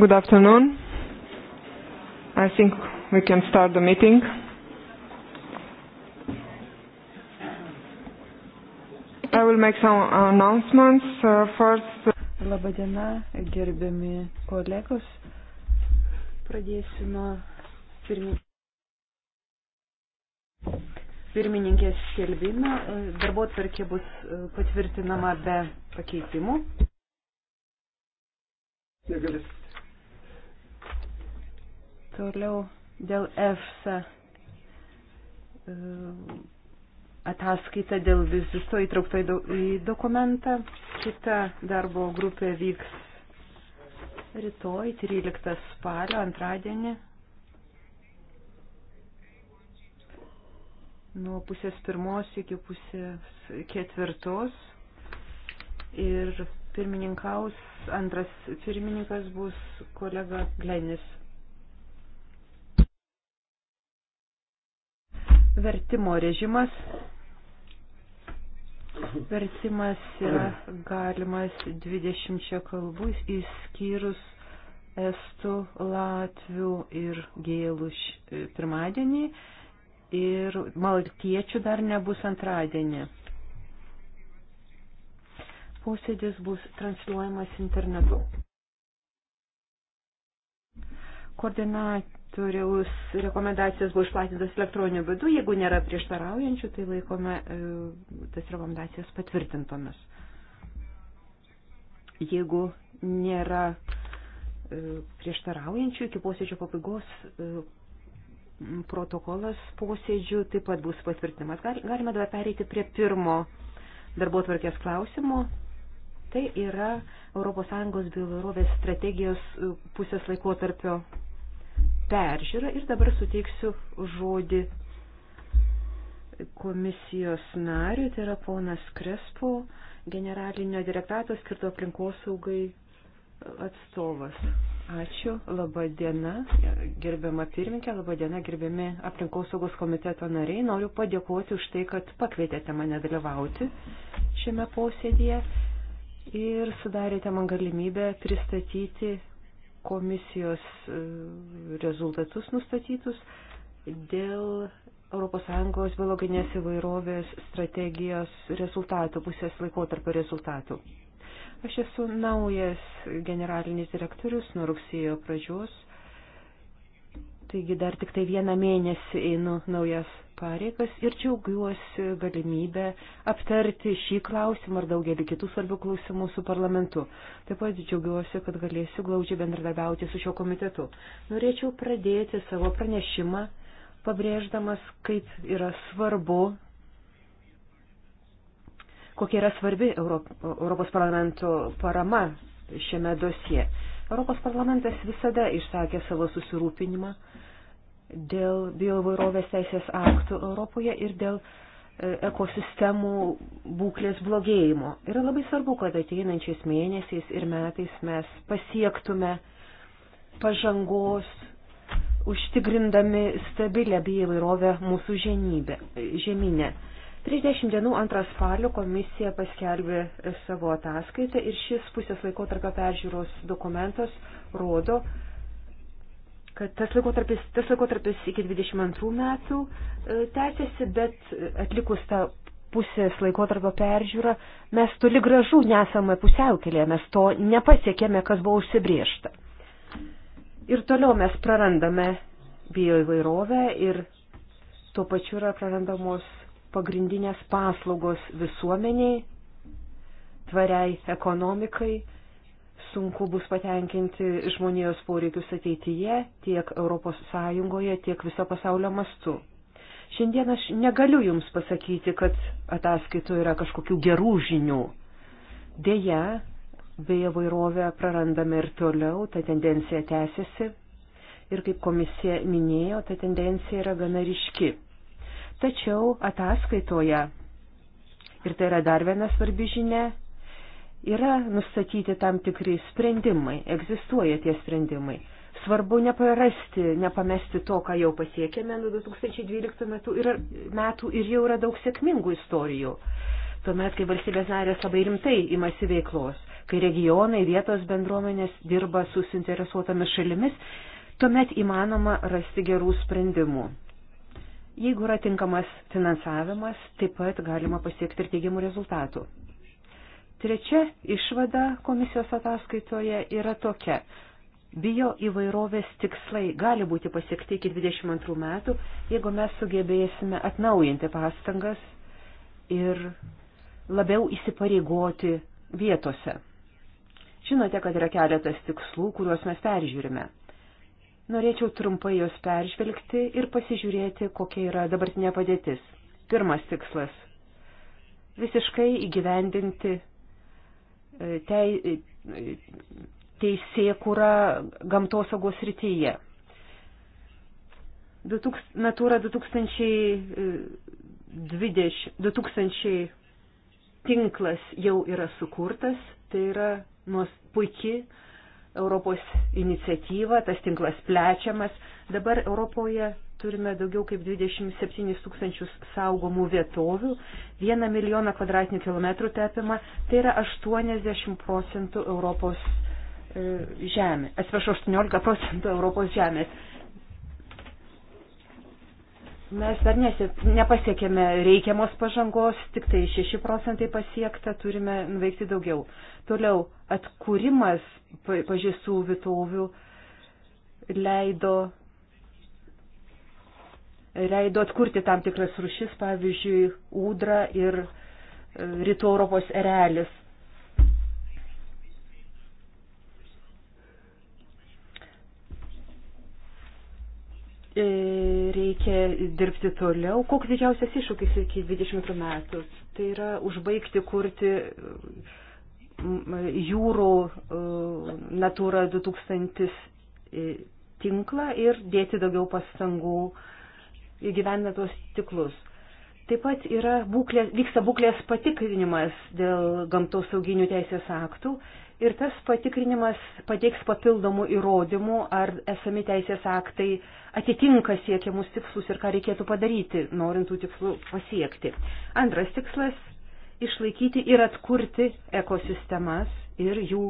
Good afternoon. I think we can start the meeting. I will make some announcements. Uh, first. Uh, Labą dieną, gerbiami kolegos. Pradėsiu nuo pirmi... pirmininkės skelbimo. Darbo tvarkė bus uh, patvirtinama be pakeitimų. Negali. Toliau dėl EFSA e, ataskaita dėl vizisto įtraukta į dokumentą. Kita darbo grupė vyks rytoj 13 spalio antradienį nuo pusės pirmos iki pusės ketvirtos ir pirmininkaus, antras pirmininkas bus kolega Glenis. Vertimo režimas. Vertimas yra galimas 20 kalbų, įskyrus estų, latvių ir gėlų e, pirmadienį ir maltiečių dar nebus antradienį posėdis bus transliuojamas internetu. Koordinatoriaus rekomendacijos buvo išplatintos elektroniniu būdu, jeigu nėra prieštaraujančių, tai laikome e, tas rekomendacijas patvirtintomis. Jeigu nėra e, prieštaraujančių, iki posėdžio pabaigos e, protokolas posėdžių taip pat bus patvirtinimas. Galime dabar pereiti prie pirmo darbo tvarkės klausimo. Tai yra ES bioįvairovės strategijos e, pusės laikotarpio peržiūra ir dabar suteiksiu žodį komisijos nariui, tai yra ponas Krespo, generalinio direktato skirto aplinkosaugai atstovas. Ačiū, laba diena, gerbiama pirminkė, laba diena, gerbiami aplinkosaugos komiteto nariai. Noriu padėkoti už tai, kad pakvietėte mane dalyvauti šiame posėdėje ir sudarėte man galimybę pristatyti komisijos e, rezultatus nustatytus dėl ES biologinės įvairovės strategijos rezultatų, pusės laikotarpio rezultatų. Aš esu naujas generalinis direktorius nuo rugsėjo pradžios, taigi dar tik tai vieną mėnesį einu naujas pareigas ir džiaugiuosi galimybę aptarti šį klausimą ir daugelį kitų svarbių klausimų su parlamentu. Taip pat džiaugiuosi, kad galėsiu glaudžiai bendradarbiauti su šio komitetu. Norėčiau pradėti savo pranešimą, pabrėždamas, kaip yra svarbu kokia yra svarbi Europos parlamento parama šiame dosie. Europos parlamentas visada išsakė savo susirūpinimą dėl biovairovės teisės aktų Europoje ir dėl e, ekosistemų būklės blogėjimo. Yra labai svarbu, kad ateinančiais mėnesiais ir metais mes pasiektume pažangos, užtikrindami stabilę bioįvairovę mūsų žemybę, žemynę. 30 dienų antrą spalio komisija paskelbė savo ataskaitą ir šis pusės laiko tarp peržiūros dokumentas rodo, kad tas laikotarpis, tas laikotarpis iki 22 metų e, tęsiasi, bet atlikus tą pusės laikotarpio peržiūrą mes toli gražu nesame pusiaukelėje, mes to nepasiekėme, kas buvo užsibriešta. Ir toliau mes prarandame bioįvairovę ir tuo pačiu yra prarandamos pagrindinės paslaugos visuomeniai, tvariai ekonomikai sunku bus patenkinti žmonijos poreikius ateityje tiek ES, tiek viso pasaulio mastu. Šiandien aš negaliu Jums pasakyti, kad ataskaitoje yra kažkokių gerų žinių. Deja, beje, vairovę prarandame ir toliau, ta tendencija tęsiasi ir kaip komisija minėjo, ta tendencija yra gana ryški. Tačiau ataskaitoje, ir tai yra dar viena svarbi žinia, Yra nustatyti tam tikri sprendimai, egzistuoja tie sprendimai. Svarbu neprarasti, nepamesti to, ką jau pasiekėme nuo 2012 metų ir, metų ir jau yra daug sėkmingų istorijų. Tuomet, kai valstybės narės labai rimtai imasi veiklos, kai regionai, vietos bendruomenės dirba su suinteresuotomis šalimis, tuomet įmanoma rasti gerų sprendimų. Jeigu yra tinkamas finansavimas, taip pat galima pasiekti ir teigiamų rezultatų. Trečia išvada komisijos ataskaitoje yra tokia. Bio įvairovės tikslai gali būti pasiekti iki 22 metų, jeigu mes sugebėsime atnaujinti pastangas ir labiau įsipareigoti vietose. Žinote, kad yra keletas tikslų, kuriuos mes peržiūrime. Norėčiau trumpai juos peržvelgti ir pasižiūrėti, kokia yra dabartinė padėtis. Pirmas tikslas - visiškai įgyvendinti tei, teisėkūra gamtosaugos rytyje. Natūra 2020, 2000 tinklas jau yra sukurtas, tai yra nuos puikiai Europos iniciatyva, tas tinklas plečiamas. Dabar Europoje turime daugiau kaip 27 tūkstančius saugomų vietovių, 1 milijoną kvadratinių kilometrų tepima, tai yra 80 procentų Europos e, žemė. Atsiprašau, 18 procentų Europos žemės. Mes dar nepasiekėme reikiamos pažangos, tik tai 6 procentai pasiekta, turime nuveikti daugiau. Toliau, atkūrimas pažįstų vietovių leido leido atkurti tam tikras rušis, pavyzdžiui, ūdra ir e, rytų Europos erelis. E, reikia dirbti toliau. Koks didžiausias iššūkis iki 20 metų? Tai yra užbaigti kurti jūrų e, natūra 2000 tinklą ir dėti daugiau pastangų uh, įgyvendina tuos tiklus. Taip pat yra būklės, vyksta būklės patikrinimas dėl gamtos sauginių teisės aktų ir tas patikrinimas pateiks papildomų įrodymų, ar esami teisės aktai atitinka siekiamus tikslus ir ką reikėtų padaryti, norint tų tikslų pasiekti. Antras tikslas - išlaikyti ir atkurti ekosistemas ir jų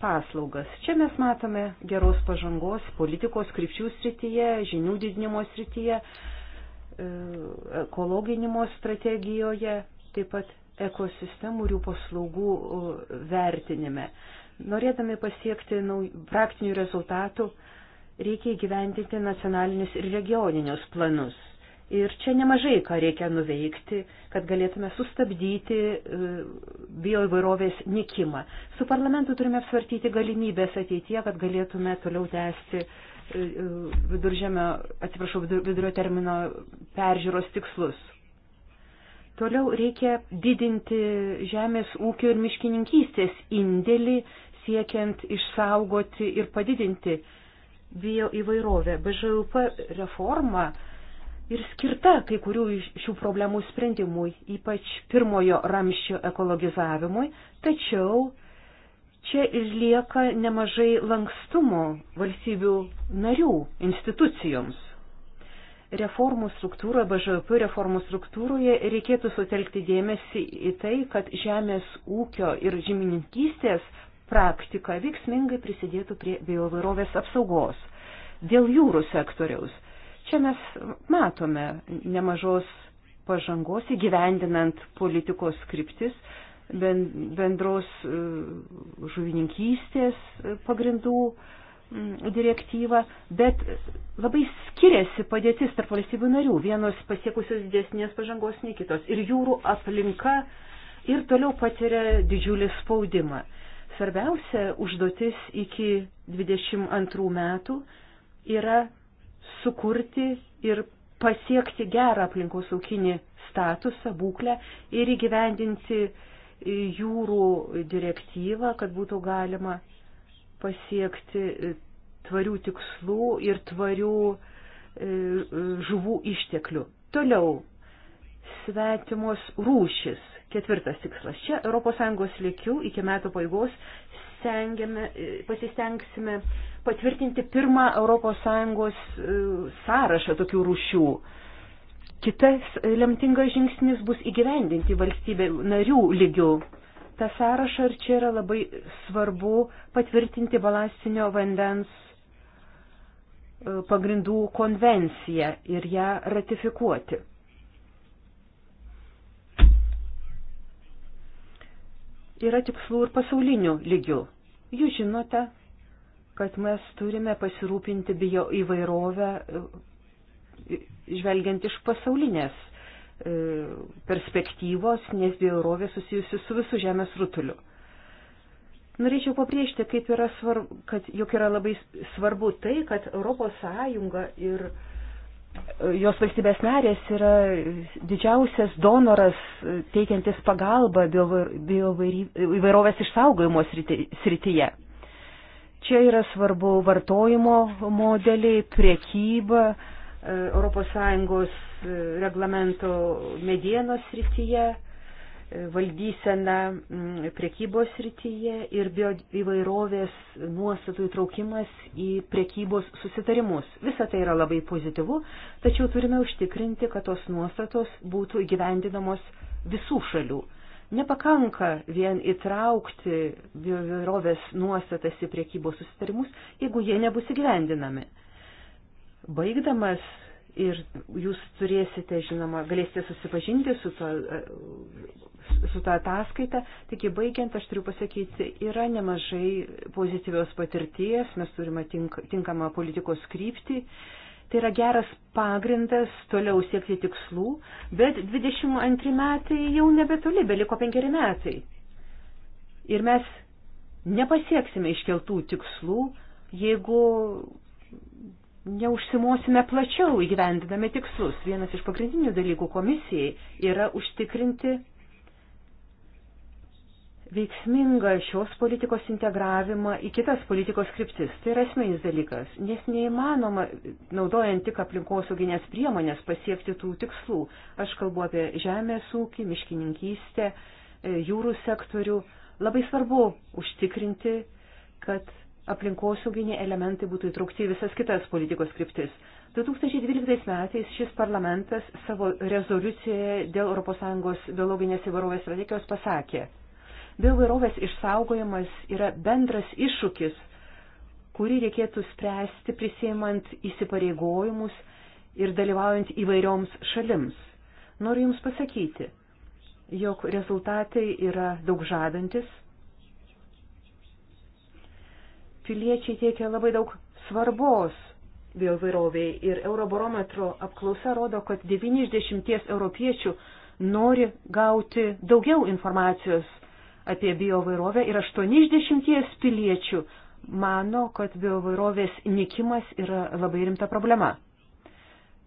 paslaugas. Čia mes matome geros pažangos politikos krypčių srityje, žinių didinimo srityje, e, ekologinimo strategijoje, taip pat ekosistemų ir jų paslaugų e, vertinime. Norėdami pasiekti praktinių rezultatų, reikia įgyventinti nacionalinius ir regioninius planus. Ir čia nemažai ką reikia nuveikti, kad galėtume sustabdyti e, bioįvairovės nikimą. Su parlamentu turime apsvartyti galimybės ateityje, kad galėtume toliau tęsti e, e, viduržėmio, atsiprašau, vidurio termino peržiūros tikslus. Toliau reikia didinti žemės ūkio ir miškininkystės indėlį, siekiant išsaugoti ir padidinti bioįvairovę. BŽUP reforma ir skirta kai kurių šių problemų sprendimui, ypač pirmojo ramščio ekologizavimui, tačiau čia išlieka nemažai lankstumo valstybių narių institucijoms. Reformų struktūroje, BŽP reformų struktūroje reikėtų sutelkti dėmesį į tai, kad žemės ūkio ir žemininkystės praktika veiksmingai prisidėtų prie biovarovės apsaugos. Dėl jūrų sektoriaus Čia mes matome nemažos pažangos įgyvendinant politikos skriptis, bendros e, žuvininkystės pagrindų direktyvą, bet labai skiriasi padėtis tarp valstybių narių, vienos pasiekusios didesnės pažangos nei kitos. Ir jūrų aplinka ir toliau patiria didžiulį spaudimą. Svarbiausia užduotis iki 22 metų yra sukurti ir pasiekti gerą aplinkosaukinį statusą, būklę ir įgyvendinti e, jūrų direktyvą, kad būtų galima pasiekti e, tvarių tikslų ir tvarių e, žuvų išteklių. Toliau, svetimos rūšis. Ketvirtas tikslas. Čia ES lygių iki metų pabaigos pasistengsime patvirtinti pirmą ES e, sąrašą tokių rūšių. Kitas lemtingas žingsnis bus įgyvendinti valstybė narių lygių. Ta sąraša ir čia yra labai svarbu patvirtinti balastinio vandens e, pagrindų konvenciją ir ją ratifikuoti. Yra tikslų ir pasaulinių lygių. Jūs žinote, kad mes turime pasirūpinti bio įvairovę, e, žvelgiant iš pasaulinės e, perspektyvos, nes bioįvairovė susijusi su visų žemės rutuliu. Norėčiau pabrėžti, kaip yra svarbu, kad juk yra labai svarbu tai, kad Europos Sąjunga ir e, jos valstybės narės yra didžiausias donoras teikiantis pagalbą bioįvairovės išsaugojimo srityje. Čia yra svarbu vartojimo modeliai, priekyba, e, ES e, reglamento medienos srityje, e, valdysena priekybos srityje ir bioįvairovės nuostatų įtraukimas į priekybos susitarimus. Visa tai yra labai pozityvu, tačiau turime užtikrinti, kad tos nuostatos būtų įgyvendinamos visų šalių. Nepakanka vien įtraukti bioverovės nuostatas į priekybos susitarimus, jeigu jie nebus įgyvendinami. Baigdamas ir jūs turėsite, žinoma, galėsite susipažinti su to, su to ataskaita. Tik įbaigiant, aš turiu pasakyti, yra nemažai pozityvios patirties, mes turime tink, tinkamą politikos kryptį Tai yra geras pagrindas toliau siekti tikslų, bet 22 metai jau nebetoli, beliko penkeri metai. Ir mes nepasieksime iškeltų tikslų, jeigu neužsimosime plačiau įgyvendinami tikslus. Vienas iš pagrindinių dalykų komisijai yra užtikrinti veiksmingą šios politikos integravimą į kitas politikos kryptis. Tai yra esminis dalykas, nes neįmanoma, naudojant tik aplinkosauginės priemonės, pasiekti tų tikslų. Aš kalbu apie žemės ūkį, miškininkystę, e, jūrų sektorių. Labai svarbu užtikrinti, kad aplinkosauginiai elementai būtų įtraukti į visas kitas politikos kryptis. 2012 metais šis parlamentas savo rezoliucijoje dėl ES biologinės įvairovės strategijos pasakė, Biovairovės išsaugojimas yra bendras iššūkis, kurį reikėtų spręsti prisėmant įsipareigojimus ir dalyvaujant įvairioms šalims. Noriu Jums pasakyti, jog rezultatai yra daug žadantis. Piliečiai tiekia labai daug svarbos biovairoviai ir Eurobarometro apklausa rodo, kad 90 europiečių nori gauti daugiau informacijos apie biovairovę ir 8 iš 10 piliečių mano, kad biovairovės nikimas yra labai rimta problema.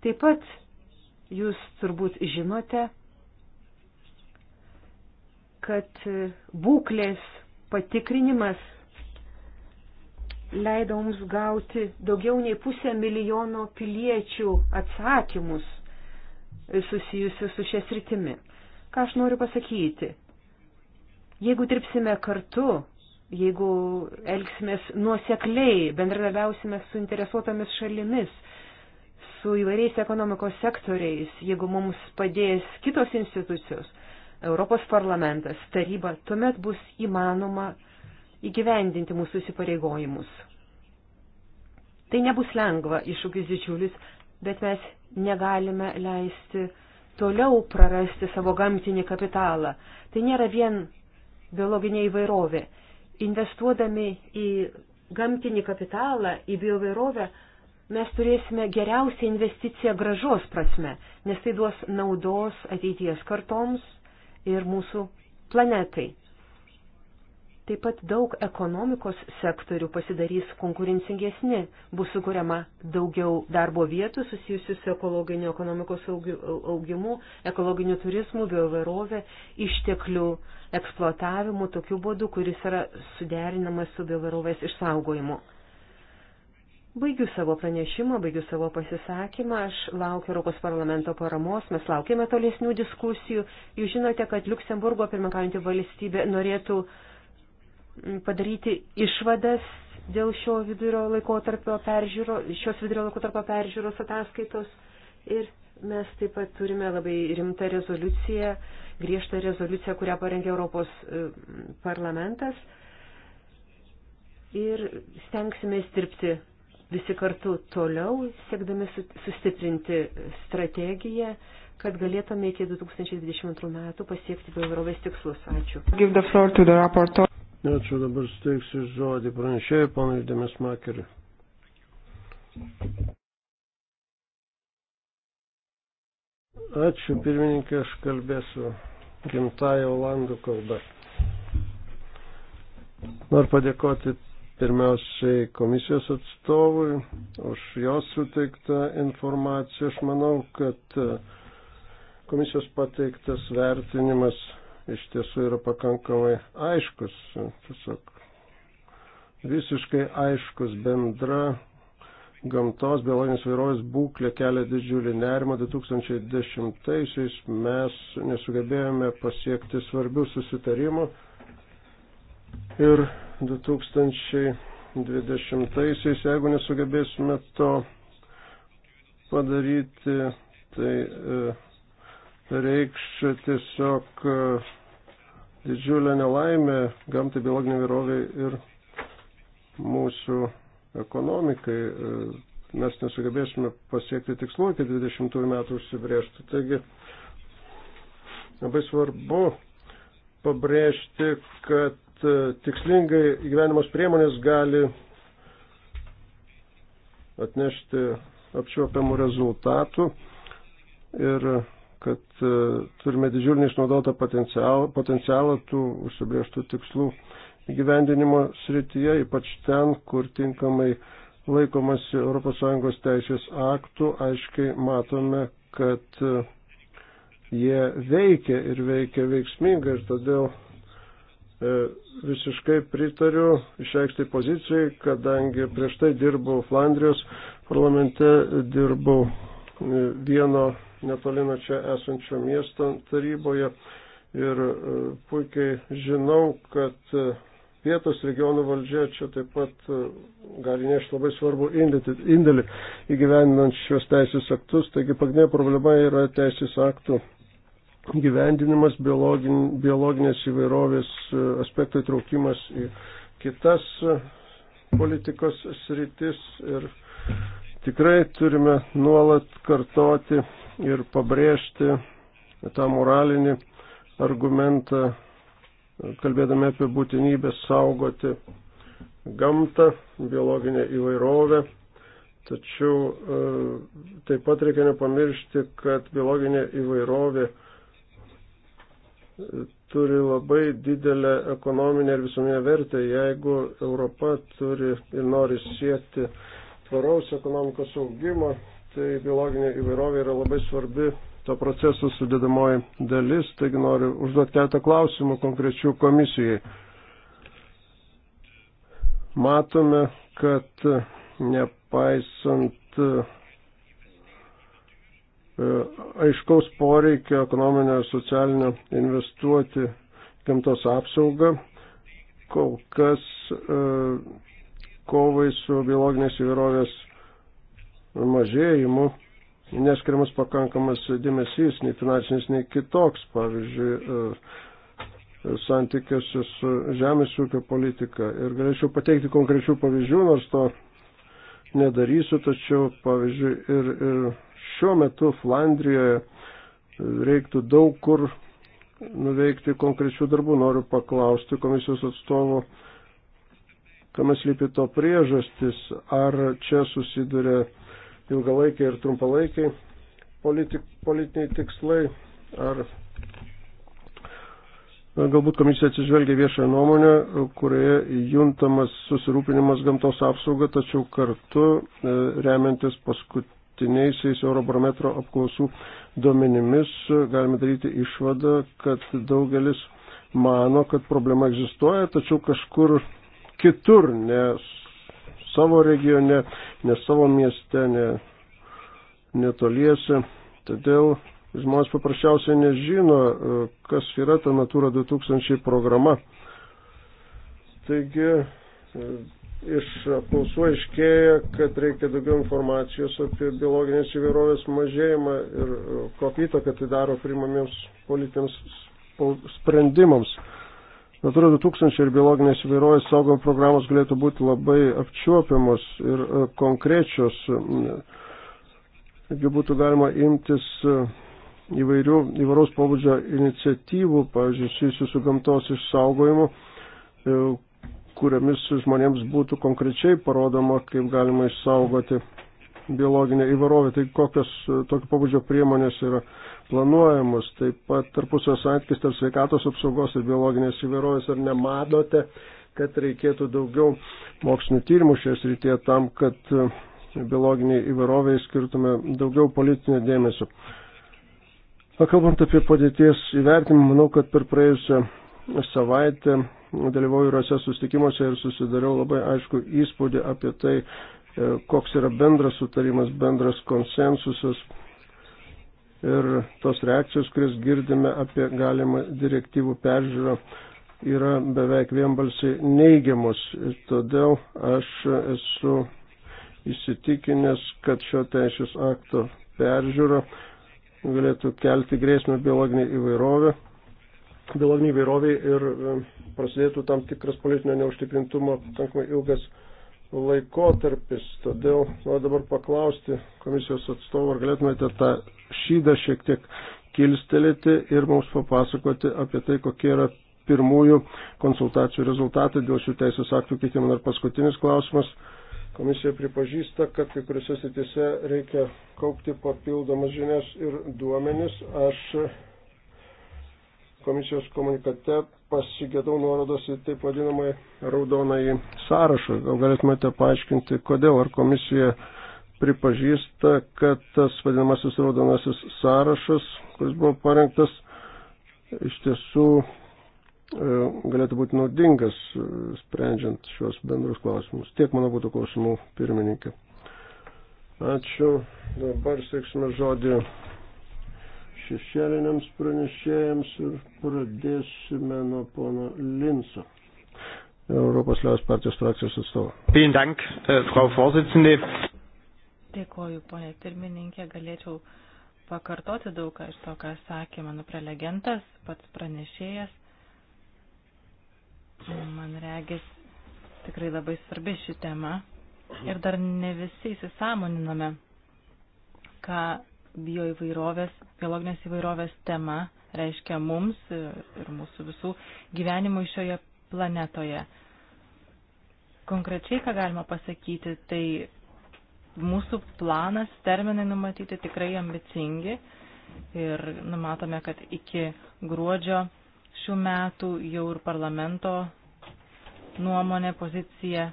Taip pat jūs turbūt žinote, kad būklės patikrinimas leido mums gauti daugiau nei pusę milijono piliečių atsakymus susijusius su šia sritimi. Ką aš noriu pasakyti? Jeigu dirbsime kartu, jeigu elgsimės nuosekliai, bendradarbiausime su interesuotomis šalimis, su įvairiais ekonomikos sektoriais, jeigu mums padės kitos institucijos, Europos parlamentas, taryba, tuomet bus įmanoma įgyvendinti mūsų įsipareigojimus. Tai nebus lengva, iššūkis didžiulis, bet mes negalime leisti toliau prarasti savo gamtinį kapitalą. Tai nėra vien biologinė įvairovė. Investuodami į gamtinį kapitalą, į bioįvairovę, mes turėsime geriausią investiciją gražos prasme, nes tai duos naudos ateities kartoms ir mūsų planetai. Taip pat daug ekonomikos sektorių pasidarys konkurencingesni, bus sukuriama daugiau darbo vietų susijusių su ekologiniu ekonomikos augimu, ekologiniu turizmu, bioverovė, išteklių eksploatavimu, tokiu būdu, kuris yra suderinamas su bioverovės išsaugojimu. Baigiu savo pranešimą, baigiu savo pasisakymą, aš laukiu Europos parlamento paramos, mes laukime tolesnių diskusijų. Jūs žinote, kad Luksemburgo pirmininkaujantį valstybę norėtų padaryti išvadas dėl šio vidurio laikotarpio peržiūro, šios vidurio laikotarpio peržiūros ataskaitos. Ir mes taip pat turime labai rimtą rezoliuciją, griežtą rezoliuciją, kurią parengė Europos e, parlamentas. Ir stengsime dirbti visi kartu toliau, siekdami sustiprinti strategiją, kad galėtume iki 2022 metų pasiekti bendrovės tikslus. Ačiū. Ačiū, dabar steiksiu žodį pranešėjai, ponai Dėmes Makeriui. Ačiū, pirmininkė, aš kalbėsiu gimtają olandų kalbą. Noriu padėkoti pirmiausiai komisijos atstovui už jos suteiktą informaciją. Aš manau, kad komisijos pateiktas vertinimas iš tiesų yra pakankamai aiškus, tiesiog visiškai aiškus bendra gamtos biologinės vairovės būklė kelia didžiulį nerimą. 2010-aisiais mes nesugebėjome pasiekti svarbių susitarimų ir 2020-aisiais, jeigu nesugebėsime to padaryti, tai e, reikš tiesiog e, didžiulę nelaimę gamtai, biologiniai vyroviai ir mūsų ekonomikai. E, mes nesugebėsime pasiekti tikslų iki 20 metų užsibriežtų. Taigi labai svarbu pabrėžti, kad e, tikslingai gyvenimas priemonės gali atnešti apčiuopiamų rezultatų ir kad e, turime didžiulį išnaudotą potencialą, potencialą tų užsibrieštų tikslų gyvendinimo srityje, ypač ten, kur tinkamai laikomasi ES teisės aktų, aiškiai matome, kad e, jie veikia ir veikia veiksmingai ir todėl e, visiškai pritariu išreikštai pozicijai, kadangi prieš tai dirbau Flandrijos parlamente, dirbau vieno netoli nuo čia esančio miesto taryboje ir e, puikiai žinau, kad e, vietos regionų valdžia čia taip pat e, gali nešti labai svarbu indėlį įgyvendinant šios teisės aktus. Taigi pagrindinė problema yra teisės aktų gyvendinimas, biologin, biologinės įvairovės aspektų įtraukimas į kitas politikos sritis ir tikrai turime nuolat kartoti ir pabrėžti tą moralinį argumentą, kalbėdami apie būtinybę saugoti gamtą, biologinę įvairovę. Tačiau e, taip pat reikia nepamiršti, kad biologinė įvairovė e, turi labai didelę ekonominę ir visuomenę vertę. Jeigu Europa turi ir nori siekti tvaraus ekonomikos augimo, tai biologinė įvairovė yra labai svarbi to proceso sudėdamoji dalis, taigi noriu užduoti keletą klausimų konkrečių komisijai. Matome, kad nepaisant e, aiškaus poreikio ekonominio ir socialinio investuoti gamtos apsaugą, kol kas e, kovai su biologinės įvairovės mažėjimu neskiriamas pakankamas dėmesys, nei finansinis, nei kitoks, pavyzdžiui, e, e, santykiuose su žemės ūkio politika. Ir galėčiau pateikti konkrečių pavyzdžių, nors to nedarysiu, tačiau, pavyzdžiui, ir, ir šiuo metu Flandrijoje reiktų daug kur nuveikti konkrečių darbų. Noriu paklausti komisijos atstovo, kam slypi to priežastis, ar čia susiduria ilgalaikiai ir trumpalaikiai politik, politiniai tikslai, ar galbūt komisija atsižvelgia viešąją nuomonę, kurioje juntamas susirūpinimas gamtos apsauga, tačiau kartu e, remiantis paskutiniaisiais Eurobarometro apklausų duomenimis galime daryti išvadą, kad daugelis mano, kad problema egzistuoja, tačiau kažkur kitur, nes savo regione, ne savo mieste, ne, netoliese. Todėl žmonės paprasčiausiai nežino, e, kas yra ta Natura 2000 programa. Taigi e, iš apklausų aiškėja, kad reikia daugiau informacijos apie biologinės įvairovės mažėjimą ir e, kokį įtaką tai daro primamiems politiniams sprendimams. Natūra 2000 ir biologinės įvairovės saugomo programos galėtų būti labai apčiuopiamos ir e, konkrečios. Taigi e, būtų galima imtis e, įvairių įvairaus pobūdžio iniciatyvų, pavyzdžiui, susijusių su gamtos išsaugojimu, kuriamis žmonėms būtų konkrečiai parodoma, kaip galima išsaugoti biologinę įvairovę. Tai kokios tokio pobūdžio priemonės yra planuojamos. Taip pat tarpusio santykis tarp sveikatos apsaugos ir biologinės įvairovės ar nematote, kad reikėtų daugiau mokslinių tyrimų šioje srityje tam, kad e, biologiniai įvairoviai skirtume daugiau politinio dėmesio. O kalbant apie padėties įvertimą, manau, kad per praėjusią savaitę dalyvauju įvairiuose susitikimuose ir susidariau labai aišku įspūdį apie tai, e, koks yra bendras sutarimas, bendras konsensusas ir tos reakcijos, kurias girdime apie galimą direktyvų peržiūrą, yra beveik vienbalsiai neigiamos. Ir todėl aš esu įsitikinęs, kad šio teisės akto peržiūra galėtų kelti grėsmę biologinį įvairovę biologiniai įvairoviai ir e, prasidėtų tam tikras politinio neužtikrintumo pakankamai ilgas laikotarpis. Todėl noriu dabar paklausti komisijos atstovų, ar galėtumėte tą šydą šiek tiek kilstelėti ir mums papasakoti apie tai, kokie yra pirmųjų konsultacijų rezultatai dėl šių teisės aktų keitimo. Ir paskutinis klausimas. Komisija pripažįsta, kad kai kuriuose srityse reikia kaupti papildomas žinias ir duomenis. Aš komisijos komunikate pasigėdau nuorodos į taip vadinamai raudonąjį sąrašą. Gal galėtumėte paaiškinti, kodėl ar komisija pripažįsta, kad tas vadinamasis raudonasis sąrašas, kuris buvo parengtas, iš tiesų e, galėtų būti naudingas, e, sprendžiant šios bendrus klausimus. Tiek mano būtų klausimų pirmininkė. Ačiū. Dabar sėksime žodį šešėliniams pranešėjams ir pradėsime nuo pono Linso. Europos Liaus partijos frakcijos atstovo. Dank, äh, Frau Vorsitzende. Dėkoju, ponė pirmininkė, galėčiau pakartoti daug ką iš to, ką sakė mano prelegentas, pats pranešėjas. Man regis tikrai labai svarbi ši tema ir dar ne visi įsisamoniname, ką bioįvairovės, biologinės įvairovės tema reiškia mums ir mūsų visų gyvenimui šioje planetoje. Konkrečiai, ką galima pasakyti, tai mūsų planas, terminai numatyti tikrai ambicingi ir numatome, kad iki gruodžio šių metų jau ir parlamento nuomonė, pozicija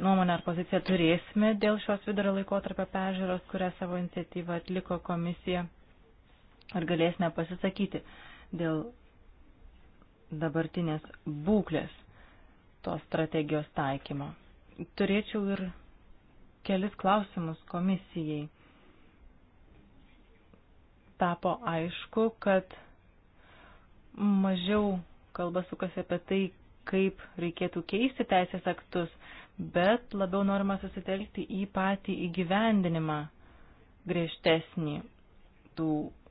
nuomonę ar poziciją turėsime dėl šios vidurio laikotarpio pežiūros, kurią savo iniciatyvą atliko komisija, ar galėsime pasisakyti dėl dabartinės būklės tos strategijos taikymo. Turėčiau ir kelis klausimus komisijai. Tapo aišku, kad mažiau kalba sukasi apie tai, kaip reikėtų keisti teisės aktus, bet labiau norima susitelkti į patį įgyvendinimą griežtesnį tų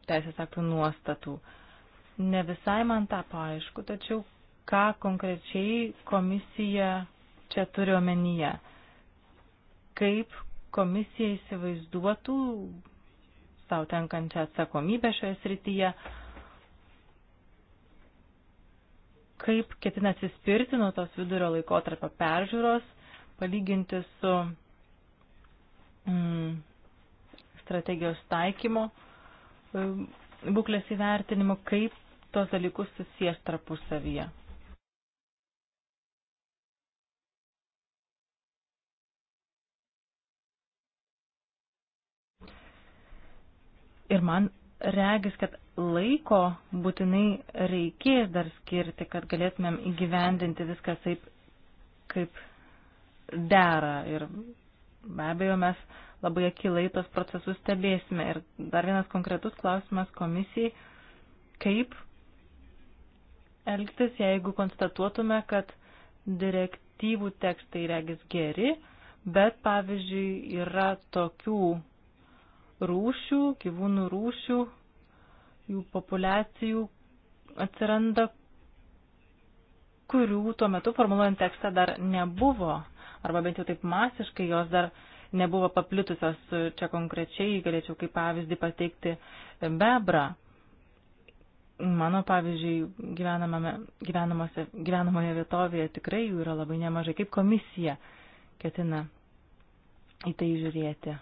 teisės aktų nuostatų. Ne visai man tapo aišku, tačiau ką konkrečiai komisija čia turi omenyje. Kaip komisija įsivaizduotų savo tenkančią atsakomybę šioje srityje, kaip ketina atsispirti nuo tos vidurio laikotarpio peržiūros palyginti su mm, strategijos taikymo mm, būklės įvertinimu, kaip tos dalykus susijęs tarpusavyje. Ir man regis, kad laiko būtinai reikės dar skirti, kad galėtumėm įgyvendinti viską taip, kaip dera. Ir be abejo, mes labai akilai tos procesus stebėsime. Ir dar vienas konkretus klausimas komisijai, kaip elgtis, jeigu konstatuotume, kad direktyvų tekstai regis geri, bet pavyzdžiui yra tokių rūšių, gyvūnų rūšių, jų populiacijų atsiranda, kurių tuo metu formuluojant tekstą dar nebuvo arba bent jau taip masiškai jos dar nebuvo paplitusios. E, čia konkrečiai galėčiau kaip pavyzdį pateikti e, bebrą. Mano, pavyzdžiui, gyvenamoje vietovėje tikrai jų yra labai nemažai. Kaip komisija ketina į tai žiūrėti?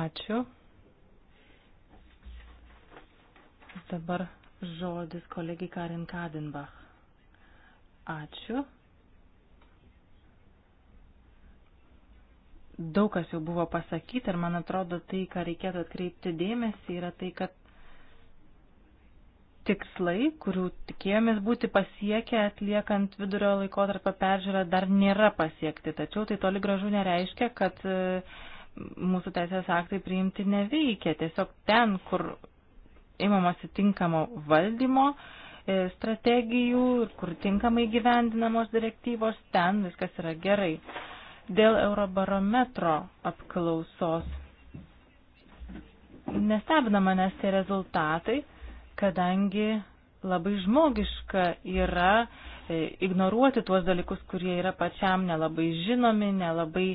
Ačiū. Dabar žodis kolegai Karin Kadenbach. Ačiū. daug kas jau buvo pasakyta ir man atrodo tai, ką reikėtų atkreipti dėmesį, yra tai, kad tikslai, kurių tikėjomės būti pasiekę atliekant vidurio laikotarpio peržiūrą, dar nėra pasiekti. Tačiau tai toli gražu nereiškia, kad e, mūsų teisės aktai priimti neveikia. Tiesiog ten, kur imamasi tinkamo valdymo, e, strategijų ir kur tinkamai gyvendinamos direktyvos, ten viskas yra gerai dėl Eurobarometro apklausos. Nestebina manęs tie rezultatai, kadangi labai žmogiška yra e, ignoruoti tuos dalykus, kurie yra pačiam nelabai žinomi, nelabai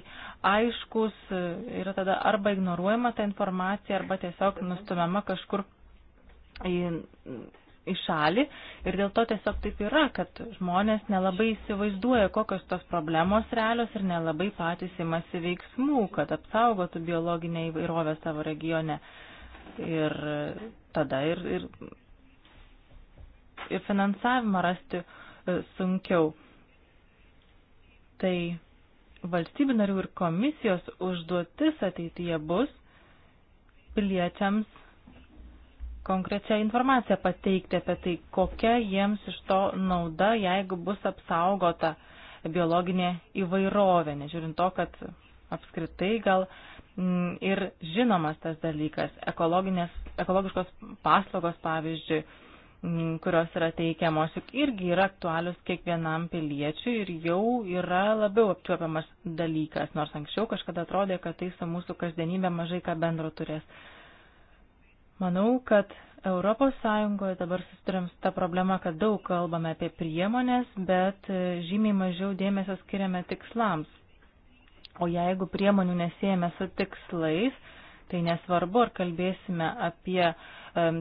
aiškus. E, yra tada arba ignoruojama ta informacija, arba tiesiog nustumiama kažkur į į šalį ir dėl to tiesiog taip yra, kad žmonės nelabai įsivaizduoja, kokios tos problemos realios ir nelabai patys imasi veiksmų, kad apsaugotų biologinę įvairovę savo regione. Ir tada ir, ir, ir finansavimą rasti e, sunkiau. Tai valstybių narių ir komisijos užduotis ateityje bus piliečiams konkrečią informaciją pateikti apie tai, kokia jiems iš to nauda, jeigu bus apsaugota biologinė įvairovė, nežiūrint to, kad apskritai gal mm, ir žinomas tas dalykas, ekologiškos paslaugos pavyzdžiui, mm, kurios yra teikiamos, juk irgi yra aktualius kiekvienam piliečiui ir jau yra labiau apčiuopiamas dalykas, nors anksčiau kažkada atrodė, kad tai su mūsų kasdienybė mažai ką bendro turės. Manau, kad ES dabar susidurim su ta problema, kad daug kalbame apie priemonės, bet e, žymiai mažiau dėmesio skiriame tikslams. O jeigu priemonių nesėjame su tikslais, tai nesvarbu, ar kalbėsime apie e,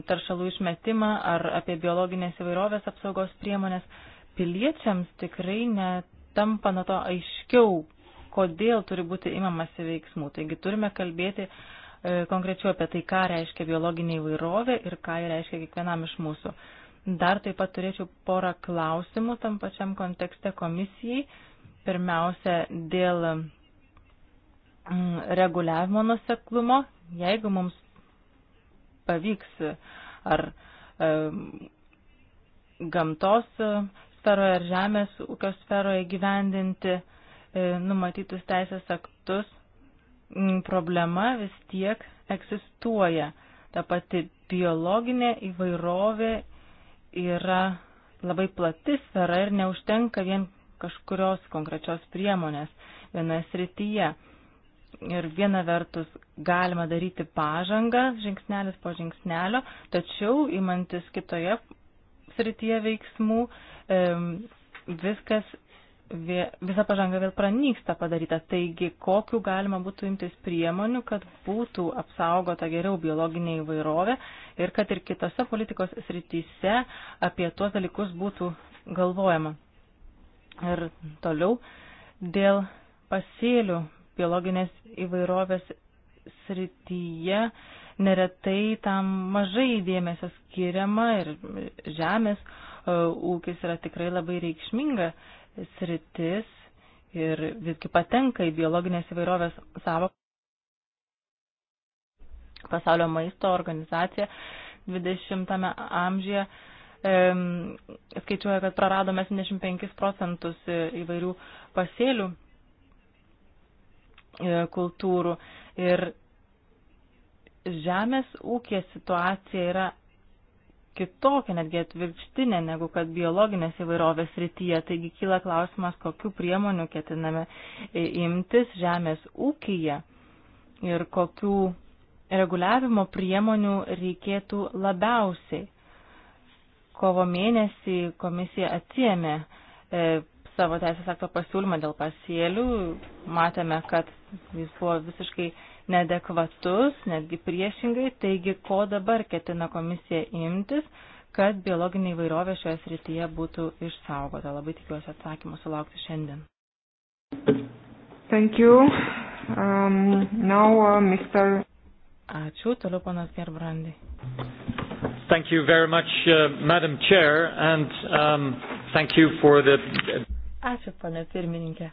taršalų išmetimą ar apie biologinės įvairovės apsaugos priemonės, piliečiams tikrai netampa nuo to aiškiau, kodėl turi būti imamasi veiksmų. Taigi turime kalbėti E, konkrečiau apie tai, ką reiškia biologinė įvairovė ir ką reiškia kiekvienam iš mūsų. Dar taip pat turėčiau porą klausimų tam pačiam kontekste komisijai. Pirmiausia, dėl mm, reguliavimo nuseklumo, jeigu mums pavyks ar e, gamtos sferoje ar žemės ūkio sferoje gyvendinti e, numatytus teisės aktus, problema vis tiek egzistuoja. Ta pati biologinė įvairovė yra labai plati sfera ir neužtenka vien kažkurios konkrečios priemonės vienoje srityje. Ir viena vertus galima daryti pažangą žingsnelis po žingsnelio, tačiau imantis kitoje srityje veiksmų viskas visa pažanga vėl pranyksta padaryta. Taigi, kokiu galima būtų imtis priemonių, kad būtų apsaugota geriau biologinė įvairovė ir kad ir kitose politikos srityse apie tuos dalykus būtų galvojama. Ir toliau dėl pasėlių biologinės įvairovės srityje neretai tam mažai dėmesio skiriama ir žemės e, ūkis yra tikrai labai reikšminga sritis ir visgi patenka į biologinės įvairovės savo pasaulio maisto organizacija 20-ame amžiuje skaičiuoja, kad praradome 75 procentus e, įvairių pasėlių e, kultūrų. Ir žemės ūkė situacija yra kitokia, netgi atvirkštinė, negu kad biologinės įvairovės rytyje. Taigi kyla klausimas, kokiu priemonių ketiname imtis žemės ūkyje ir kokių reguliavimo priemonių reikėtų labiausiai. Kovo mėnesį komisija atsiemė e, savo teisės akto pasiūlymą dėl pasėlių. Matėme, kad jis buvo visiškai nedekvatus, netgi priešingai. Taigi, ko dabar ketina komisija imtis, kad biologinė įvairovė šioje srityje būtų išsaugota. Labai tikiuosi atsakymų sulaukti šiandien. Thank you. Um, now, uh, Mr. Ačiū, toliau panas Gerbrandi. Thank you very much, uh, Madam Chair, and um, thank you for the. Ačiū, pana pirmininkė.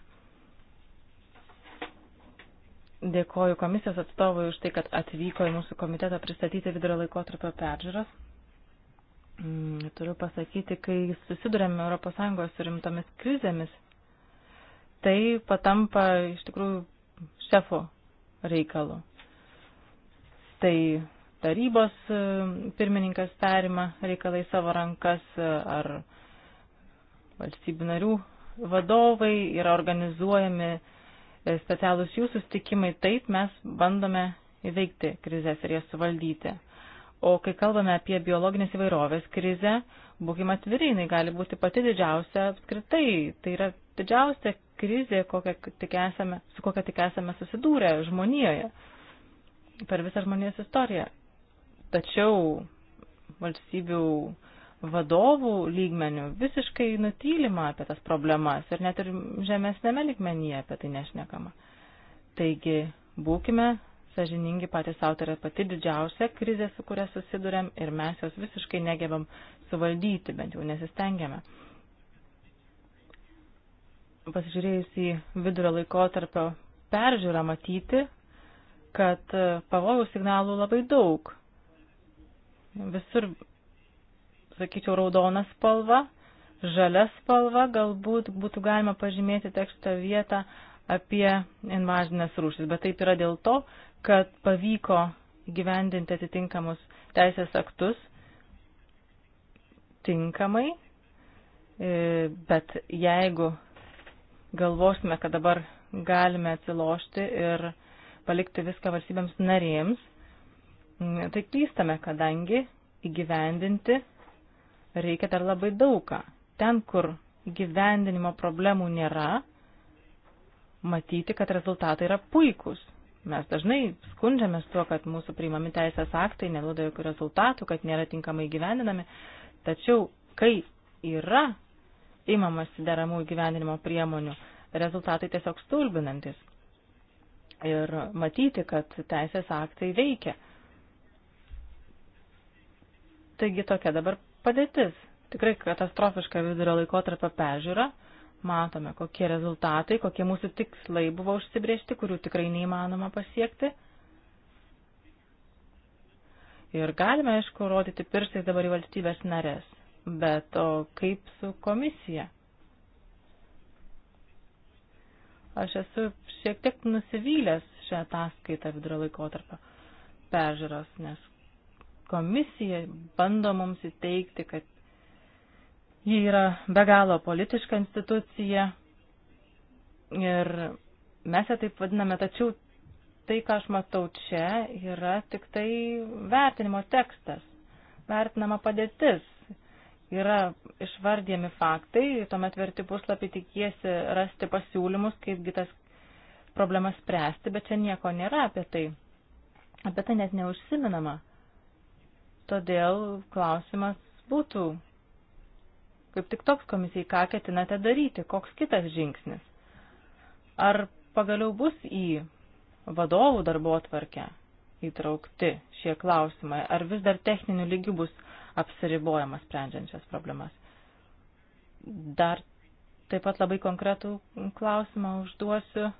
Dėkoju komisijos atstovui už tai, kad atvyko į mūsų komitetą pristatyti vidurio laikotarpio peržiūros. Mm, turiu pasakyti, kai susidurėme ES su rimtomis krizėmis, tai patampa iš tikrųjų šefo reikalu. Tai tarybos e, pirmininkas perima reikalai savo rankas e, ar valstybių narių vadovai yra organizuojami specialūs jų sustikimai, taip mes bandome įveikti krizės ir jas suvaldyti. O kai kalbame apie biologinės įvairovės krizę, būkime atviri, jinai gali būti pati didžiausia apskritai. Tai yra didžiausia krizė, kokia tik esame, su kokia tik esame susidūrę žmonijoje per visą žmonijos istoriją. Tačiau valstybių vadovų lygmenių visiškai nutylima apie tas problemas ir net ir žemesnėme lygmenyje apie tai nešnekama. Taigi, būkime sažiningi patys autorė pati didžiausia krizė, su kuria susidurėm ir mes jos visiškai negebam suvaldyti, bent jau nesistengiame. Pasižiūrėjus į vidurio laikotarpio peržiūrą matyti, kad pavojų signalų labai daug. Visur sakyčiau, raudona spalva, žalia spalva, galbūt būtų galima pažymėti teksto vietą apie invažinės rūšis, bet taip yra dėl to, kad pavyko gyvendinti atitinkamus teisės aktus tinkamai, e, bet jeigu galvosime, kad dabar galime atsilošti ir palikti viską valstybėms narėms, tai klystame, kadangi įgyvendinti reikia dar labai daugą. Ten, kur gyvendinimo problemų nėra, matyti, kad rezultatai yra puikūs. Mes dažnai skundžiamės tuo, kad mūsų priimami teisės aktai neduoda jokių rezultatų, kad nėra tinkamai gyvendinami. Tačiau, kai yra imamasi deramų gyvendinimo priemonių, rezultatai tiesiog stulbinantis. Ir matyti, kad teisės aktai veikia. Taigi tokia dabar padėtis. Tikrai katastrofiška vidurio laikotarpio peržiūra. Matome, kokie rezultatai, kokie mūsų tikslai buvo užsibriežti, kurių tikrai neįmanoma pasiekti. Ir galime, aišku, rodyti pirštais dabar į valstybės narės. Bet o kaip su komisija? Aš esu šiek tiek nusivylęs šią ataskaitą vidurio laikotarpio peržiūros, nes komisija bando mums įteikti, kad ji yra be galo politiška institucija ir mes ją taip vadiname, tačiau tai, ką aš matau čia, yra tik tai vertinimo tekstas, vertinama padėtis. Yra išvardyjami faktai, tuomet verti puslapį tikiesi rasti pasiūlymus, kaipgi tas problemas spręsti, bet čia nieko nėra apie tai. Apie tai net neužsiminama. Todėl klausimas būtų, kaip tik toks komisijai, ką ketinate daryti, koks kitas žingsnis. Ar pagaliau bus į vadovų darbo atvarkę įtraukti šie klausimai, ar vis dar techninių lygių bus apsiribojama sprendžiančias problemas. Dar taip pat labai konkretų klausimą užduosiu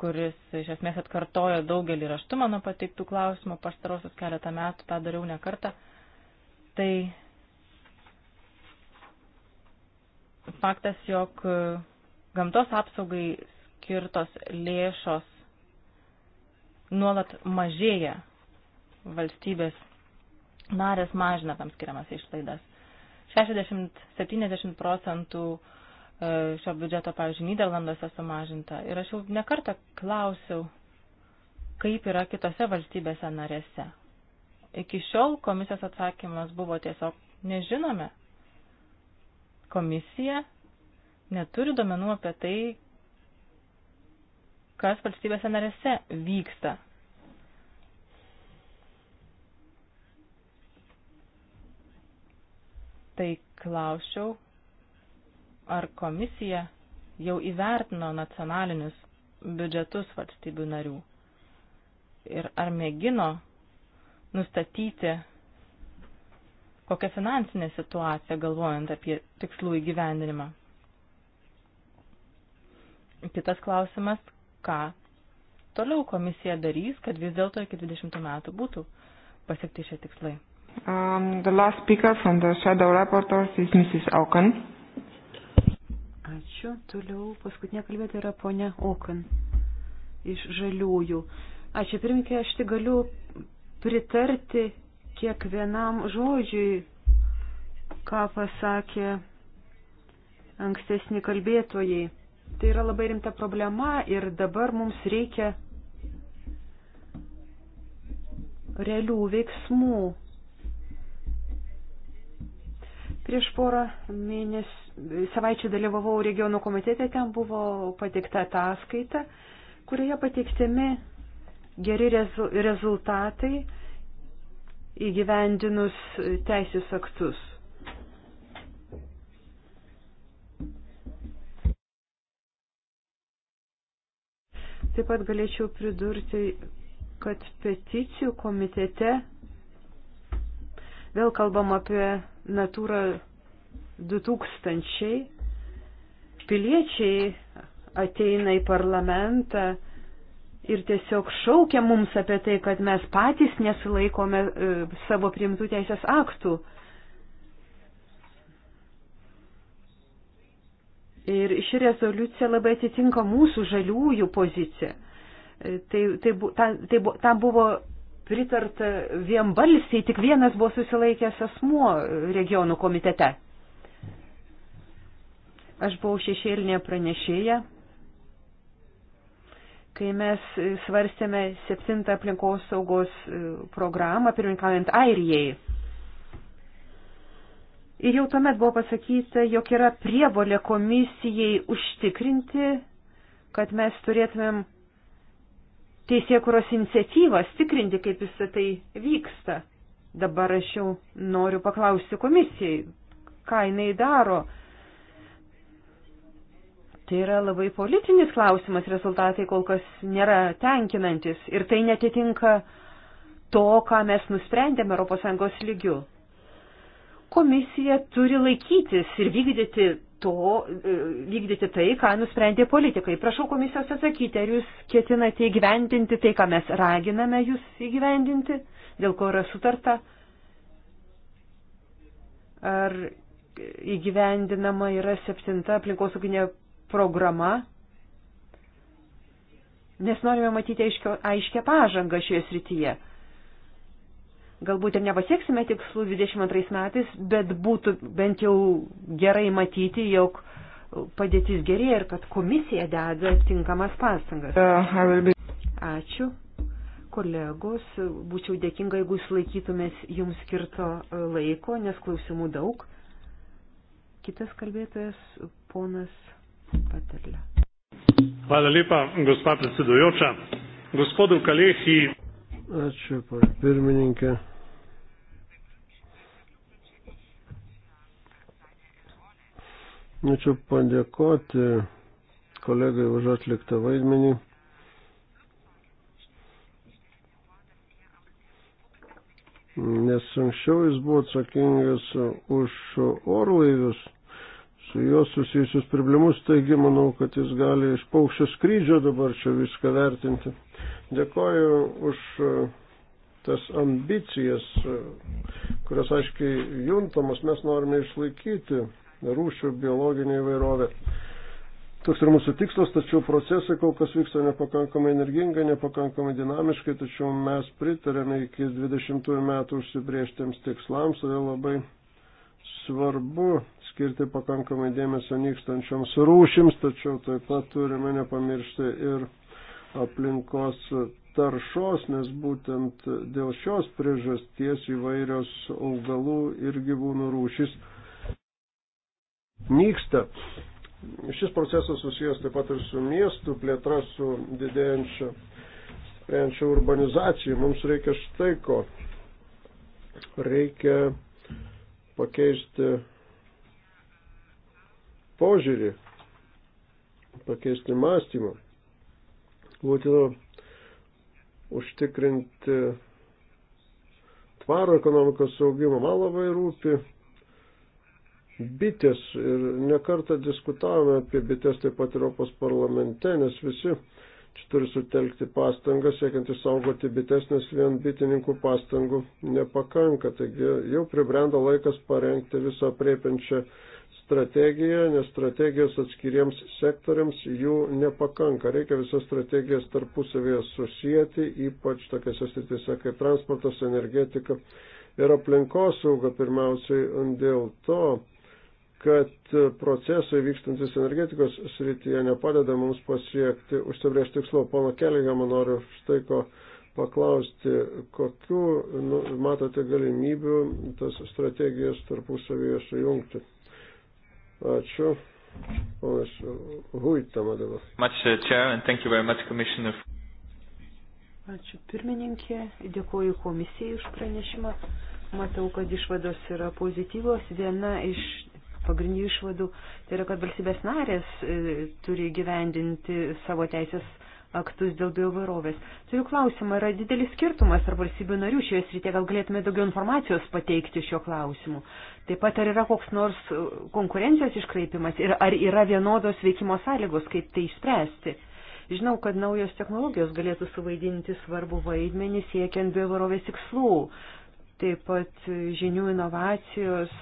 kuris iš esmės atkartojo daugelį raštų mano pateiktų klausimų, pastarosius keletą metų tą dariau ne kartą, tai faktas, jog gamtos apsaugai skirtos lėšos nuolat mažėja valstybės narės mažina tam skiriamas išlaidas. 60-70 procentų uh, E, šio biudžeto, pavyzdžiui, Niderlanduose sumažinta. Ir aš jau nekartą klausiau, kaip yra kitose valstybėse narėse. Iki šiol komisijos atsakymas buvo tiesiog nežinome. Komisija neturi domenų apie tai, kas valstybėse narėse vyksta. Tai klausčiau ar komisija jau įvertino nacionalinius biudžetus valstybių narių ir ar mėgino nustatyti kokią finansinę situaciją galvojant apie tikslų įgyvendinimą. Kitas klausimas, ką toliau komisija darys, kad vis dėlto iki 20 metų būtų pasiekti šie tikslai. Um, the last speaker from the shadow rapporteurs is Mrs. Auken. Ačiū. Toliau paskutinė kalbėta yra ponia Okan iš Žaliųjų. Ačiū pirmininkė, aš tik galiu pritarti kiekvienam žodžiui, ką pasakė ankstesni kalbėtojai. Tai yra labai rimta problema ir dabar mums reikia realių veiksmų. Prieš porą mėnesių savaičių dalyvavau regionų komitete, ten buvo pateikta ataskaita, kurioje pateiktimi geri rezu, rezultatai įgyvendinus teisės aktus. Taip pat galėčiau pridurti, kad peticijų komitete vėl kalbam apie natūrą 2000 piliečiai ateina į parlamentą ir tiesiog šaukia mums apie tai, kad mes patys nesilaikome e, savo priimtų teisės aktų. Ir ši rezoliucija labai atitinka mūsų žaliųjų poziciją. E, tai, tai, ta, tai, tam buvo pritarta vienbalsiai, tik vienas buvo susilaikęs asmuo regionų komitete. Aš buvau šešėlinė pranešėja, kai mes svarstėme septintą aplinkos saugos e, programą, pirmininkaujant Airijai. Ir jau tuomet buvo pasakyta, jog yra prievolė komisijai užtikrinti, kad mes turėtumėm teisėkuros iniciatyvas tikrinti, kaip visą tai vyksta. Dabar aš jau noriu paklausti komisijai, ką jinai daro Tai yra labai politinis klausimas, rezultatai kol kas nėra tenkinantis ir tai netitinka to, ką mes nusprendėme ES lygiu. Komisija turi laikytis ir vykdyti, to, e, vykdyti tai, ką nusprendė politikai. Prašau komisijos atsakyti, ar jūs ketinate įgyvendinti tai, ką mes raginame jūs įgyvendinti, dėl ko yra sutarta. Ar įgyvendinama yra septinta aplinkosauginė programa, nes norime matyti aiškio, aiškę pažangą šioje srityje. Galbūt ir nepasieksime tikslų 22 metais, bet būtų bent jau gerai matyti, jog padėtis gerėja ir kad komisija deda tinkamas pastangas. Uh, Ačiū kolegos, būčiau dėkinga, jeigu jūs laikytumės jums skirto laiko, nes klausimų daug. Kitas kalbėtojas, ponas Patrlja. Hvala lepa, gospa predsedujoča. Gospodu Kalehi. Ačiū, pirmininkė. Norėčiau padėkoti kolegai už atliktą vaidmenį. Nes anksčiau jis buvo atsakingas už orlaivius su juo susijusius problemus, taigi manau, kad jis gali iš paukščio skrydžio dabar čia viską vertinti. Dėkoju už e, tas ambicijas, e, kurias aiškiai juntamas mes norime išlaikyti rūšių biologinį įvairovę. Toks yra mūsų tikslas, tačiau procesai kol kas vyksta nepakankamai energingai, nepakankamai dinamiškai, tačiau mes pritarėme iki 20 metų užsibrieštiems tikslams, todėl labai svarbu skirti pakankamai dėmesio nykstančioms rūšims, tačiau taip pat turime nepamiršti ir aplinkos taršos, nes būtent dėl šios priežasties įvairios augalų ir gyvūnų rūšis nyksta. Šis procesas susijęs taip pat ir su miestų plėtra, su didėjančia, sprendžia urbanizacija. Mums reikia štai ko. Reikia pakeisti požiūrį, pakeisti mąstymą. Būtina užtikrinti tvarų ekonomikos saugimą. Man labai rūpi bitės ir nekartą diskutavome apie bitės taip pat Europos parlamente, nes visi čia turi sutelkti pastangas, siekiant išsaugoti bites, nes vien bitininkų pastangų nepakanka. Taigi jau pribrendo laikas parengti visą priepiančią strategiją, nes strategijos atskiriems sektoriams jų nepakanka. Reikia visas strategijas tarpusavėje susijęti, ypač tokiose sritise kaip transportas, energetika ir aplinkosauga pirmiausiai dėl to, kad procesai vykstantis energetikos srityje nepadeda mums pasiekti užsibrėžti tikslo. Pono Keligamą noriu štai ko paklausti, kokiu nu, matote galimybių tas strategijas tarpusavėje sujungti. Ačiū. Ponas Huitama dabar. Uh, Ačiū pirmininkė, dėkoju komisijai už pranešimą. Matau, kad išvados yra pozityvos. Viena iš pagrindinių išvadų tai yra, kad valstybės narės e, turi gyvendinti savo teisės aktus dėl biovarovės. Turiu klausimą, yra didelis skirtumas ar valstybių narių šioje srityje, gal galėtume daugiau informacijos pateikti šiuo klausimu. Taip pat ar yra koks nors e, konkurencijos iškreipimas ir ar yra vienodos veikimo sąlygos, kaip tai išspręsti. Žinau, kad naujos technologijos galėtų suvaidinti svarbu vaidmenį siekiant biovarovės tikslų. Taip pat e, žinių inovacijos,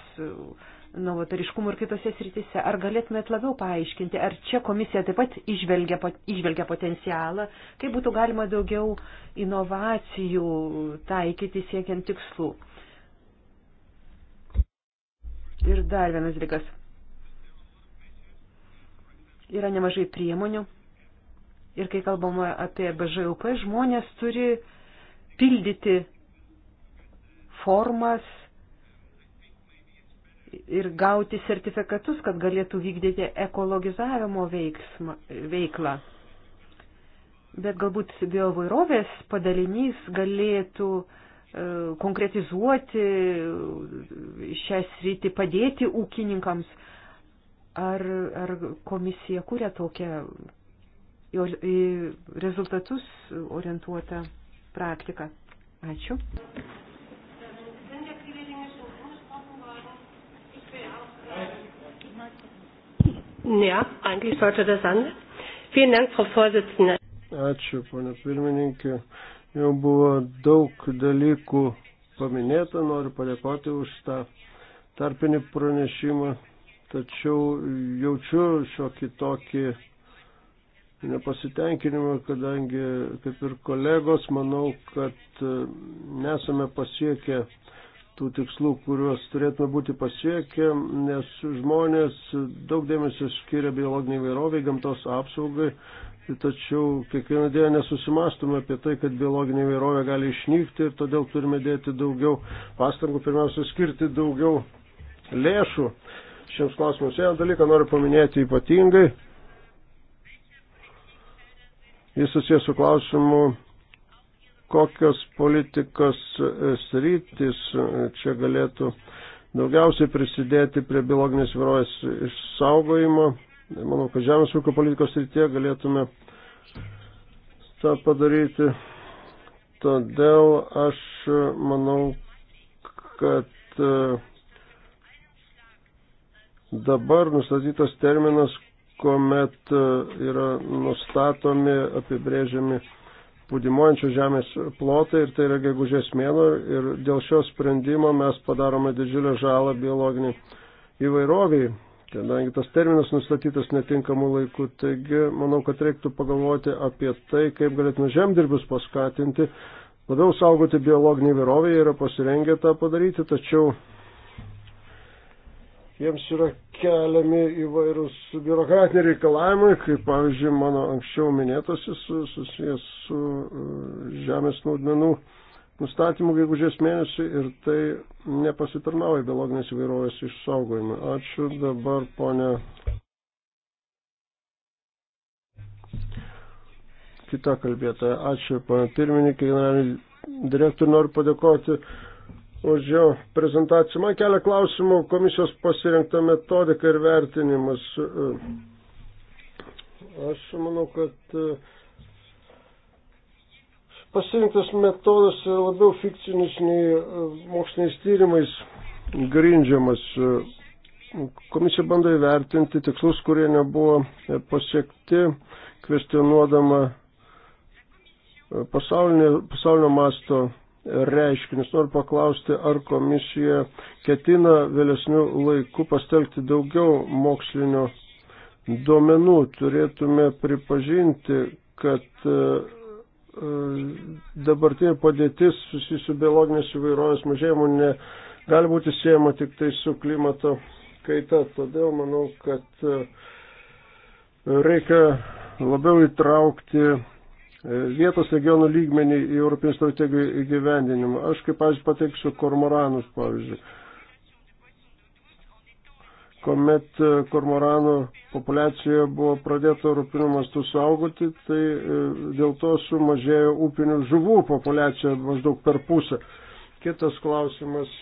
novatoriškumu ir kitose srityse. Ar galėtumėt labiau paaiškinti, ar čia komisija taip pat išvelgia, išvelgia potencialą, kaip būtų galima daugiau inovacijų taikyti siekiant tikslų? Ir dar vienas dalykas. Yra nemažai priemonių. Ir kai kalbama apie BŽUP, žmonės turi pildyti formas ir gauti sertifikatus, kad galėtų vykdyti ekologizavimo veiksmą, veiklą. Bet galbūt biovairovės padalinys galėtų e, konkretizuoti šią sritį, padėti ūkininkams. Ar, ar komisija kūrė tokią į rezultatus orientuotą praktiką? Ačiū. Ne, eigentlich sollte das anders. Vielen Dank, Frau Vorsitzende. Ačiū, ponė pirmininkė. Jau buvo daug dalykų paminėta, noriu padėkoti už tą tarpinį pranešimą, tačiau jaučiu šiokį tokį nepasitenkinimą, kadangi, kaip ir kolegos, manau, kad nesame pasiekę tų tikslų, kuriuos turėtume būti pasiekę, nes žmonės daug dėmesio skiria biologiniai vairoviai, gamtos apsaugai, tačiau kiekvieną dieną nesusimastume apie tai, kad biologinė vairovė gali išnykti ir todėl turime dėti daugiau pastangų, pirmiausia, skirti daugiau lėšų šiems klausimams. Vieną dalyką noriu paminėti ypatingai. Jis susijęs su klausimu kokios politikos e, sritis e, čia galėtų daugiausiai prisidėti prie biologinės įvairovės išsaugojimo. Tai manau, kad žemės ūkio politikos srityje galėtume tą padaryti. Todėl aš manau, kad e, dabar nustatytas terminas, kuomet yra nustatomi, apibrėžiami pūdimuojančios žemės plotai ir tai yra gegužės mėno ir dėl šio sprendimo mes padarome didžiulę žalą biologinį įvairoviai, kadangi tas terminas nustatytas netinkamų laikų. Taigi, manau, kad reiktų pagalvoti apie tai, kaip galėtume žemdirbius paskatinti, labiau saugoti biologinį įvairovę, jie yra pasirengę tą padaryti, tačiau jiems yra keliami įvairūs biurokratiniai reikalavimai, kaip pavyzdžiui mano anksčiau minėtasis susijęs su e, žemės naudmenų nustatymu gegužės mėnesį ir tai nepasitarnauja biologinės įvairovės išsaugojimui. Ačiū dabar, ponė. Kita kalbėtoja, ačiū, pana pirmininkė, generaliniai direktoriui noriu padėkoti už jo prezentaciją. Man kelia klausimų komisijos pasirinkta metodika ir vertinimas. Aš manau, kad e, pasirinktas metodas yra labiau fikcinis nei e, moksliniais tyrimais grindžiamas. Komisija bando įvertinti tikslus, kurie nebuvo pasiekti, kvestionuodama pasaulinio, e, pasaulinio masto reiškinius. Noriu paklausti, ar komisija ketina vėlesnių laikų pastelgti daugiau mokslinio duomenų. Turėtume pripažinti, kad e, e, dabartinė padėtis susijusių biologinės įvairovės mažėjimu negali būti siejama tik tai su klimato kaita. Todėl manau, kad e, reikia labiau įtraukti E, vietos regionų lygmenį į Europinį strategijų įgyvendinimą. Aš kaip, pavyzdžiui, pateiksiu kormoranus, pavyzdžiui. Komet e, kormoranų populiacija buvo pradėta Europiniu mastu saugoti, tai e, dėl to sumažėjo upinių žuvų populiacija maždaug per pusę. Kitas klausimas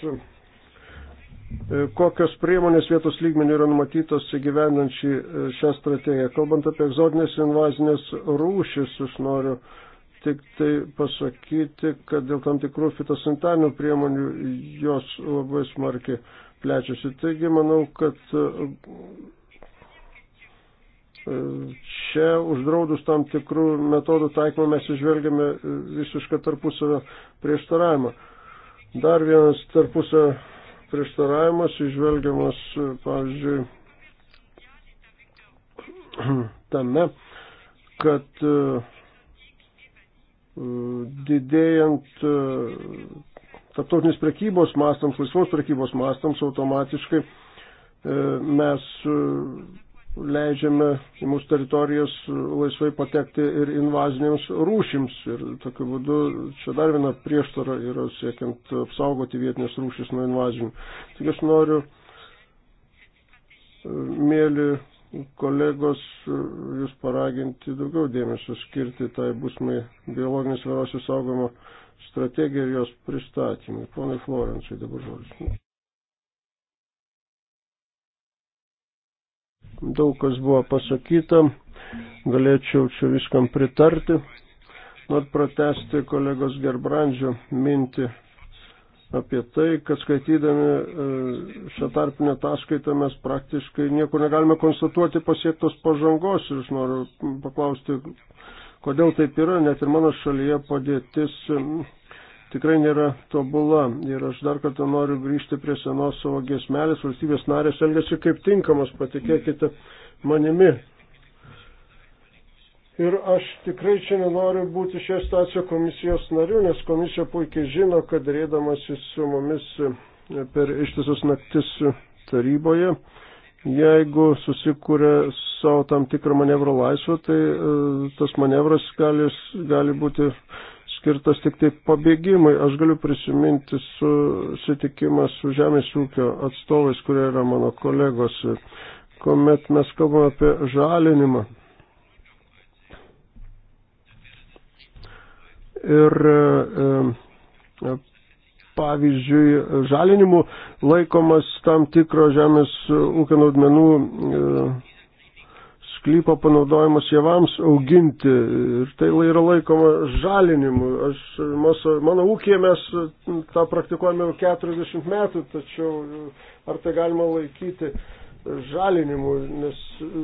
E, kokios priemonės vietos lygmenių yra numatytos įgyvendant šį, e, šią strategiją. Kalbant apie egzotinės invazinės rūšis, aš noriu tik tai pasakyti, kad dėl tam tikrų fitosanitarinių priemonių jos labai smarkiai plečiasi. Taigi manau, kad e, čia uždraudus tam tikrų metodų taikymą mes išvelgiame visišką tarpusavio prieštaravimą. Dar vienas tarpusavio prieštaravimas išvelgiamas, pavyzdžiui, tame, kad e, didėjant e, tarptautinės prekybos mastams, laisvos prekybos mastams automatiškai e, mes leidžiame į mūsų teritorijas laisvai patekti ir invazinėms rūšims. Ir tokiu būdu čia dar viena prieštara yra siekiant apsaugoti vietinės rūšis nuo invazinių. Tik aš noriu, mėly kolegos, jūs paraginti daugiau dėmesio skirti tai būsmai biologinės vėros išsaugojimo strategijai ir jos pristatymui. Ponai Florencijai dabar žodžiu. daug kas buvo pasakyta, galėčiau čia viskam pritarti. Noriu pratesti kolegos Gerbrandžio mintį apie tai, kad skaitydami e, šią tarpinę ataskaitą mes praktiškai nieko negalime konstatuoti pasiektos pažangos ir aš noriu paklausti, kodėl taip yra, net ir mano šalyje padėtis tikrai nėra tobula. Ir aš dar kartą noriu grįžti prie senos savo gesmelės. Valstybės narės elgesi kaip tinkamas, patikėkite manimi. Ir aš tikrai čia nenoriu būti šio stacio komisijos nariu, nes komisija puikiai žino, kad rėdamasi su mumis per ištisas naktis taryboje, jeigu susikūrė savo tam tikrą manevro laisvą, tai e, tas manevras gali, gali būti skirtas tik tai pabėgimai. Aš galiu prisiminti susitikimą su žemės ūkio atstovais, kurie yra mano kolegos, kuomet mes kalbame apie žalinimą. Ir e, pavyzdžiui, žalinimu laikomas tam tikro žemės ūkio naudmenų e, sklypo panaudojimas javams auginti ir tai yra laikoma žalinimu. Aš, mūsų, mano ūkija mes tą praktikuojame jau 40 metų, tačiau e, ar tai galima laikyti žalinimu, nes e,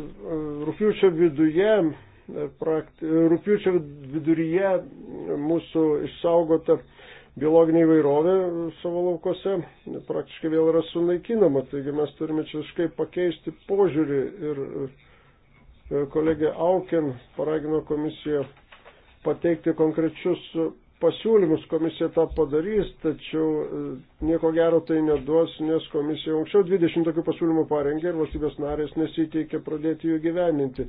rūpiučio viduje, e, prakti, rūpiučio viduryje mūsų išsaugota biologinė įvairovė savo laukose praktiškai vėl yra sunaikinama, taigi mes turime čia kažkaip pakeisti požiūrį ir E, kolegė Auken paragino komisiją pateikti konkrečius pasiūlymus, komisija tą padarys, tačiau e, nieko gero tai neduos, nes komisija anksčiau 20 tokių pasiūlymų parengė ir valstybės narės nesiteikė pradėti jų gyveninti.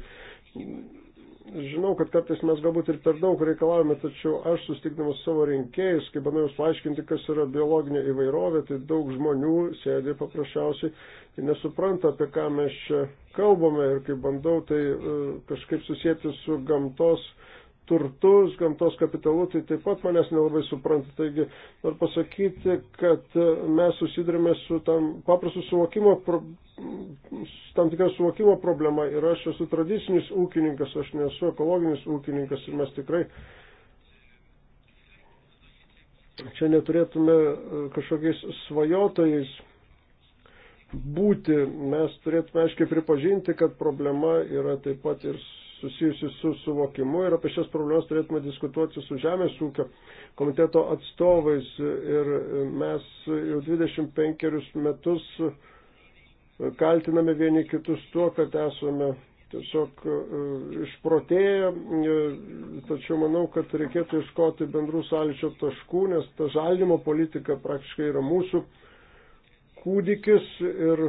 Žinau, kad kartais mes galbūt ir per daug reikalavome, tačiau aš sustikdamas savo rinkėjus, kai bandau jūs paaiškinti, kas yra biologinė įvairovė, tai daug žmonių sėdė paprasčiausiai ir nesupranta, apie ką mes čia kalbame ir kai bandau tai e, kažkaip susijęti su gamtos uh, turtus, gamtos kapitalu, tai taip pat manęs nelabai supranta. Taigi, noriu pasakyti, kad mes susidurime su tam paprastu suvokimo, tam tikra suvokimo problema ir aš esu tradicinis ūkininkas, aš nesu ekologinis ūkininkas ir mes tikrai čia neturėtume e, kažkokiais svajotojais būti, mes turėtume aiškiai pripažinti, kad problema yra taip pat ir susijusi su suvokimu ir apie šias problemas turėtume diskutuoti su Žemės ūkio komiteto atstovais. Ir mes jau 25 metus kaltiname vieni kitus tuo, kad esame tiesiog e, išprotėję, e, tačiau manau, kad reikėtų iškoti bendrų sąlyčio taškų, nes ta žaldymo politika praktiškai yra mūsų kūdikis ir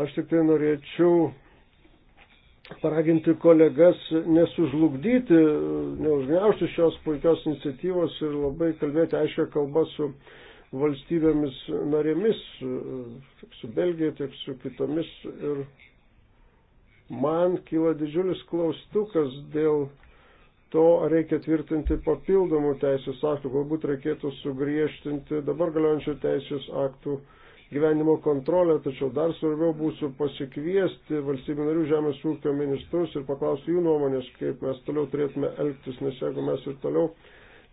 aš tik tai norėčiau paraginti kolegas nesužlugdyti, neužgniaušti šios puikios iniciatyvos ir labai kalbėti aiškę kalbą su valstybėmis narėmis, tiek su Belgija, tiek su kitomis. Ir man kyla didžiulis klaustukas dėl to, ar reikia tvirtinti papildomų teisės aktų, galbūt reikėtų sugriežtinti dabar galiojančių teisės aktų gyvenimo kontrolę, tačiau dar svarbiau būsiu pasikviesti valstybių narių žemės ūkio ministrus ir paklausti jų nuomonės, kaip mes toliau turėtume elgtis, nes jeigu mes ir toliau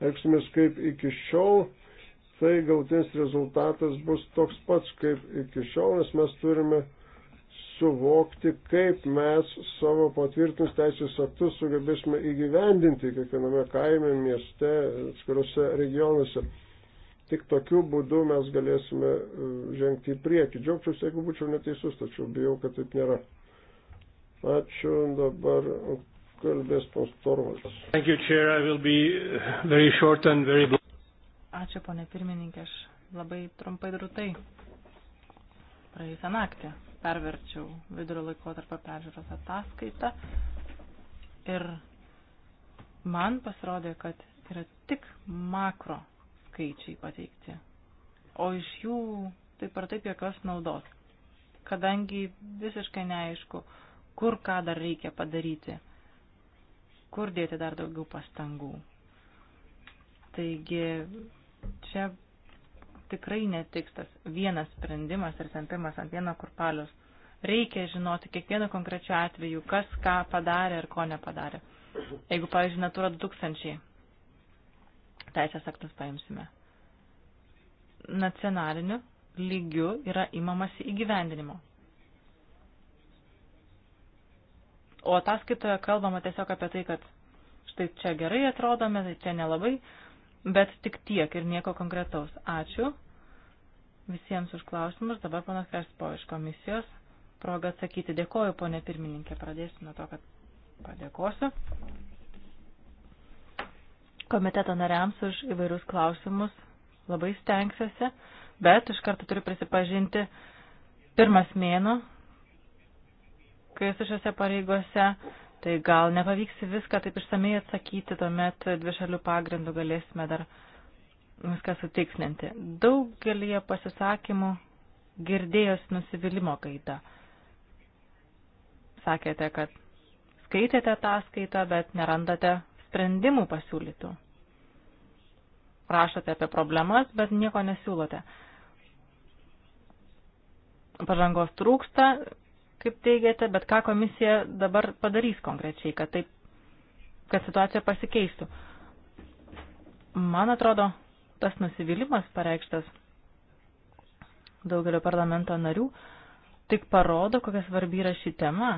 elgsimės kaip iki šiol, tai galtinis rezultatas bus toks pats kaip iki šiol, nes mes turime suvokti, kaip mes savo patvirtinus teisės aktus sugebėsime įgyvendinti kiekviename kaime, mieste, atskiruose regionuose. Tik tokiu būdu mes galėsime e, žengti į priekį. Džiaugčiausi, jeigu būčiau neteisus, tačiau bijau, kad taip nėra. Ačiū, dabar kalbės pastorvas. Uh, very... Ačiū, ponė pirmininkė, aš labai trumpai drūtai praėjusią naktį perverčiau vidurio laikotarpio peržiūros ataskaitą ir man pasirodė, kad yra tik makro skaičiai pateikti. O iš jų taip ar taip jokios naudos, kadangi visiškai neaišku, kur ką dar reikia padaryti, kur dėti dar daugiau pastangų. Taigi čia tikrai netiks tas vienas sprendimas ir tempimas ant vieno kurpalius. Reikia žinoti kiekvienu konkrečiu atveju, kas ką padarė ir ko nepadarė. Jeigu, pavyzdžiui, Natura 2000 teisės aktus paimsime. Nacionaliniu lygiu yra imamasi įgyvendinimo. O ataskaitoje kalbama tiesiog apie tai, kad štai čia gerai atrodome, tai čia nelabai, bet tik tiek ir nieko konkretaus. Ačiū visiems už klausimus. Dabar panas Kerspo iš komisijos. Proga atsakyti. Dėkoju, ponė pirmininkė. Pradėsiu nuo to, kad padėkosiu komiteto nariams už įvairius klausimus. Labai stengsiuosi, bet iš karto turiu prisipažinti, pirmas mėno, kai esu šiuose pareigose, tai gal nepavyks viską taip išsamei atsakyti, tuomet dvišalių pagrindų galėsime dar viską sutikslinti. Daugelie pasisakymų girdėjos nusivylimų gaida. Sakėte, kad skaitėte tą skaitą, bet nerandate sprendimų pasiūlytų. Rašote apie problemas, bet nieko nesiūlote. Pažangos trūksta, kaip teigiate, bet ką komisija dabar padarys konkrečiai, kad, taip, kad situacija pasikeistų. Man atrodo, tas nusivylimas pareikštas daugelio parlamento narių tik parodo, kokia svarbi yra ši tema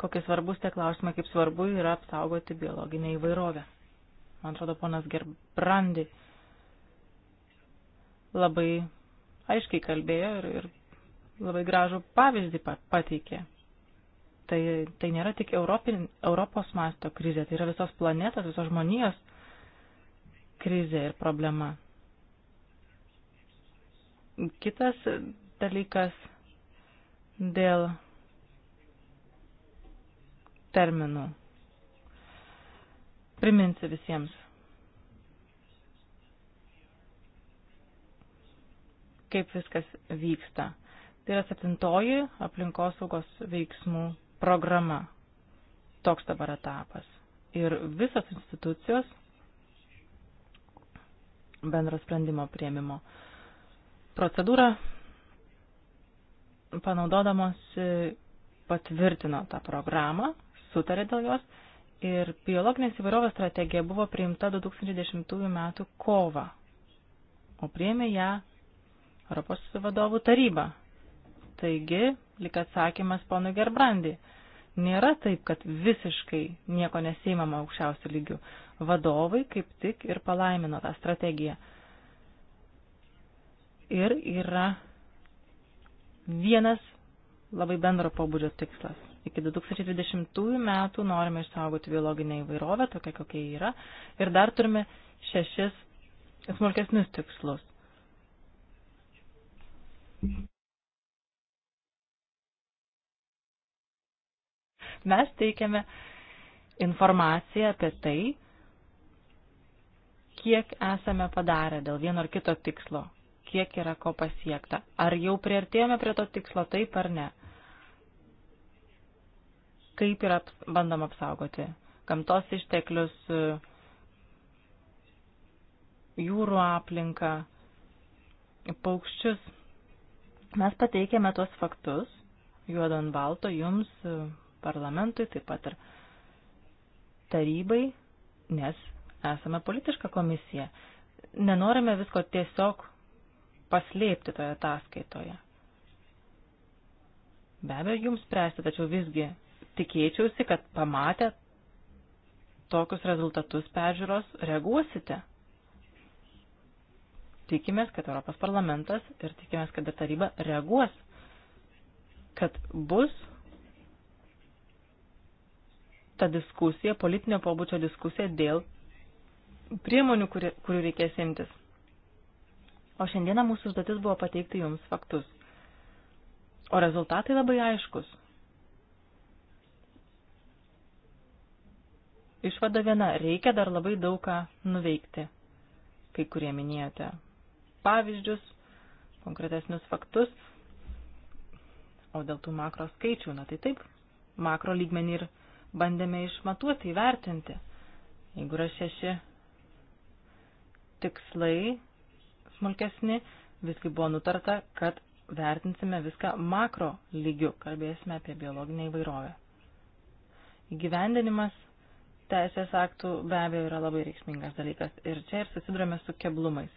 kokie svarbus tie klausimai, kaip svarbu yra apsaugoti biologinę įvairovę. Man atrodo, ponas Gerbrandi labai aiškiai kalbėjo ir, ir labai gražų pavyzdį pateikė. Tai, tai nėra tik Europin, Europos masto krizė, tai yra visos planetos, visos žmonijos krizė ir problema. Kitas dalykas dėl terminų. Priminsiu visiems. Kaip viskas vyksta. Tai yra septintoji aplinkosaugos veiksmų programa. Toks dabar etapas. Ir visos institucijos bendro sprendimo prieimimo procedūrą panaudodamos patvirtino tą programą sutarė dėl jos ir biologinės įvairovės strategija buvo priimta 2010 m. kovą, o priėmė ją Europos vadovų taryba. Taigi, lik atsakymas ponui Gerbrandi, nėra taip, kad visiškai nieko nesimama aukščiausių lygių. Vadovai kaip tik ir palaimino tą strategiją. Ir yra vienas labai bendro pobūdžio tikslas. Iki 2020 metų norime išsaugoti biologinę įvairovę, tokia kokia yra, ir dar turime šešis smulkesnius tikslus. Mes teikiame informaciją apie tai, kiek esame padarę dėl vieno ar kito tikslo, kiek yra ko pasiekta, ar jau priartėjome prie to tikslo taip ar ne kaip yra bandom apsaugoti gamtos išteklius, jūrų aplinką, paukščius. Mes pateikėme tuos faktus, juodo ant balto, jums, parlamentui, taip pat ir tarybai, nes esame politiška komisija. Nenorime visko tiesiog paslėpti toje ataskaitoje. Be abejo, jums spręsti, tačiau visgi tikėčiausi, kad pamatę tokius rezultatus peržiūros reaguosite. Tikimės, kad Europos parlamentas ir tikimės, kad ir taryba reaguos, kad bus ta diskusija, politinio pobūdžio diskusija dėl priemonių, kuri, kurių reikės imtis. O šiandieną mūsų užduotis buvo pateikti jums faktus. O rezultatai labai aiškus. Išvada viena, reikia dar labai daug ką nuveikti, kai kurie minėjote pavyzdžius, konkretesnius faktus, o dėl tų makro skaičių, na tai taip, makro lygmenį ir bandėme išmatuoti, įvertinti. Jeigu yra šeši tikslai smulkesni, visgi buvo nutarta, kad vertinsime viską makro lygiu, kalbėsime apie biologinę įvairovę. Įgyvendinimas teisės aktų be abejo yra labai reikšmingas dalykas. Ir čia ir susidurėme su keblumais.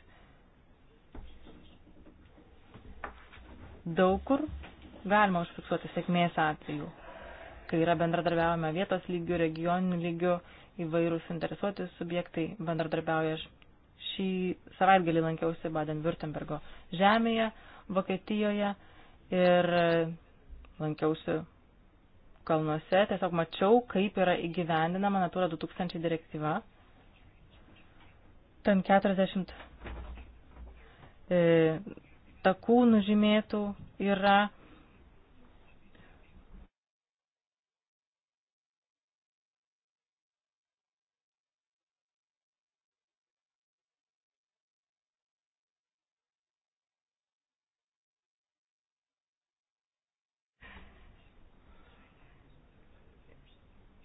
Daug kur galima užfiksuoti sėkmės atvejų, kai yra bendradarbiavime vietos lygių, regioninių lygių, įvairūs interesuoti subjektai bendradarbiauja. Aš šį savaitgalį lankiausi Baden-Württembergo žemėje, Vokietijoje ir lankiausi kalnuose, tiesiog mačiau, kaip yra įgyvendinama Natura 2000 direktyva. Ten 40 e, takų nužymėtų yra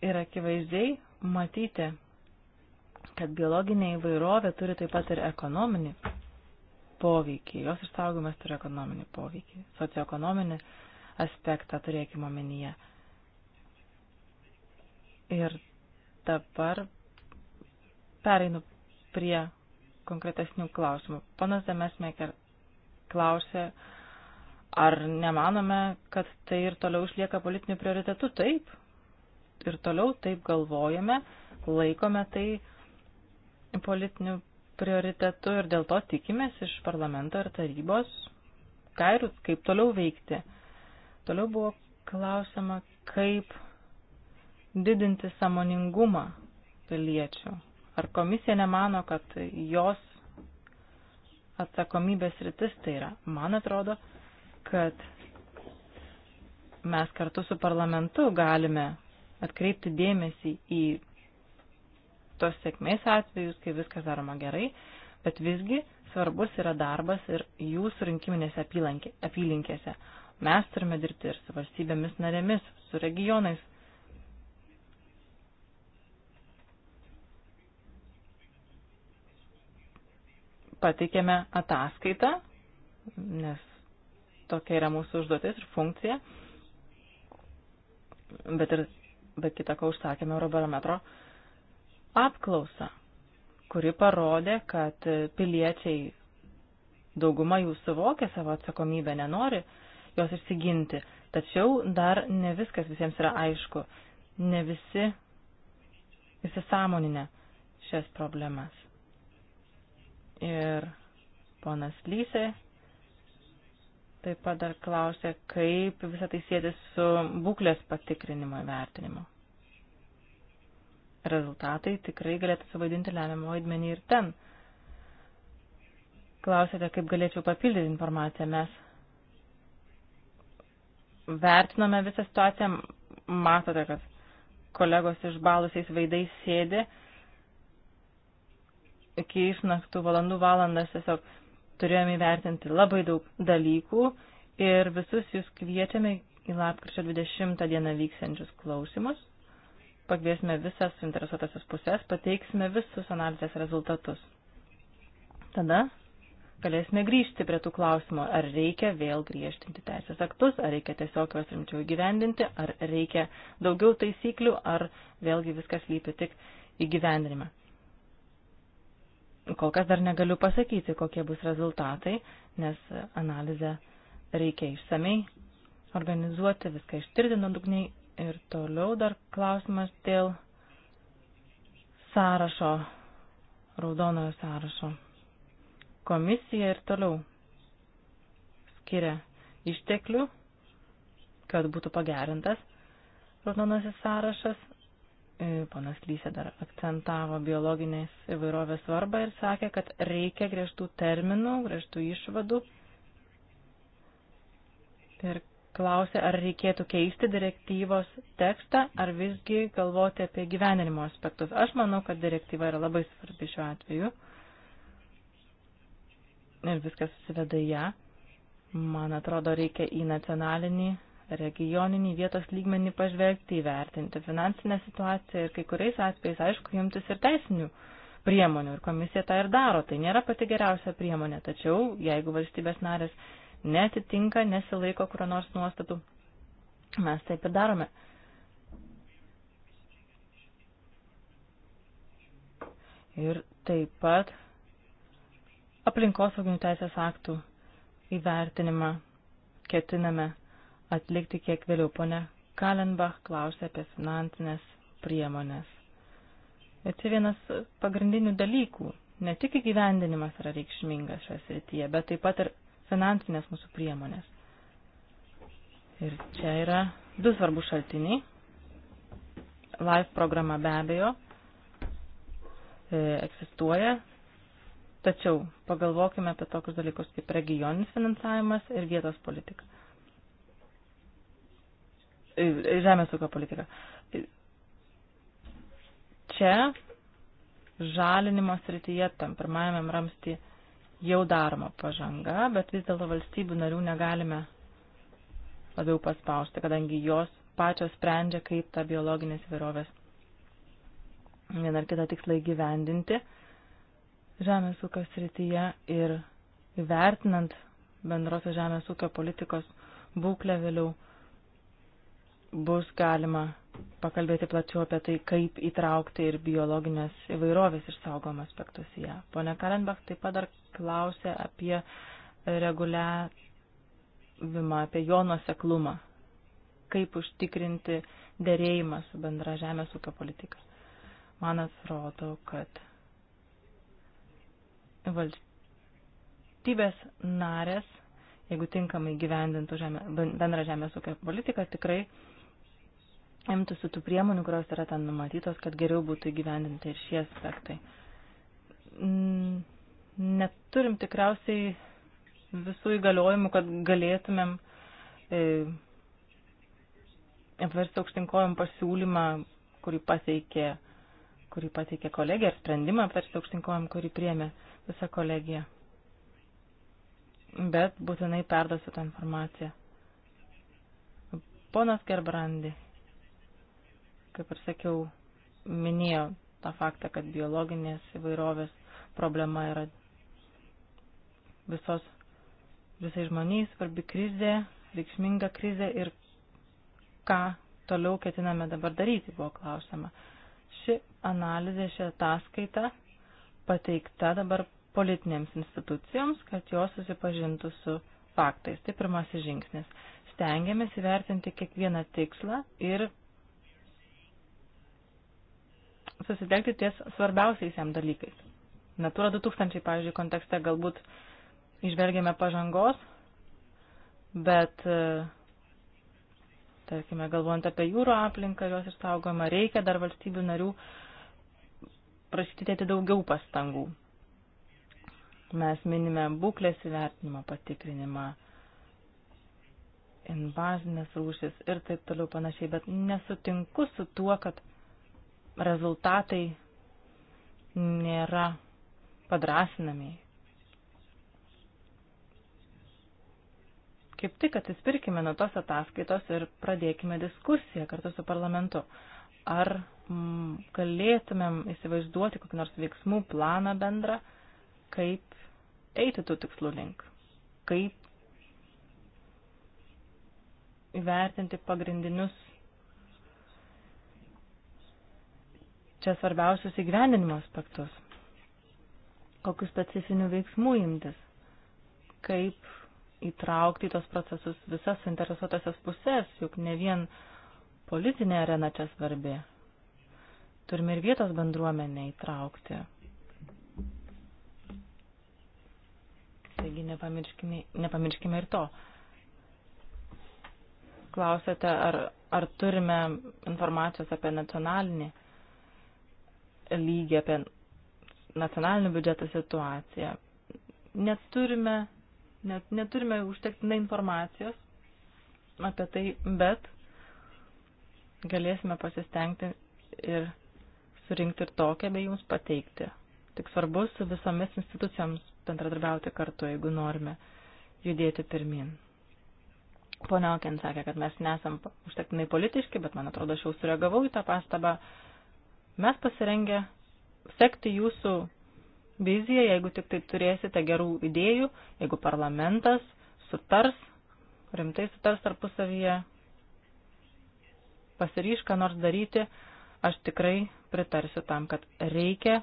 Ir akivaizdžiai matyti, kad biologinė įvairovė turi taip pat ir ekonominį poveikį, jos išsaugomas turi ekonominį poveikį, socioekonominį aspektą turėkime omenyje. Ir dabar pereinu prie konkretesnių klausimų. Panas Demesmeker klausė, ar nemanome, kad tai ir toliau išlieka politiniu prioritetu? Taip, ir toliau taip galvojame, laikome tai politiniu prioritetu ir dėl to tikimės iš parlamento ir tarybos gairius, kaip toliau veikti. Toliau buvo klausima, kaip didinti samoningumą piliečių. Ar komisija nemano, kad jos atsakomybės rytis tai yra? Man atrodo, kad mes kartu su parlamentu galime atkreipti dėmesį į tos sėkmės atvejus, kai viskas daroma gerai, bet visgi svarbus yra darbas ir jūsų rinkiminėse apylinkėse. Mes turime dirbti ir su valstybėmis narėmis, su regionais. Pateikėme ataskaitą, nes tokia yra mūsų užduotis ir funkcija, bet ir bet kitą ko užsakėme Eurobarometro apklausą, kuri parodė, kad piliečiai dauguma jų suvokia savo atsakomybę, nenori jos išsiginti. Tačiau dar ne viskas visiems yra aišku, ne visi įsisamoninę šias problemas. Ir ponas Lysė Taip pat dar klausė, kaip visą tai sėti su būklės patikrinimo įvertinimu. Rezultatai tikrai galėtų suvaidinti lemiamą vaidmenį ir ten. Klausėte, kaip galėčiau papildyti informaciją. Mes vertinome visą situaciją, matote, kad kolegos išbalusiais vaidais sėdi iki išnaktų valandų valandas tiesiog Turėjome įvertinti labai daug dalykų ir visus jūs kviečiame į lapkričio 20 dieną vyksiančius klausimus. Pakviesime visas suinteresuotasias pusės, pateiksime visus analizės rezultatus. Tada galėsime grįžti prie tų klausimų, ar reikia vėl griežtinti teisės aktus, ar reikia tiesiog juos rimčiau gyvendinti, ar reikia daugiau taisyklių, ar vėlgi viskas lypi tik įgyvendinime. Kol kas dar negaliu pasakyti, kokie bus rezultatai, nes analizę reikia išsamei organizuoti, viską ištirti nuodugniai. Ir toliau dar klausimas dėl sąrašo, raudonojo sąrašo. Komisija ir toliau skiria išteklių, kad būtų pagerintas raudonasis sąrašas Ponas Lysė dar akcentavo biologinės įvairovės svarbą ir sakė, kad reikia griežtų terminų, griežtų išvadų. Ir klausė, ar reikėtų keisti direktyvos tekstą, ar visgi galvoti apie gyvenimo aspektus. Aš manau, kad direktyva yra labai svarbi šiuo atveju. Ir viskas susiveda į ją. Man atrodo, reikia į nacionalinį regioninį vietos lygmenį pažvelgti, įvertinti finansinę situaciją ir kai kuriais atvejais, aišku, imtis ir teisinių priemonių. Ir komisija tą ir daro. Tai nėra pati geriausia priemonė. Tačiau, jeigu valstybės narės netitinka, nesilaiko kurio nors nuostatų, mes taip ir darome. Ir taip pat aplinkosauginių teisės aktų įvertinimą ketiname atlikti kiek vėliau. Pone Kalenbach klausė apie finansinės priemonės. Ir čia vienas pagrindinių dalykų. Ne tik įgyvendinimas yra reikšmingas šioje srityje, bet taip pat ir finansinės mūsų priemonės. Ir čia yra du svarbus šaltiniai. Live programa be abejo e, egzistuoja, tačiau pagalvokime apie tokius dalykus kaip regioninis finansavimas ir vietos politika žemės ūkio politiką. Čia žalinimo srityje tam pirmajame ramstį jau daroma pažanga, bet vis dėlto valstybių narių negalime labiau paspausti, kadangi jos pačios sprendžia, kaip tą biologinės įvairovės vieną ar kitą tikslą įgyvendinti žemės ūkio srityje ir vertinant bendrosios žemės ūkio politikos būklę vėliau bus galima pakalbėti plačiau apie tai, kaip įtraukti ir biologinės įvairovės išsaugom aspektus į ją. Pone Kalenbach taip pat dar klausė apie reguliavimą, apie jo nuoseklumą, kaip užtikrinti dėrėjimą su bendra žemės ūkio politika. Man atrodo, kad valstybės narės, jeigu tinkamai gyvendintų žemė, bendrą žemės ūkio politiką, tikrai uh, imtųsi tų priemonių, kurios yra ten numatytos, kad geriau būtų įgyvendinti ir šie aspektai. Mm, neturim tikriausiai visų įgaliojimų, kad galėtumėm e, apversti aukštinkojom pasiūlymą, kurį pateikė, kurį pateikė kolegija, ar sprendimą apversti aukštinkojom, kurį priemė visa kolegija. Bet būtinai perdosiu tą informaciją. Ponas Gerbrandi kaip ir sakiau, minėjo tą faktą, kad biologinės įvairovės problema yra visos, visai žmoniai svarbi krizė, reikšminga krizė ir ką toliau ketiname dabar daryti, buvo klausima. Ši analizė, ši ataskaita pateikta dabar politinėms institucijoms, kad jos susipažintų su faktais. Tai pirmasis žingsnis. Stengiamės įvertinti kiekvieną tikslą ir susitelkti ties svarbiausiais jam dalykais. Natūra 2000, pavyzdžiui, kontekste galbūt išvelgėme pažangos, bet, e, tarkime, galvojant apie jūro aplinką ir jos išsaugojimą, reikia dar valstybių narių prašyti dėti daugiau pastangų. Mes minime būklės įvertinimą, patikrinimą, invazinės rūšis ir taip toliau panašiai, bet nesutinku su tuo, kad rezultatai nėra padrasinamiai. Kaip tik atsispirkime nuo tos ataskaitos ir pradėkime diskusiją kartu su parlamentu. Ar m, mm, galėtumėm įsivaizduoti kokį nors veiksmų planą bendrą, kaip eiti tų tikslų link, kaip įvertinti pagrindinius čia svarbiausius įgyvendinimo aspektus. Kokius specifinių veiksmų imtis, kaip įtraukti į tos procesus visas interesuotasias pusės, juk ne vien politinė arena čia svarbi. Turime ir vietos bendruomenę įtraukti. Taigi nepamirškime, nepamirškime ir to. Klausėte, ar, ar turime informacijos apie nacionalinį lygį, apie nacionalinių biudžetų situaciją. Neturime, net, neturime užtektinai informacijos apie tai, bet galėsime pasistengti ir surinkti ir tokią bei jums pateikti. Tik svarbu su visomis institucijoms bendradarbiauti kartu, jeigu norime judėti pirmin. Pone Okien sakė, kad mes nesam užtektinai politiški, bet man atrodo, aš jau sureagavau į tą pastabą. Uh, Mes pasirengę sekti jūsų viziją, jeigu tik tai turėsite gerų idėjų, jeigu parlamentas sutars, rimtai sutars tarpusavyje, pasiryš, ką nors daryti, aš tikrai pritarsiu tam, kad reikia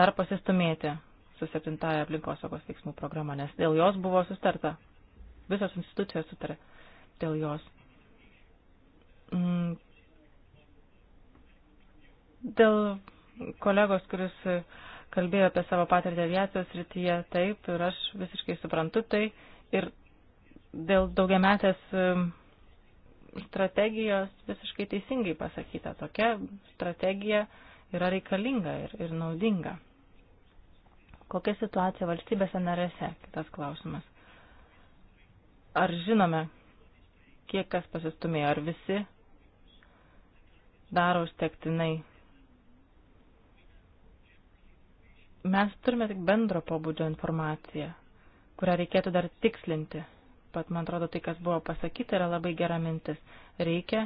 dar pasistumėti su septintaja aplinkosaugos veiksmų programa, nes dėl jos buvo sustarta. Visos institucijos sutarė dėl jos. Mm, Dėl kolegos, kuris kalbėjo apie savo patirtį aviacijos rytyje, taip, ir aš visiškai suprantu tai. Ir dėl daugiametės um, strategijos visiškai teisingai pasakyta. Tokia strategija yra reikalinga ir, ir naudinga. Kokia situacija valstybėse narėse? Kitas klausimas. Ar žinome, kiek kas pasistumėjo, ar visi daro užtektinai Mes turime tik bendro pobūdžio informaciją, kurią reikėtų dar tikslinti. Pat man atrodo, tai, kas buvo pasakyta, yra labai gera mintis. Reikia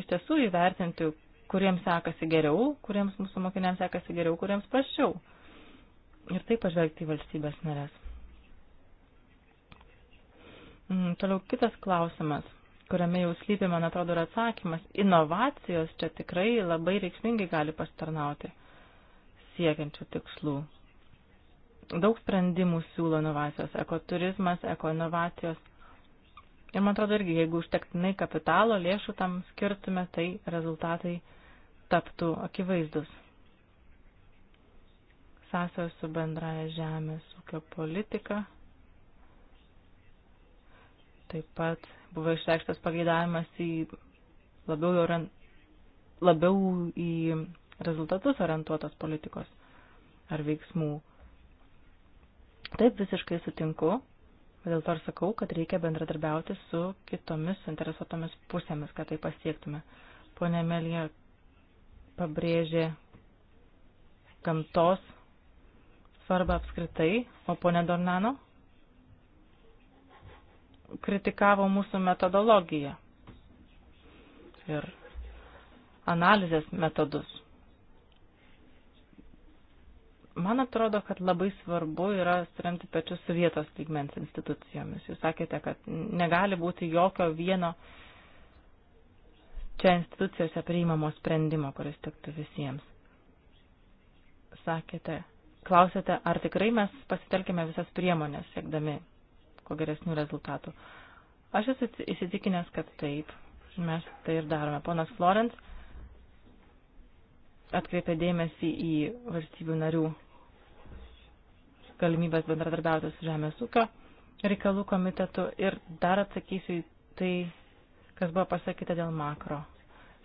iš tiesų įvertinti, kuriems sekasi geriau, kuriems mūsų mokiniams sekasi geriau, kuriems prašiau. Ir taip pažvelgti į valstybės narės. Mm, toliau kitas klausimas, kuriame jau slypi, man atrodo, yra atsakymas. Inovacijos čia tikrai labai reikšmingai gali pastarnauti siekiančių tikslų. Daug sprendimų siūlo inovacijos, ekoturizmas, ekoinovacijos. Ir man atrodo irgi, jeigu užtektinai kapitalo lėšų tam skirtume, tai rezultatai taptų akivaizdus. Sąsajos su bendraja žemės ūkio politika. Taip pat buvo išreikštas pageidavimas į labiau, labiau į rezultatus orientuotos politikos ar veiksmų. Taip visiškai sutinku, dėl to ir sakau, kad reikia bendradarbiauti su kitomis interesuotomis pusėmis, kad tai pasiektume. Pone Melija pabrėžė gamtos svarbą apskritai, o ponė Dornano kritikavo mūsų metodologiją ir analizės metodus. Man atrodo, kad labai svarbu yra suremti pečius su vietos lygmens institucijomis. Jūs sakėte, kad negali būti jokio vieno čia institucijose priimamo sprendimo, kuris tiktų visiems. Sakėte, klausėte, ar tikrai mes pasitelkime visas priemonės, siekdami kuo geresnių rezultatų. Aš esu įsitikinęs, kad taip, mes tai ir darome. Ponas Florence atkreipė dėmesį į valstybių narių galimybės bendradarbiauti su Žemės ūkio reikalų komitetu ir dar atsakysiu į tai, kas buvo pasakyta dėl makro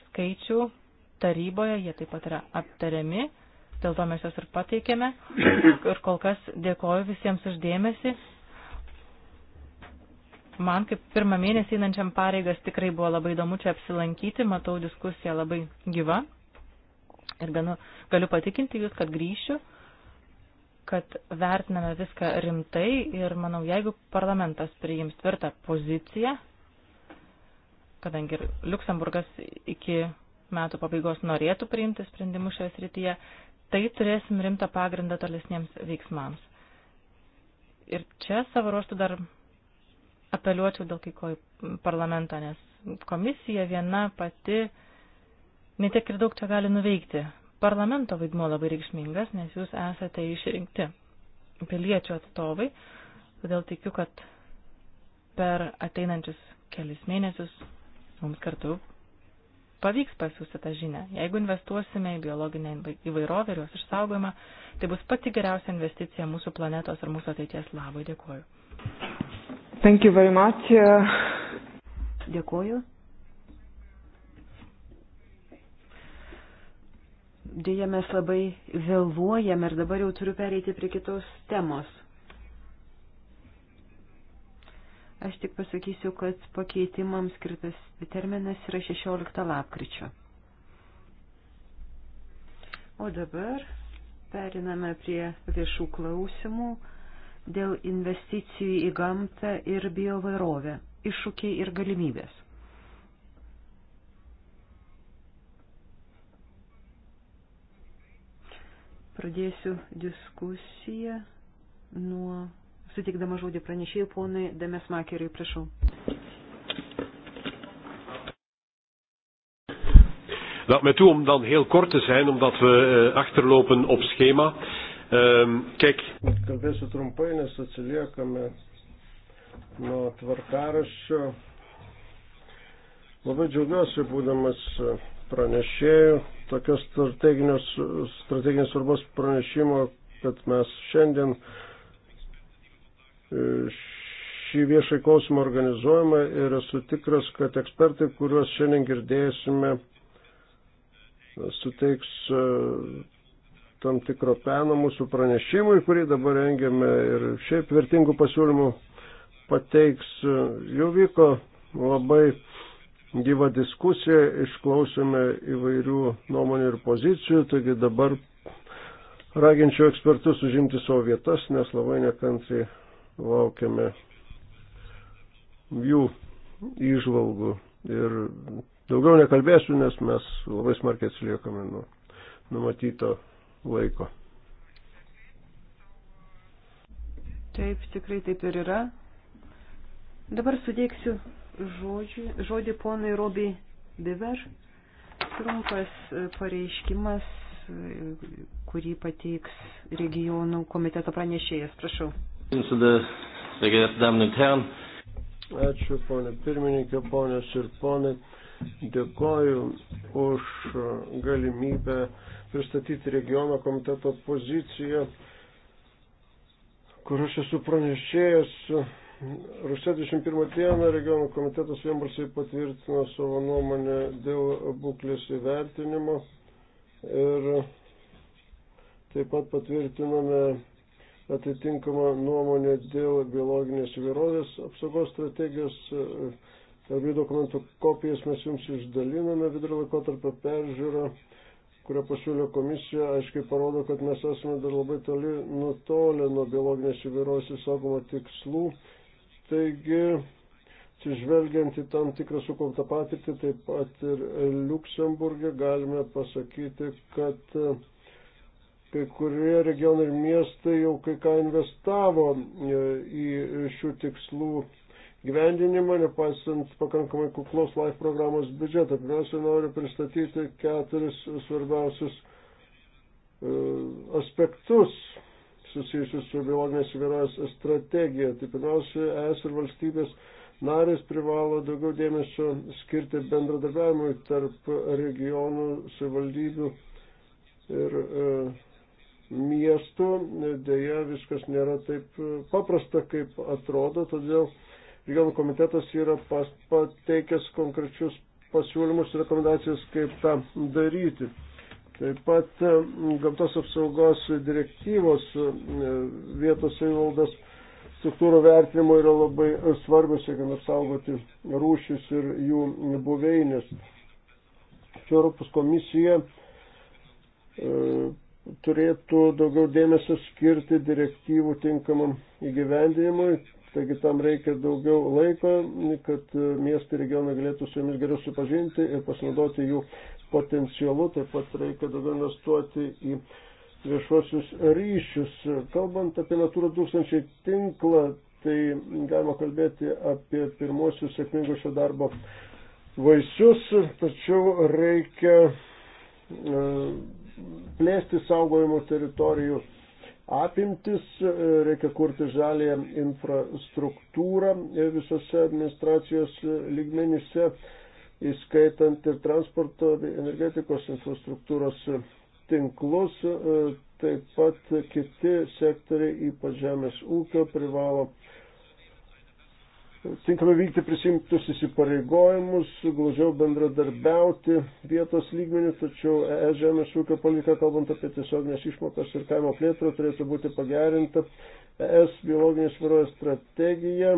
skaičių. Taryboje jie taip pat yra aptariami, dėl to mes juos ir pateikėme. Ir kol kas dėkoju visiems uždėmesi. Man kaip pirmą mėnesį einančiam pareigas tikrai buvo labai įdomu čia apsilankyti, matau diskusiją labai gyva. Ir ganu, galiu patikinti jūs, kad grįšiu kad vertiname viską rimtai ir manau, jeigu parlamentas priims tvirtą poziciją, kadangi Luksemburgas iki metų pabaigos norėtų priimti sprendimus šioje srityje, tai turėsim rimtą pagrindą tolesniems veiksmams. Ir čia savo ruoštų dar apeliuočiau dėl kai ko į parlamentą, nes komisija viena pati netiek ir daug čia gali nuveikti Parlamento vaidmuo labai reikšmingas, nes jūs esate išrinkti piliečių atstovai, todėl tikiu, kad per ateinančius kelis mėnesius mums kartu pavyks pasiūsti tą žinę. Jeigu investuosime į biologinę įvairovę ir jos išsaugojimą, tai bus pati geriausia investicija mūsų planetos ir mūsų ateities labai. Dėkuoju. Thank you very much. Dėkuoju. Dėja, mes labai vėluojam ir dabar jau turiu pereiti prie kitos temos. Aš tik pasakysiu, kad pakeitimams skirtas terminas yra 16 lapkričio. O dabar periname prie viešų klausimų dėl investicijų į gamtą ir biovairovę, iššūkiai ir galimybės. Pradėsiu diskusiją nuo sutikdama žodį pranešėjų ponai Demesmakeriui, prašau. Laat mij toe om dan heel kort te zijn, omdat we uh, achterlopen op schema. Uh, kijk. Kalbėsiu trumpai, nes atsiliekame nuo tvarkaraščio. Labai džiaugiuosi, būdamas eh, pranešėjų, tokios strateginės, strateginės svarbos pranešimo, kad mes šiandien e, šį viešai klausimą organizuojame ir esu tikras, kad ekspertai, kuriuos šiandien girdėsime, suteiks e, tam tikro peno mūsų pranešimui, kurį dabar rengiame ir šiaip vertingų pasiūlymų pateiks. E, jau vyko labai gyvą diskusiją, išklausėme įvairių nuomonių ir pozicijų, taigi dabar raginčiau ekspertus užimti savo vietas, nes labai nekantriai laukiame jų įžvalgų. Ir daugiau nekalbėsiu, nes mes labai smarkiai atsiliekame nuo numatyto laiko. Taip, tikrai taip ir yra. Dabar sudėksiu žodžių, žodį ponui Robi Biver. Trumpas e, pareiškimas, e, kurį pateiks regionų komiteto pranešėjas. Prašau. Ačiū, ponė pirmininkė, ponės ir ponai. Dėkoju už galimybę pristatyti regiono komiteto poziciją, kur aš esu pranešėjęs Rusė 21 dieną regionų komitetas vienbalsiai patvirtino savo nuomonę dėl būklės įvertinimo ir taip pat patvirtinome atitinkamą nuomonę dėl biologinės įvairovės apsaugos strategijos. Abiejų dokumentų kopijas mes jums išdalinome vidurio laikotarpio peržiūrą, kurią pasiūlė komisija, aiškiai parodo, kad mes esame dar labai toli nutolę nuo biologinės įvairovės įsaugomo tikslų Taigi, atsižvelgiant į tam tikrą sukauptą patirtį, taip pat ir Luksemburgė galime pasakyti, kad e, kai kurie regionai ir miestai jau kai ką investavo e, į šių tikslų gyvendinimą, nepaisant pakankamai kuklos LIFE programos biudžetą. Pirmiausia, noriu pristatyti keturis svarbiausius e, aspektus susijusius su biologinės įvairovės strategija. Tai pirmiausia, ES ir valstybės narės privalo daugiau dėmesio skirti bendradarbiavimui tarp regionų, savivaldybių ir e, miestų. Deja, viskas nėra taip e, paprasta, kaip atrodo, todėl regionų komitetas yra pateikęs konkrečius pasiūlymus ir rekomendacijas, kaip tą daryti. Taip pat e, gamtos apsaugos direktyvos e, vietos savivaldos struktūrų vertinimo yra labai svarbios, siekiant apsaugoti rūšis ir jų buveinės. Čia Europos komisija e, turėtų daugiau dėmesio skirti direktyvų tinkamam įgyvendinimui, Taigi tam reikia daugiau laiko, kad miestai regionai galėtų su jomis geriau supažinti ir pasinaudoti jų potencialu, taip pat reikia daugiau investuoti į viešuosius ryšius. Kalbant apie Natūra 2000 tinklą, tai galima kalbėti apie pirmosius sėkmingus šio darbo vaisius, tačiau reikia e, plėsti saugojimo teritorijų apimtis, e, reikia kurti žalę infrastruktūrą visose administracijos lygmenyse įskaitant ir transporto bei energetikos infrastruktūros tinklus, e, taip pat kiti sektoriai, ypač žemės ūkio, privalo tinkamai vykti prisimtus įsipareigojimus, glaudžiau bendradarbiauti vietos lygmenių, tačiau ES žemės ūkio politika, kalbant apie tiesioginės išmokas ir kaimo plėtrą, turėtų būti pagerinta. ES biologinės varojo strategija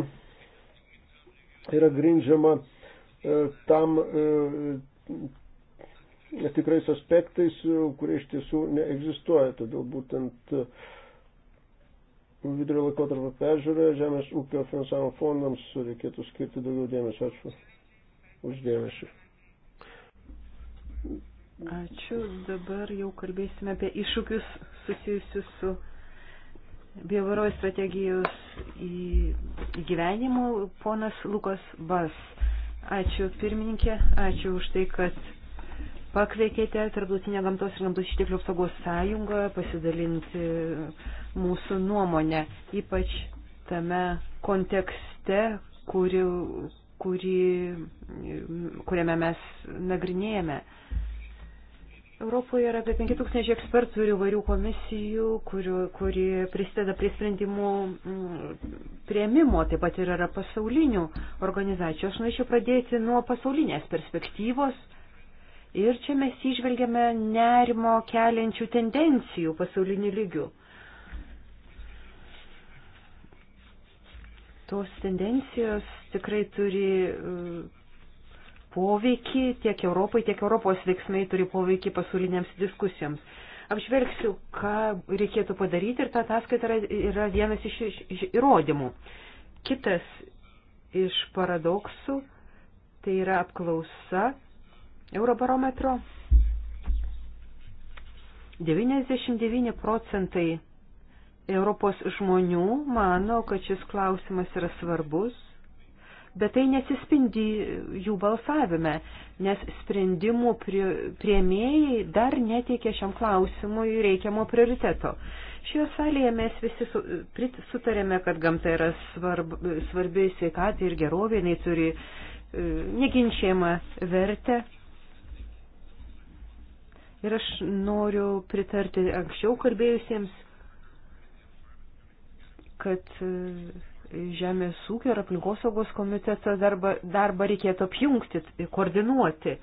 yra grindžiama E, tam e, tikrais aspektais, e, kurie iš tiesų neegzistuoja. Todėl būtent vidurio laikotarpio peržiūroje žemės ūkio finansavimo fondams reikėtų skirti daugiau dėmesio. Ačiū už dėmesį. Ačiū. Dabar jau kalbėsime apie iššūkius susijusius su biovarojo strategijos įgyvenimu. Ponas Lukas Bas Ačiū pirmininkė, ačiū už tai, kad pakvietėte Tarptautinę gamtos ir gamtos išteklių apsaugos sąjungą pasidalinti mūsų nuomonę, ypač tame kontekste, kuri, kuri, kuriame mes nagrinėjame Europoje yra apie 5000 ekspertų ir įvairių komisijų, kurių, kuri prisideda prie sprendimų mm, prieimimo, taip pat ir yra pasaulinių organizacijų. Aš norėčiau pradėti nuo pasaulinės perspektyvos. Ir čia mes išvelgiame nerimo keliančių tendencijų pasaulinių lygių. Tos tendencijos tikrai turi poveikį tiek Europai, tiek Europos veiksmai turi poveikį pasauliniams diskusijoms. Apžvelgsiu, ką reikėtų padaryti ir ta ataskaita yra, yra vienas iš, iš, iš įrodymų. Kitas iš paradoksų tai yra apklausa Eurobarometro. 99 procentai Europos žmonių mano, kad šis klausimas yra svarbus bet tai nesispindi jų balsavime, nes sprendimų prie, prieimėjai dar neteikė šiam klausimui reikiamo prioriteto. Šioje salėje mes visi su, prit, sutarėme, kad gamta yra svarb, svarbi sveikatai ir gerovė, jinai turi e, neginčiamą vertę. Ir aš noriu pritarti anksčiau kalbėjusiems, kad e, Žemės ūkio ir aplinkosaugos komiteto darbą, darbą reikėtų apjungti, koordinuoti.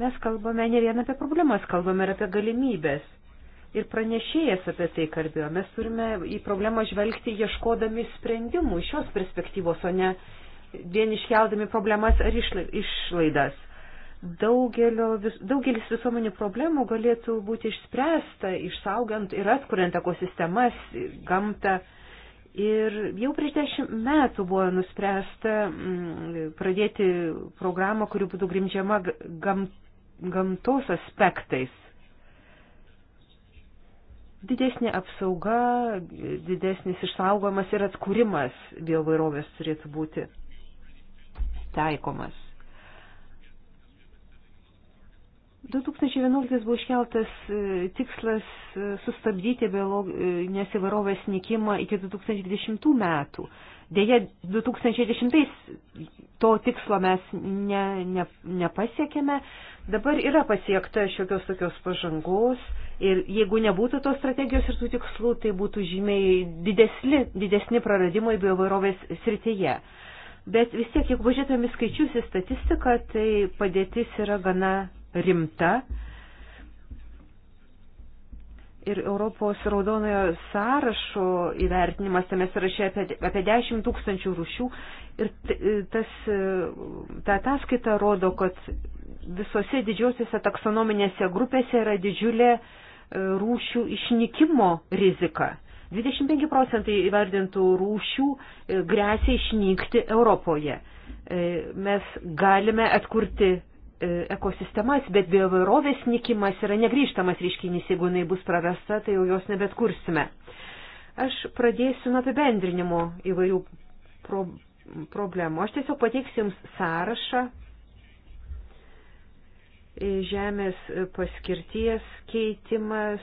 Mes kalbame ne vien apie problemas, kalbame ir apie galimybės. Ir pranešėjas apie tai kalbėjo. Mes turime į problemą žvelgti ieškodami sprendimų iš šios perspektyvos, o ne vien iškeldami problemas ar išlaidas. Daugelio, vis, daugelis visuomenių problemų galėtų būti išspręsta, išsaugant ir atkuriant ekosistemas, gamtą. Ir jau prieš dešimt metų buvo nuspręsta mm, pradėti programą, kuri būtų grindžiama gam, gamtos aspektais. Didesnė apsauga, didesnis išsaugomas ir atkūrimas biovairovės turėtų būti taikomas. 2011 buvo iškeltas e, tikslas e, sustabdyti biologinės įvairovės nikimą iki 2020 metų. Deja, 2010 to tikslo mes ne, ne, nepasiekėme. Dabar yra pasiekta šiokios tokios pažangos ir jeigu nebūtų tos strategijos ir tų tikslų, tai būtų žymiai didesli, didesni praradimai bioįvairovės srityje. Bet vis tiek, jeigu važiuotumėm skaičius į statistiką, tai padėtis yra gana rimta. Ir Europos raudonojo sąrašo įvertinimas tame sąraše apie, apie 10 tūkstančių rušių. Ir tas, ta ataskaita rodo, kad visose didžiosiuose taksonominėse grupėse yra didžiulė e, rūšių išnykimo rizika. 25 procentai įvardintų rūšių e, grėsia išnykti Europoje. E, mes galime atkurti E, ekosistemas, bet bioįvairovės nikimas yra negryžtamas reiškinys, jeigu jinai bus prarasta, tai jau jos nebetkursime. Aš pradėsiu nuo apibendrinimo įvairių pro problemų. Aš tiesiog pateiksiu Jums sąrašą e, žemės paskirties keitimas,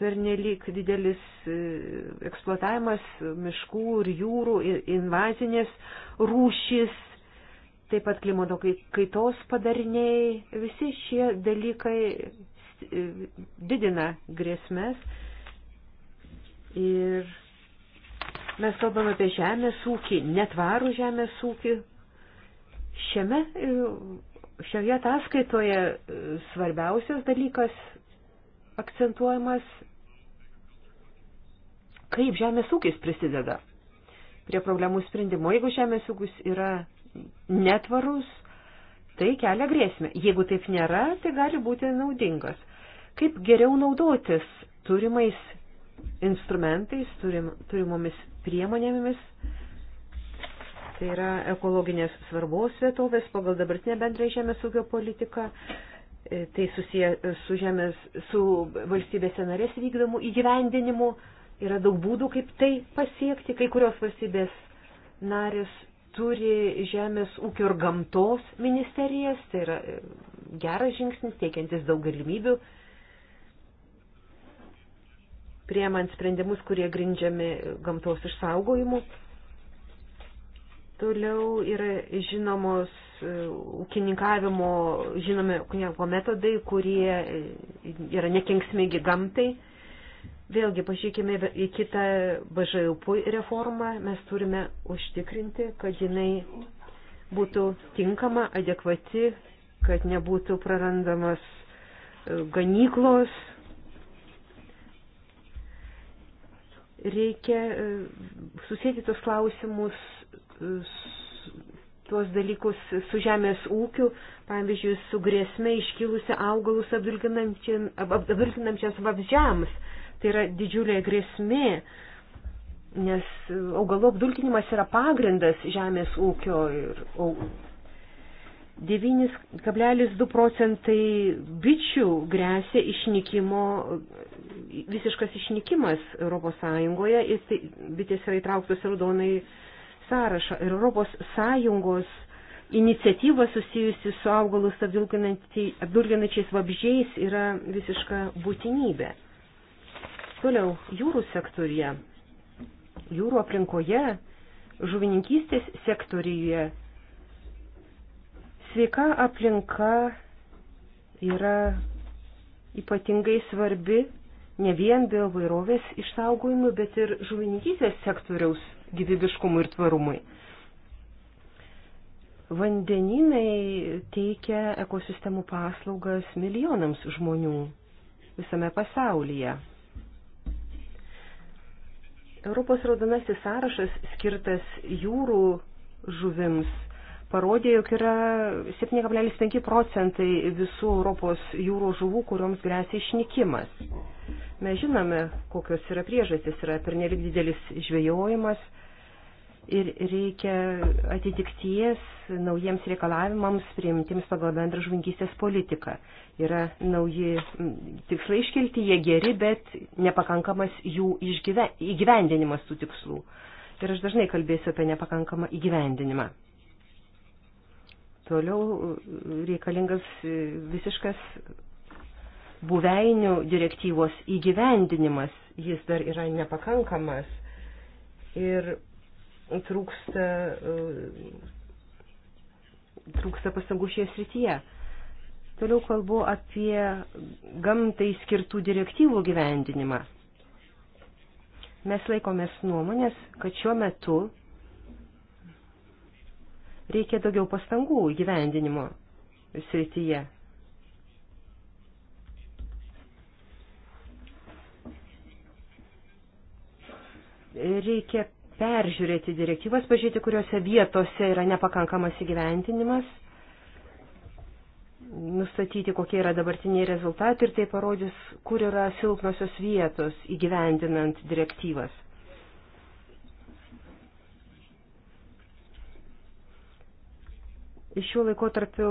pernelyg didelis e, eksploatavimas miškų ir jūrų, invazinės rūšis, taip pat klimato kaitos padariniai, visi šie dalykai didina grėsmės. Ir mes kalbam apie žemės ūkį, netvarų žemės ūkį. Šiame, šioje ataskaitoje svarbiausias dalykas akcentuojamas, kaip žemės ūkis prisideda prie problemų sprendimo. Jeigu žemės ūkis yra netvarus, tai kelia grėsmę. Jeigu taip nėra, tai gali būti naudingas. Kaip geriau naudotis turimais instrumentais, turim, turimomis priemonėmis, tai yra ekologinės svarbos vietovės pagal dabartinę bendrąją žemės ūkio politiką, e, tai susiję su, žemės, su valstybėse narės vykdomu įgyvendinimu, yra daug būdų, kaip tai pasiekti, kai kurios valstybės narės turi Žemės ūkio ir gamtos ministerijas, tai yra e, geras žingsnis, teikiantis daug galimybių, priemant sprendimus, kurie grindžiami gamtos išsaugojimu. Toliau yra žinomos e, ūkininkavimo, žinomi ūkininkavimo metodai, kurie e, yra nekenksmingi gamtai Vėlgi, pažiūrėkime į kitą BŽUP reformą. Mes turime užtikrinti, kad jinai būtų tinkama, adekvati, kad nebūtų prarandamas e, ganyklos. Reikia e, susėti tos klausimus, e, tuos dalykus su žemės ūkiu, pavyzdžiui, su grėsme iškilusią augalus apdulkinančiams vabzdžiams tai yra didžiulė grėsmė, nes augalų apdulkinimas yra pagrindas žemės ūkio ir 9,2 procentai bičių grėsia išnykimo, visiškas išnykimas Europos Sąjungoje ir tai, bitės yra įtrauktos raudonai sąrašą. Ir Europos Sąjungos iniciatyva susijusi su augalus apdulkinančiais vabžiais yra visiška būtinybė. Toliau, jūrų sektorija. Jūrų aplinkoje, žuvininkystės sektorijoje sveika aplinka yra ypatingai svarbi ne vien biovairovės išsaugojimui, bet ir žuvininkystės sektoriaus gyvybiškumui ir tvarumui. Vandeninai teikia ekosistemų paslaugas milijonams žmonių visame pasaulyje. Europos raudonasis sąrašas skirtas jūrų žuvims parodė, jog yra 7,5 procentai visų Europos jūros žuvų, kurioms grėsia išnykimas. Mes žinome, kokios yra priežastys, yra pernelik didelis žvejojimas, ir reikia atitikties naujiems reikalavimams priimtims pagal bendrą žvingystės politiką. Yra nauji tikslai iškelti, jie geri, bet nepakankamas jų išgyven, įgyvendinimas tų tikslų. Ir aš dažnai kalbėsiu apie nepakankamą įgyvendinimą. Toliau e, reikalingas e, visiškas buveinių direktyvos įgyvendinimas, jis dar yra nepakankamas. Ir trūksta, e, trūksta pastangų šioje srityje. Toliau kalbu apie gamtai skirtų direktyvų gyvendinimą. Mes laikomės nuomonės, kad šiuo metu reikia daugiau pastangų gyvendinimo srityje. Reikia peržiūrėti direktyvas, pažiūrėti, kuriuose vietose yra nepakankamas įgyventinimas, nustatyti, kokie yra dabartiniai rezultatai ir tai parodys, kur yra silpnosios vietos įgyvendinant direktyvas. Iš šiuo laikotarpiu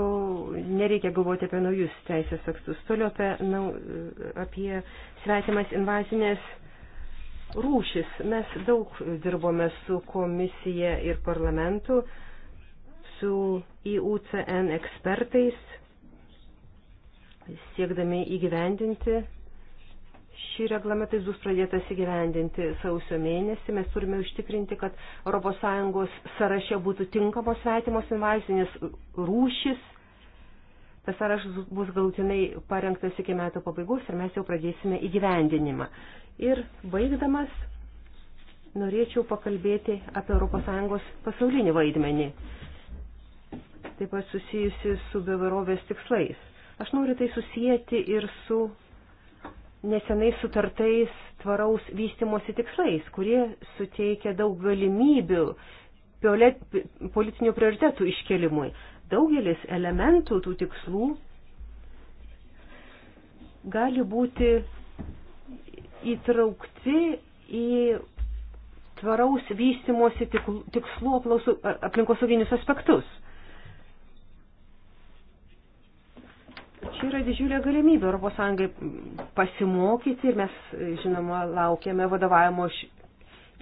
nereikia galvoti apie naujus teisės aktus, toliau apie, na, apie svetimas invazinės rūšis. Mes daug dirbome su komisija ir parlamentu, su IUCN ekspertais, siekdami įgyvendinti šį reglamentą, jis bus pradėtas įgyvendinti sausio mėnesį. Mes turime užtikrinti, kad ES sąraše būtų tinkamos svetimos invazinės rūšis Tas sąrašas bus galutinai parengtas iki metų pabaigos ir mes jau pradėsime įgyvendinimą. Ir baigdamas, norėčiau pakalbėti apie ES pasaulinį vaidmenį, taip pat susijusi su bevarovės tikslais. Aš noriu tai susijęti ir su nesenai sutartais tvaraus vystimosi tikslais, kurie suteikia daug galimybių politinių prioritetų iškelimui daugelis elementų tų tikslų gali būti įtraukti į tvaraus vystimosi tikslų aplinkosauginius aspektus. Čia yra didžiulė galimybė ES pasimokyti ir mes, žinoma, laukiame vadovavimo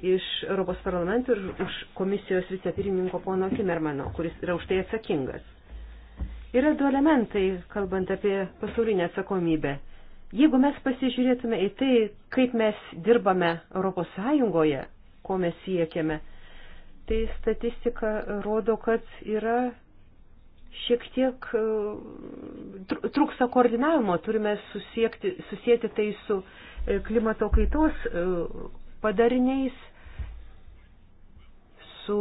iš Europos parlamento ir už komisijos vicepirmininko pono Timermano, kuris yra už tai atsakingas. Yra du elementai, kalbant apie pasaulinę atsakomybę. Jeigu mes pasižiūrėtume į tai, kaip mes dirbame Europos Sąjungoje, ko mes siekiame, tai statistika rodo, kad yra šiek tiek e, trūksta koordinavimo, turime susiekti, susijęti tai su e, klimato kaitos e, padariniais, su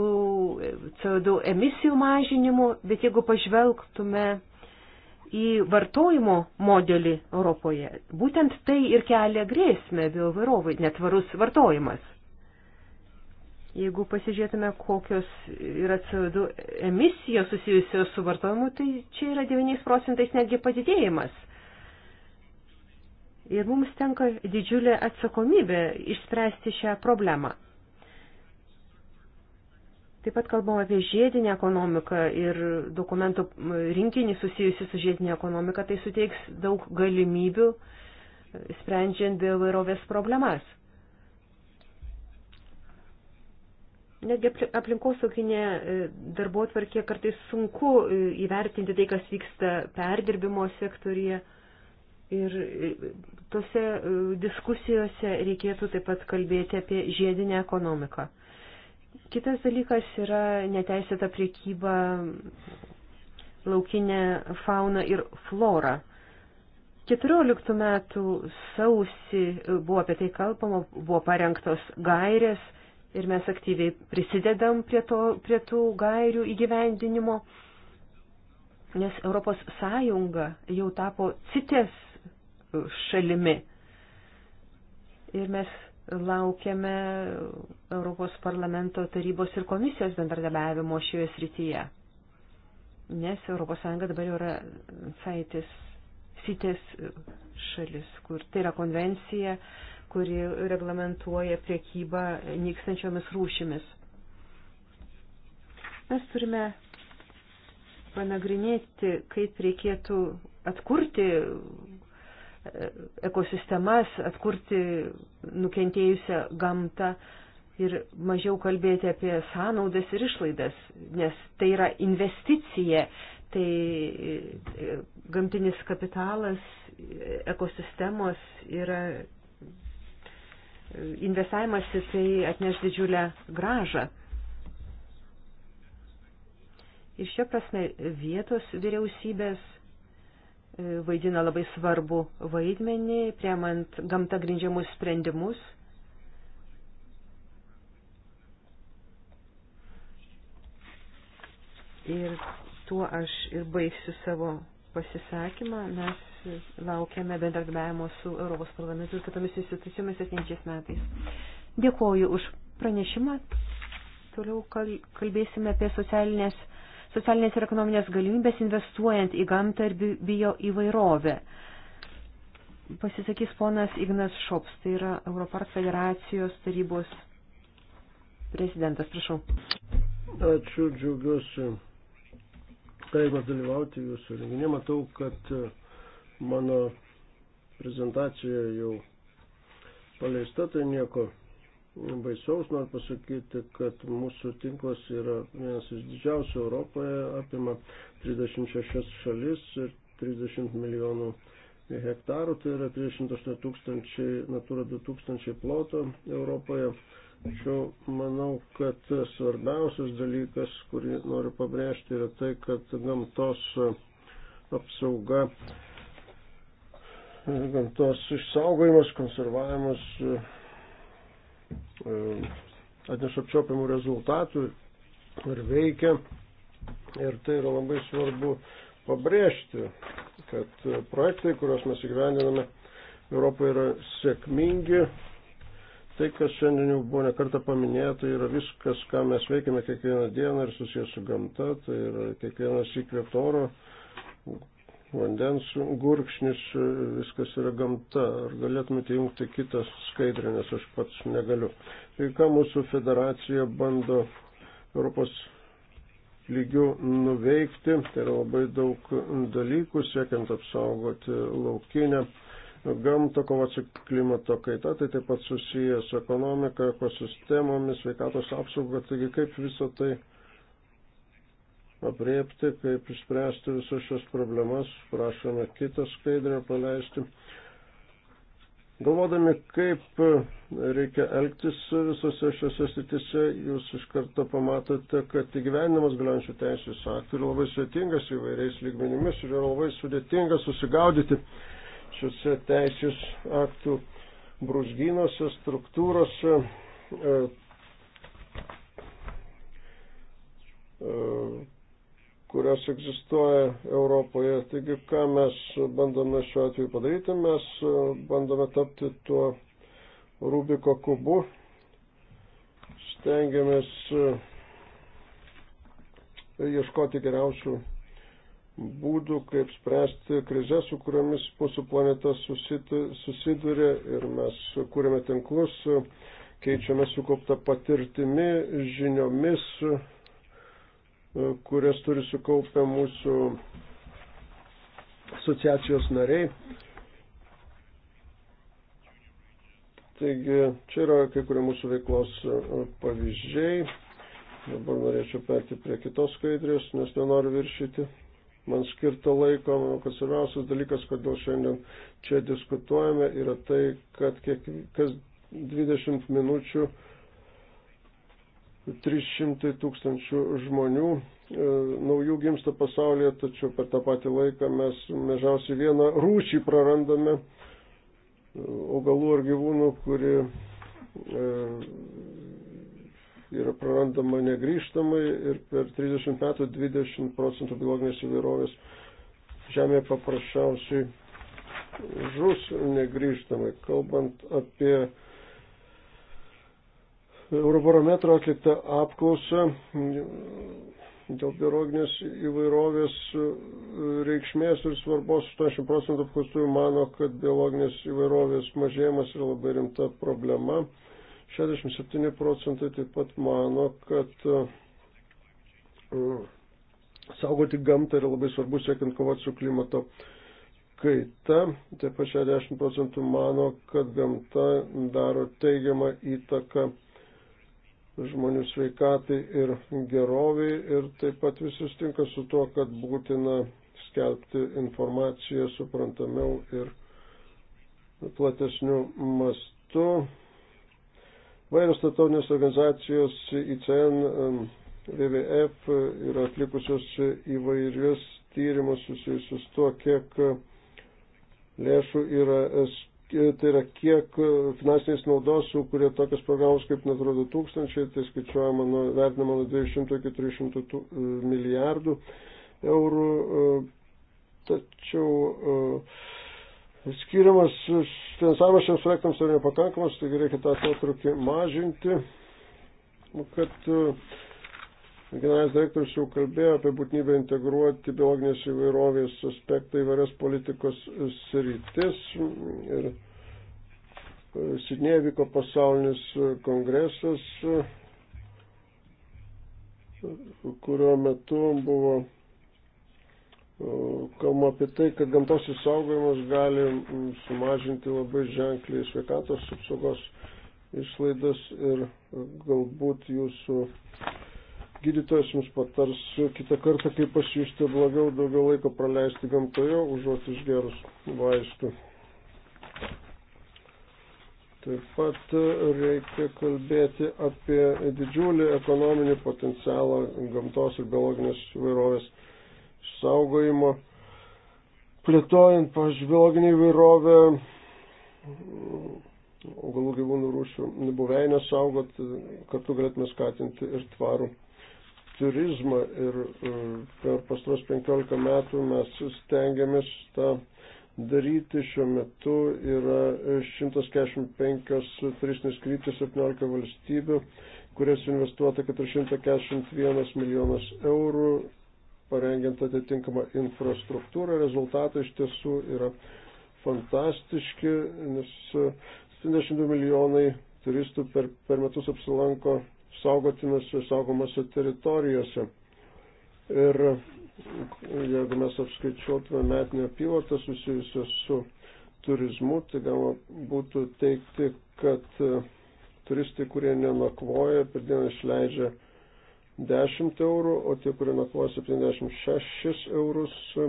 CO2 emisijų mažinimu, bet jeigu pažvelgtume į vartojimo modelį Europoje, būtent tai ir kelia grėsmę biovairovai, netvarus vartojimas. Jeigu pasižiūrėtume, kokios yra CO2 emisijos susijusios su vartojimu, tai čia yra 9 procentais netgi padidėjimas. Ir mums tenka didžiulė atsakomybė išspręsti šią problemą. Taip pat kalbam apie žiedinę ekonomiką ir dokumentų rinkinį susijusi su žiedinė ekonomika, tai suteiks daug galimybių e, sprendžiant bioįvairovės problemas. Netgi aplinkosauginė e, darbo atvarkė kartais sunku e, įvertinti tai, kas vyksta perdirbimo sektorija. Ir e, tose e, diskusijose reikėtų taip pat kalbėti apie žiedinę ekonomiką. Kitas dalykas yra neteisėta priekyba laukinė fauna ir flora. 14 metų sausi buvo apie tai kalbama, buvo parengtos gairės ir mes aktyviai prisidedam prie, to, prie tų gairių įgyvendinimo, nes Europos Sąjunga jau tapo CITES šalimi. Ir mes laukiame Europos parlamento tarybos ir komisijos bendradarbiavimo šioje srityje. Nes ES dabar yra saitis, sitės šalis, kur tai yra konvencija, kuri reglamentuoja priekybą nykstančiomis rūšimis. Mes turime panagrinėti, kaip reikėtų atkurti ekosistemas, atkurti nukentėjusią gamtą ir mažiau kalbėti apie sąnaudas ir išlaidas, nes tai yra investicija, tai e, gamtinis kapitalas, ekosistemos yra e, investavimas į tai atneš didžiulę gražą. Ir šio prasme vietos vyriausybės E, vaidina labai svarbu vaidmenį, priemant gamta grindžiamus sprendimus. Ir tuo aš ir baigsiu savo pasisakymą. Mes laukiame bendradarbiavimo su Europos parlamentu ir kitomis institucijomis ateinčiais metais. Dėkuoju už pranešimą. Toliau kalbėsime apie socialinės socialinės ir ekonominės galimybės investuojant į gamtą ir bio įvairovę. Pasisakys ponas Ignas Šops, tai yra Europart federacijos tarybos prezidentas. Prašau. Ačiū, džiaugiuosi. Teimas dalyvauti jūsų renginė. Matau, kad uh, mano prezentacija jau paleista, tai nieko baisaus, noriu pasakyti, kad mūsų tinklas yra vienas iš didžiausių Europoje, apima 36 šalis ir 30 milijonų hektarų, tai yra 38 tūkstančiai, natūra 2000 ploto Europoje. Tačiau manau, kad svarbiausias dalykas, kurį noriu pabrėžti, yra tai, kad gamtos apsauga, gamtos išsaugojimas, konservavimas E, atneša apčiopiamų rezultatų ir veikia. Ir tai yra labai svarbu pabrėžti, kad projektai, kuriuos mes įgyvendiname Europoje, yra sėkmingi. Tai, kas šiandien jau buvo nekarta paminėta, tai yra viskas, ką mes veikiame kiekvieną dieną ir susijęs su gamta, tai yra kiekvienas įkvėptoro vandens gurkšnis, viskas yra gamta. Ar galėtumėte jungti kitą skaidrę, nes aš pats negaliu. Tai ką mūsų federacija bando Europos lygių nuveikti, tai yra labai daug dalykų, siekiant apsaugoti laukinę gamtą, kovot su klimato kaita, tai taip pat susiję su ekonomika, ekosistemomis, sveikatos apsauga, taigi kaip visą tai apriepti, kaip išspręsti visas šias problemas. Prašome kitą skaidrę paleisti. Galvodami, kaip reikia elgtis visose šiose sritise, jūs iš karto pamatote, kad įgyvenimas galiojančių teisės aktų yra labai sudėtingas įvairiais lygmenimis ir yra labai sudėtinga susigaudyti šiuose teisės aktų brūžgynuose, struktūrose. E, e, kurios egzistuoja Europoje. Taigi, ką mes bandome šiuo atveju padaryti, mes e, bandome tapti tuo Rubiko kubu, stengiamės e, ieškoti geriausių būdų, kaip spręsti krizės, su kuriomis mūsų planeta susiduria ir mes kūrėme tinklus, e, keičiame sukauptą patirtimi, žiniomis, E, kurias turi sukaupę mūsų asociacijos nariai. Taigi, čia yra kai kurie mūsų veiklos e, pavyzdžiai. Dabar norėčiau perti prie kitos skaidrės, nes nenoriu viršyti man skirto laiko. Manau, kad svarbiausias dalykas, kodėl šiandien čia diskutuojame, yra tai, kad kiek, kas 20 minučių uh, 300 tūkstančių žmonių e, naujų gimsta pasaulyje, tačiau per tą patį laiką mes mažiausiai vieną rūšį prarandame e, augalų ar gyvūnų, kuri e, yra prarandama negrįžtamai ir per 30 metų 20 procentų biologinės įvairovės žemė paprasčiausiai žus negrįžtamai. Kalbant apie Eurobarometro atlikta apklausa dėl biologinės įvairovės e, reikšmės ir svarbos 80 procentų apklaustųjų mano, kad biologinės įvairovės mažėjimas yra labai rimta problema. 67 procentai taip pat mano, kad e, e, saugoti gamtą yra labai svarbu siekiant kovoti su klimato kaita. Taip pat 60 procentų mano, kad gamta daro teigiamą įtaką žmonių sveikatai ir geroviai ir taip pat visi sutinka su tuo, kad būtina skelbti informaciją suprantamiau ir platesnių mastų. Vairios tautinės organizacijos ICN, WWF yra atlikusios įvairius tyrimus susijusius tuo, kiek lėšų yra tai yra kiek e, finansinės naudos sukuria tokios programos kaip Natura 2000, tai skaičiuojama, nu, vertinama nuo 200 iki 300 e, milijardų eurų, e, tačiau skiriamas finansavimas šiems projektams yra nepakankamas, taigi reikia tą atotrukį mažinti, kad uh, Generalinis direktorius jau kalbėjo apie būtinybę integruoti biologinės įvairovės aspektą į varias politikos sritis. Ir e, Sidnėje vyko pasaulinis kongresas, kurio metu buvo e, kalbama apie tai, kad gamtos išsaugojimas gali sumažinti labai ženkliai sveikatos apsaugos išlaidas ir galbūt jūsų Gydytojas jums patars kitą kartą, kai pasijusti blogiau, daugiau laiko praleisti gamtoje, užuot išgerus vaistų. Taip pat reikia kalbėti apie didžiulį ekonominį potencialą gamtos ir biologinės įvairovės saugojimo. Plėtojant, pažiūrėjau, biologinį įvairovę, augalų gyvūnų rūšių buveinę saugot, kartu galėtume skatinti ir tvarų turizmą ir e, per pastaros 15 metų mes stengiamės tą daryti. Šiuo metu yra 145 turistinės kryptis 17 valstybių, kurias investuota 441 milijonas eurų, parengiant atitinkamą infrastruktūrą. Rezultatai iš tiesų yra fantastiški, nes 72 milijonai turistų per, per metus apsilanko saugotinose, saugomose teritorijose. Ir jeigu mes apskaičiuotume metinę apyvartą susijusią su turizmu, tai galima būtų teikti, kad e, turistai, kurie nenakvoja, per dieną išleidžia 10 eurų, o tie, kurie nakvoja 76 eurus e,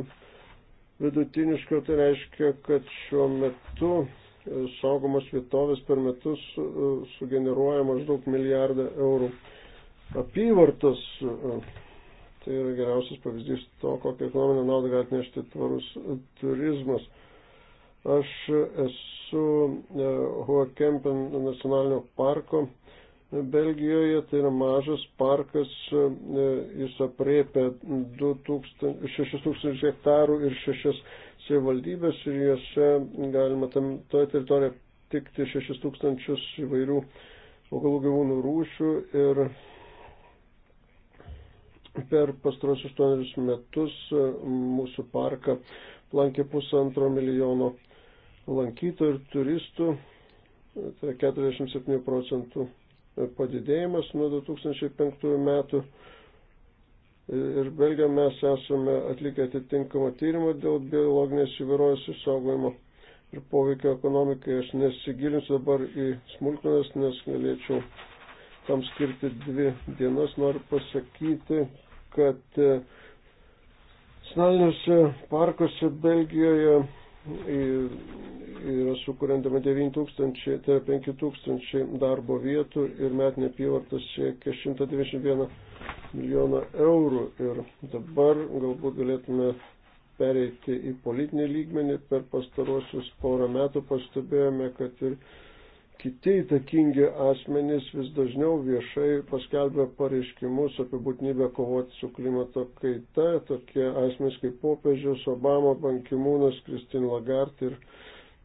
vidutiniškai, tai reiškia, kad šiuo metu saugomos vietovės per metus e, sugeneruoja maždaug milijardą eurų apyvartos. E, tai yra geriausias pavyzdys to, kokią ekonominę naudą gali atnešti tvarus turizmas. Aš esu e, Huakempen nacionalinio parko Belgijoje, tai yra mažas parkas, jis apriepia 6000 hektarų ir 6 savivaldybės ir juose galima tam, toje teritorijoje aptikti 6000 įvairių augalų gyvūnų rūšių ir per pastarosius 8 metus mūsų parką lankė pusantro milijono lankytojų ir turistų, tai 47 procentų padidėjimas nuo 2005 metų ir Belgijoje mes esame atlikę atitinkamą tyrimą dėl biologinės įvairovės išsaugojimo ir poveikio ekonomikai. Aš nesigilinsiu dabar į smulkmenas, nes galėčiau tam skirti dvi dienas. Noriu pasakyti, kad nacionaliniuose e, parkuose Belgijoje e, yra sukūrendama 9000, tai 5000 darbo vietų ir metinė apyvartas siekia 191 milijoną eurų ir dabar galbūt galėtume pereiti į politinį lygmenį. Per pastaruosius porą metų pastebėjome, kad ir kiti įtakingi asmenys vis dažniau viešai paskelbė pareiškimus apie būtinybę kovoti su klimato kaita. Tokie asmenys kaip popiežius Obama, Bankimūnas, Kristin Lagart ir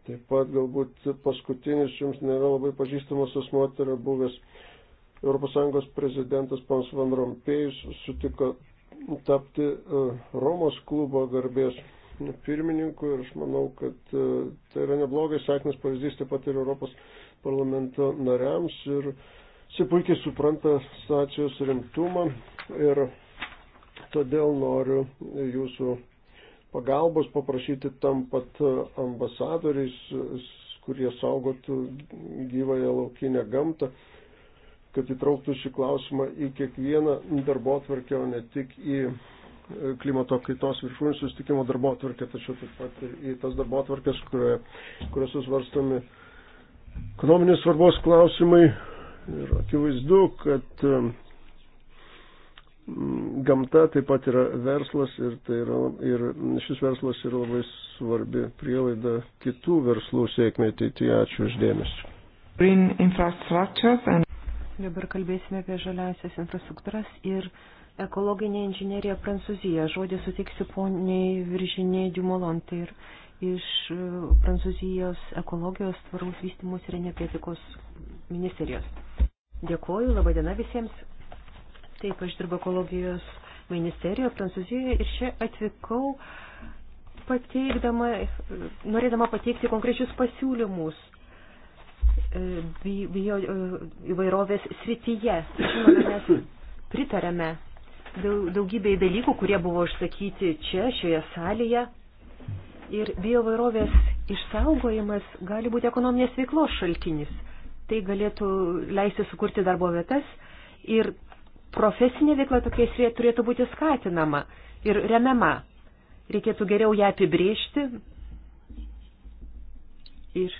taip pat galbūt paskutinis jums nėra labai pažįstamas asmo, tai yra buvęs ES prezidentas Pons Van Rompėjus sutiko tapti e, Romos klubo garbės pirmininku ir aš manau, kad e, tai yra neblogai sekinas pavyzdys taip pat ir Europos parlamento nariams ir jis puikiai supranta situacijos rimtumą ir todėl noriu jūsų pagalbos paprašyti tam pat ambasadoriais, kurie saugotų gyvąją laukinę gamtą kad įtrauktų šį klausimą į kiekvieną darbo atvarkę, o ne tik į e, klimato kaitos viršūnį sustikimo darbo atvarkę, tačiau taip pat ir į tas darbo atvarkės, kuriuose svarstomi ekonominės svarbos klausimai. Ir akivaizdu, kad e, gamta taip pat yra verslas ir, tai yra, ir šis verslas yra labai svarbi prielaida kitų verslų sėkmė ateityje. Ačiū uždėmesi. Dabar kalbėsime apie žaliasias infrastruktūras ir ekologinė inžinierija Prancūzija. Žodį suteiksiu poniai Viržinė Dumolon, tai ir iš e, Prancūzijos ekologijos tvaraus vystimus ir energetikos ministerijos. Dėkuoju, laba diena visiems. Taip, aš dirbu ekologijos ministerijoje Prancūzijoje ir čia atvykau pateikdama, norėdama pateikti konkrečius pasiūlymus bio įvairovės srityje. Žinoma, mes pritarėme daugybei dalykų, kurie buvo išsakyti čia, šioje salėje. Ir biovairovės išsaugojimas gali būti ekonominės veiklos šaltinis. Tai galėtų leisti sukurti darbo vietas ir profesinė veikla tokiais vietų turėtų būti skatinama ir remiama. Reikėtų geriau ją apibriežti ir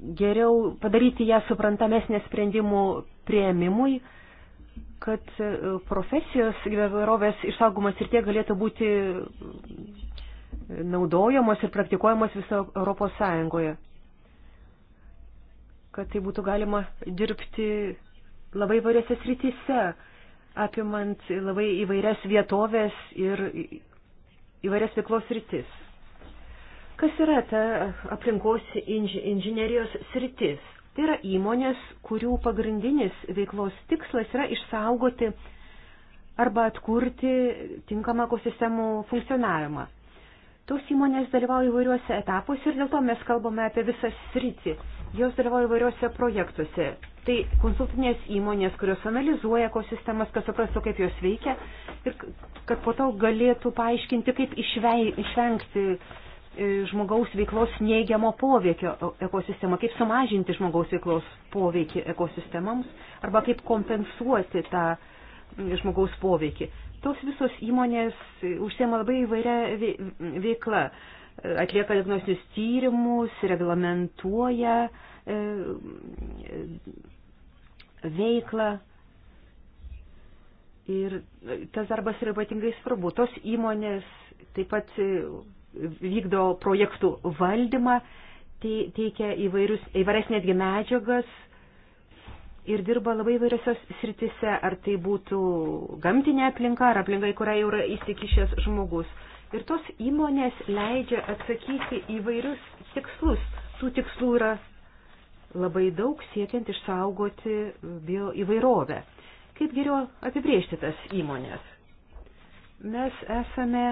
geriau padaryti ją suprantamesnę sprendimų prieimimui, kad e, profesijos įvairovės išsaugumas ir tie galėtų būti e, naudojamos ir praktikuojamos viso Europos Sąjungoje. Kad tai būtų galima dirbti labai įvairiose srityse, apimant labai įvairias vietovės ir įvairias veiklos sritis. Kas yra ta aplinkos inž inžinerijos sritis? Tai yra įmonės, kurių pagrindinis veiklos tikslas yra išsaugoti arba atkurti tinkamą ekosistemų funkcionavimą. Tos įmonės dalyvauja įvairiuose etapuose ir dėl to mes kalbame apie visą sritį. Jos dalyvauja įvairiuose projektuose. Tai konsultinės įmonės, kurios analizuoja ekosistemas, kad suprastų, kaip jos veikia ir kad po to galėtų paaiškinti, kaip išvei, išvengti E, žmogaus veiklos neigiamo poveikio e, ekosistemą, kaip sumažinti žmogaus veiklos poveikį ekosistemams arba kaip kompensuoti tą žmogaus poveikį. Tos visos įmonės e, užsiema labai įvairia veikla, atlieka diagnostinius tyrimus, reglamentuoja veiklą. Ir tas darbas yra ypatingai svarbu. Tos įmonės taip pat vykdo projektų valdymą, teikia įvairius, įvairias netgi medžiagas ir dirba labai įvairiose sritise, ar tai būtų gamtinė aplinka, ar aplinka, į kurią jau yra įsikišęs žmogus. Ir tos įmonės leidžia atsakyti įvairius tikslus. Tų tikslų yra labai daug siekiant išsaugoti bio įvairovę. Kaip geriau apibriežti tas įmonės? Mes esame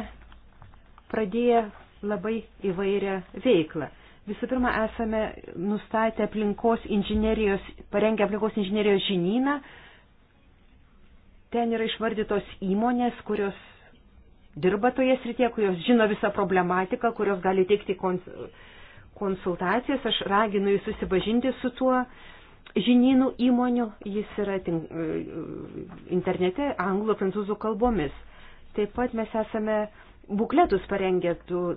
pradėję labai įvairią veiklą. Visų pirma, esame nustatę aplinkos inžinerijos, parengę aplinkos inžinerijos žinyną. Ten yra išvardytos įmonės, kurios dirba toje srityje, kurios žino visą problematiką, kurios gali teikti konsultacijas. Aš raginu jūs susipažinti su tuo žinynų įmonių. Jis yra internete anglų, prancūzų kalbomis. Taip pat mes esame bukletus parengęs tu,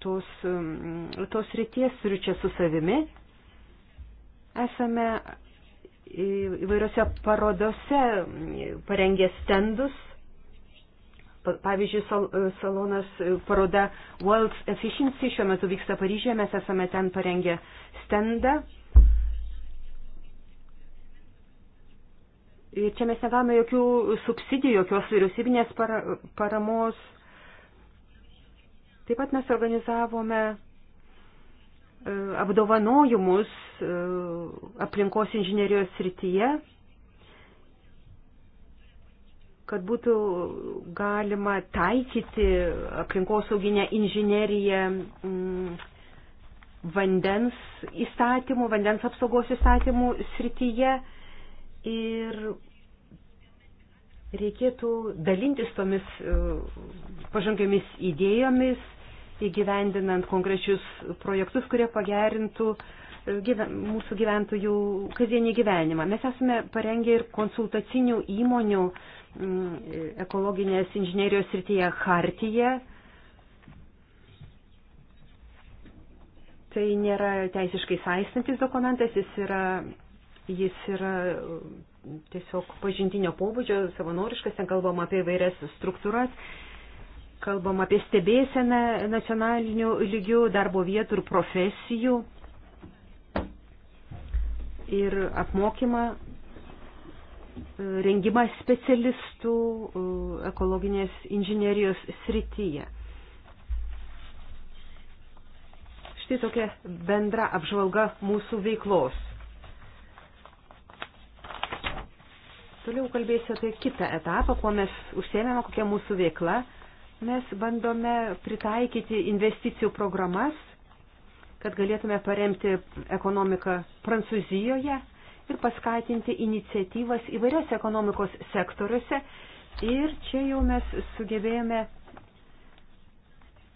tos, um, tos ryties turiu čia su savimi. Esame įvairiose parodose um, parengę stendus. Pavyzdžiui, e, salonas e, paroda World Efficiency šiuo metu vyksta Paryžėje, mes esame ten parengę stendą. Ir čia mes negavome jokių subsidijų, jokios vyriausybinės paramos. Taip pat mes organizavome e, apdovanojimus e, aplinkos inžinierijos srityje, kad būtų galima taikyti aplinkosauginę inžineriją mm, vandens įstatymų, vandens apsaugos įstatymų srityje ir reikėtų dalintis tomis e, pažangiomis idėjomis įgyvendinant konkrečius projektus, kurie pagerintų e, gyven, mūsų gyventojų kasdienį gyvenimą. Mes esame parengę ir konsultacinių įmonių mm, ekologinės inžinierijos srityje Hartiją. Tai nėra teisiškai saistantis dokumentas, jis yra, jis yra mm, tiesiog pažintinio pobūdžio, savanoriškas, ten kalbama apie vairias struktūras kalbam apie stebėseną nacionalinių lygių, darbo vietų ir profesijų ir apmokymą, e, rengimą specialistų e, ekologinės inžinerijos srityje. Štai tokia bendra apžvalga mūsų veiklos. Toliau kalbėsiu apie kitą etapą, kuo mes užsėmėme, kokia mūsų veikla – Mes bandome pritaikyti investicijų programas, kad galėtume paremti ekonomiką Prancūzijoje ir paskatinti iniciatyvas įvairiose ekonomikos sektoriuose. Ir čia jau mes sugebėjome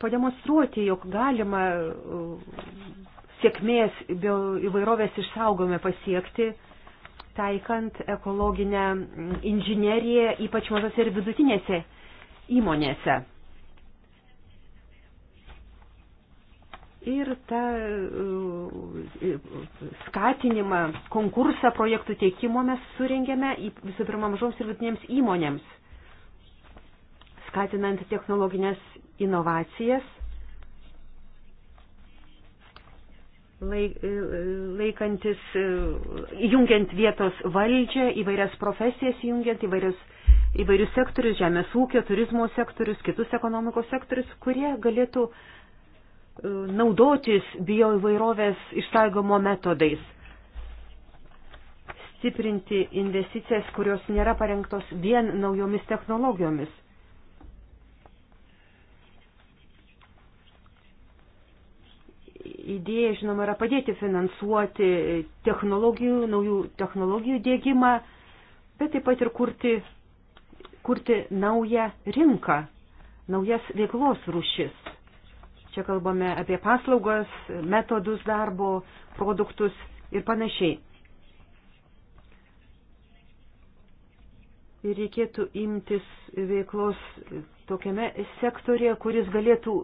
pademonstruoti, jog galima uh, sėkmės įvairovės išsaugome pasiekti, taikant ekologinę mm, inžineriją, ypač mažose ir vidutinėse įmonėse. ir tą e, skatinimą, konkursą projektų teikimo mes surengėme visų pirma mažoms ir vidutinėms įmonėms, skatinant technologinės inovacijas, e, laikantis, e, jungiant vietos valdžią, įvairias profesijas jungiant, įvairias įvairius sektorius, žemės ūkio, turizmo sektorius, kitus ekonomikos sektorius, kurie galėtų uh, naudotis bioįvairovės išsaugomo metodais, stiprinti investicijas, kurios nėra parengtos vien naujomis technologijomis. Idėja, žinoma, yra padėti finansuoti technologijų, naujų technologijų dėgymą, bet taip pat ir kurti, kurti naują rinką, naujas veiklos rušis. Čia kalbame apie paslaugas, metodus darbo, produktus ir panašiai. Ir reikėtų imtis veiklos tokiame sektorėje, kuris galėtų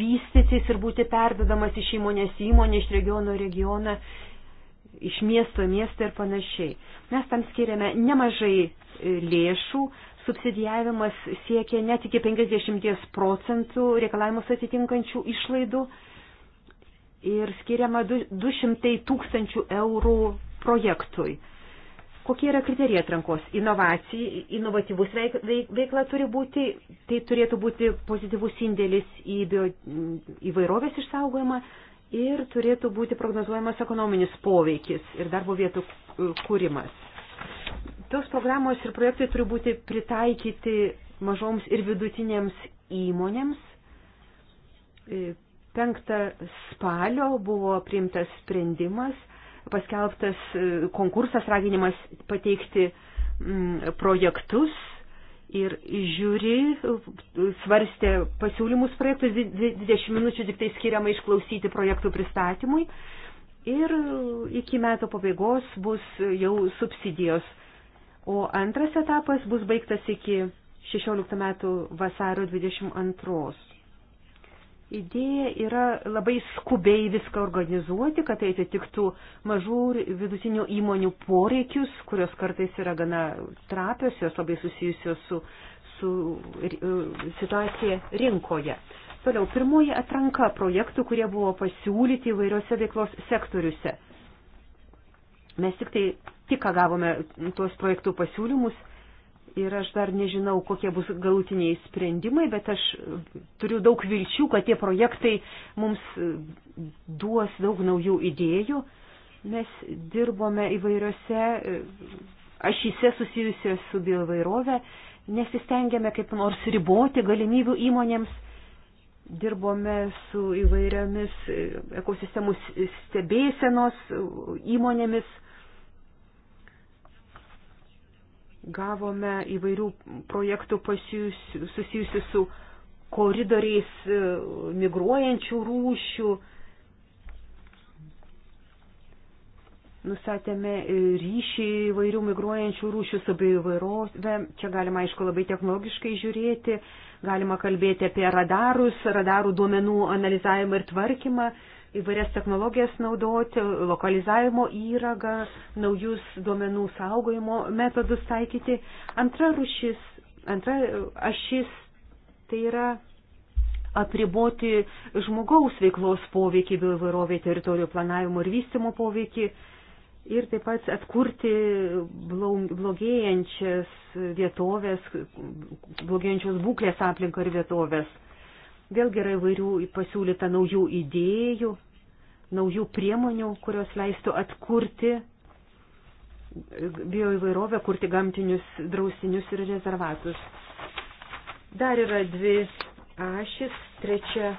vystytis ir būti perdodamas iš įmonės į įmonę, iš regiono regioną, iš miesto miestą ir panašiai. Mes tam skiriame nemažai lėšų, subsidijavimas siekia net iki 50 procentų reikalavimus atitinkančių išlaidų ir skiriama 200 tūkstančių eurų projektui. Kokie yra kriterijai atrankos? Inovacijai, inovatyvus veik, veik, veikla turi būti, tai turėtų būti pozityvus indėlis į bio, įvairovės išsaugojimą ir turėtų būti prognozuojamas ekonominis poveikis ir darbo vietų kūrimas. Tos programos ir projektai turi būti pritaikyti mažoms ir vidutinėms įmonėms. E, Penktą spalio buvo priimtas sprendimas, paskelbtas e, konkursas raginimas pateikti mm, projektus ir žiūri, e, svarstė pasiūlymus projektus, 20 minučių tik tai skiriama išklausyti projektų pristatymui ir iki metų pabaigos bus jau subsidijos o antras etapas bus baigtas iki 16 metų vasaro 22. Idėja yra labai skubiai viską organizuoti, kad tai atitiktų mažų ir vidutinių įmonių poreikius, kurios kartais yra gana trapios, jos labai susijusios su, su e, situacija rinkoje. Toliau, pirmoji atranka projektų, kurie buvo pasiūlyti įvairiose veiklos sektoriuose. Mes tik tai Tik ką gavome tuos projektų pasiūlymus ir aš dar nežinau, kokie bus galutiniai sprendimai, bet aš turiu daug vilčių, kad tie projektai mums duos daug naujų idėjų. Mes dirbome įvairiose ašyse susijusios su biovairove, nesistengėme kaip nors riboti galimybių įmonėms. Dirbome su įvairiomis ekosistemos stebėsenos įmonėmis Gavome įvairių projektų susijusių su koridoriais e, migruojančių rūšių. Nusatėme e, ryšį įvairių migruojančių rūšių su bioįvairove. Čia galima, aišku, labai technologiškai žiūrėti. Galima kalbėti apie radarus, radarų duomenų analizavimą ir tvarkymą įvairias technologijas naudoti, lokalizavimo įrangą, naujus duomenų saugojimo metodus taikyti. Antra rušis, antra ašis tai yra apriboti žmogaus veiklos poveikį bioįvairovė teritorijų planavimo ir vystimo poveikį ir taip pat atkurti blogėjančias vietovės, blogėjančios būklės aplinką ir vietovės. Vėlgi yra įvairių pasiūlyta naujų idėjų, naujų priemonių, kurios leistų atkurti bioįvairovę, kurti gamtinius drausinius ir rezervatus. Dar yra dvi ašis, trečia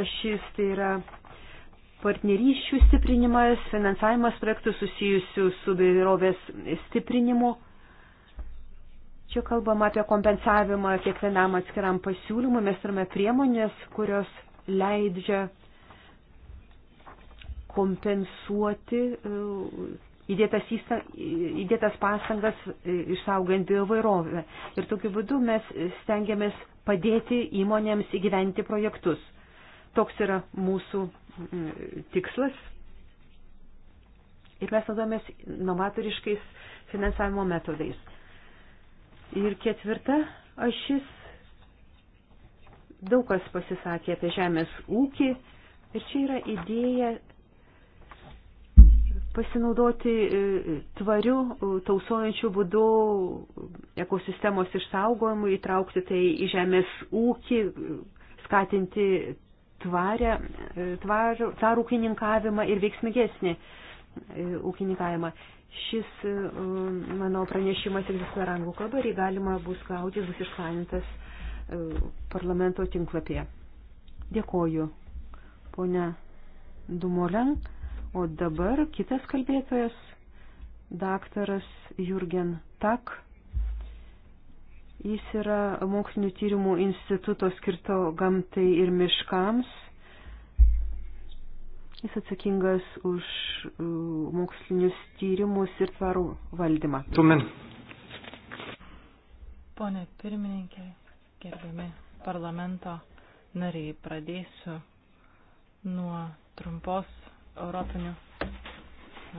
ašis tai yra partnerysčių stiprinimas, finansavimas projektų susijusių su bioįvairovės stiprinimu Čia kalbama apie kompensavimą kiekvienam atskiram pasiūlymui. Mes turime priemonės, kurios leidžia kompensuoti e, įdėtas, įstang, įdėtas pastangas e, išsaugant biovairovę. Ir tokiu būdu mes stengiamės padėti įmonėms įgyventi projektus. Toks yra mūsų tikslas. Ir mes naudojamės novatoriškais finansavimo metodais. Ir ketvirta ašis. Daug kas pasisakė apie žemės ūkį. Ir čia yra idėja pasinaudoti e, tvariu, e, tausojančiu būdu ekosistemos išsaugojimu, įtraukti tai į žemės ūkį, skatinti tvarę, e, tvar, tvarų ūkininkavimą ir veiksmigesnį ūkininkavimą. Šis e, mano pranešimas egzistuoja rangų kalba ir jį galima bus gauti, bus išplanintas e, parlamento tinklapyje. Dėkoju, ponia Dumolen. O dabar kitas kalbėtojas, daktaras Jurgen Tak. Jis yra Mokslinių tyrimų instituto skirto gamtai ir miškams Jis atsakingas už e, mokslinius tyrimus ir tvarų valdymą. Tumin. Pone pirmininkė, gerbiami parlamento nariai, pradėsiu nuo trumpos Europinių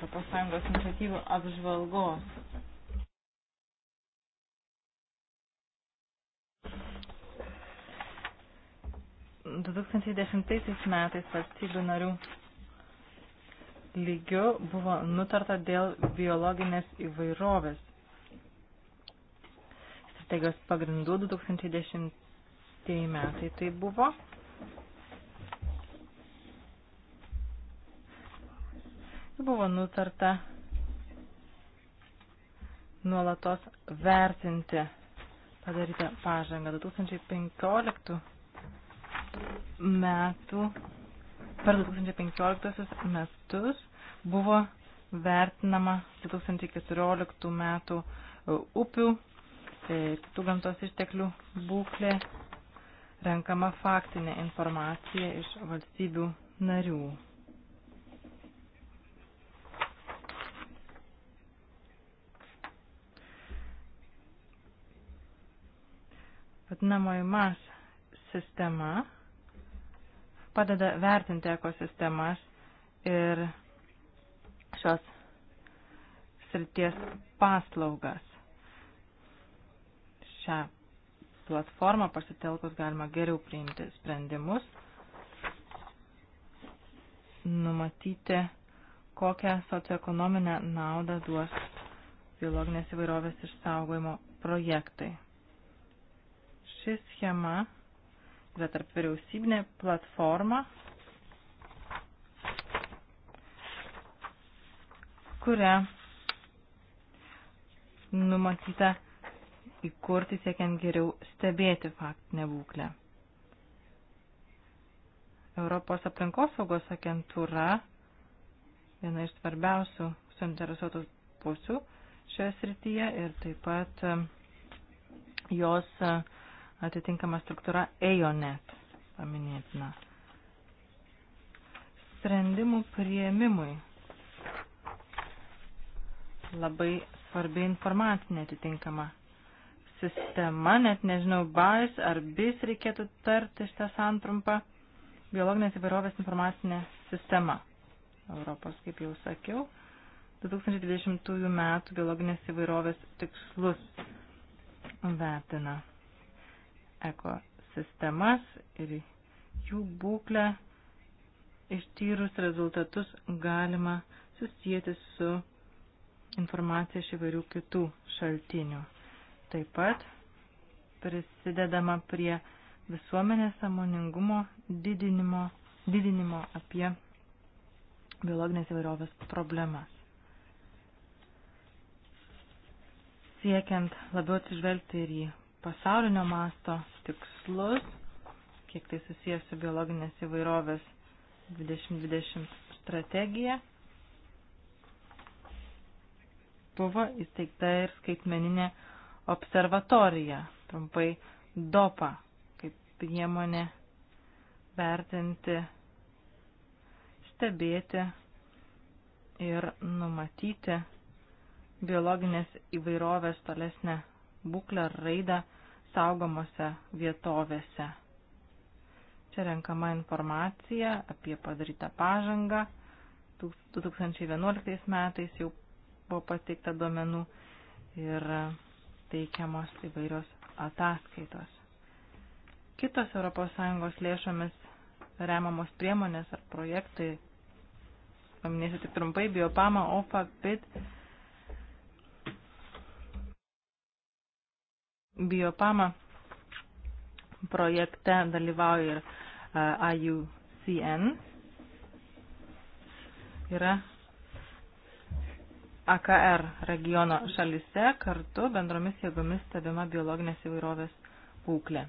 ES iniciatyvų apžvalgos. Du 2010 metais valstybių narių lygiu buvo nutarta dėl biologinės įvairovės. Strategijos pagrindų 2010 metai tai buvo. Buvo nutarta nuolatos vertinti padarytą pažangą 2015 metų per 2015 metus buvo vertinama 2014 metų e, upių, e, kitų gamtos išteklių būklė, renkama faktinė informacija iš valstybių narių. Vadinamoji MAS sistema padeda vertinti ekosistemas ir šios srities paslaugas. Šią platformą pasitelkus galima geriau priimti sprendimus, numatyti, kokią socioekonominę naudą duos biologinės įvairovės išsaugojimo projektai. Ši schema yra tarp vyriausybinė platforma, kuria numatyta įkurti siekiant geriau stebėti faktinę būklę. Europos aplinkosaugos agentūra, viena iš svarbiausių suinteresuotų pusių šioje srityje ir taip pat um, jos uh, atitinkama struktūra EONET paminėtina. Sprendimų prieimimui labai svarbi informacinė atitinkama sistema, net nežinau, BAIS ar BIS reikėtų tarti šitą santrumpą, biologinės įvairovės informacinė sistema. Europos, kaip jau sakiau, 2020 metų biologinės įvairovės tikslus vertina ekosistemas ir jų būklę ištyrus rezultatus galima susijęti su informacija iš įvairių kitų šaltinių. Taip pat prisidedama prie visuomenės samoningumo didinimo, didinimo apie biologinės įvairovės problemas. Siekiant labiau atsižvelgti ir į pasaulinio masto tikslus, kiek tai susijęs su biologinės įvairovės 2020 strategija. Buvo įsteigta ir skaitmeninė observatorija, trumpai DOPA, kaip priemonė vertinti, stebėti ir numatyti biologinės įvairovės tolesnę būklę ar raidą saugomose vietovėse. Čia renkama informacija apie padarytą pažangą. 2011 metais jau buvo pateikta duomenų ir teikiamos įvairios ataskaitos. Kitos ES lėšomis remamos priemonės ar projektai, paminėsiu tik trumpai, biopama, OFA, PIT, Biopama projekte dalyvauja ir e, IUCN. Yra AKR regiono šalise kartu bendromis jėgomis stebima biologinės įvairovės būklė.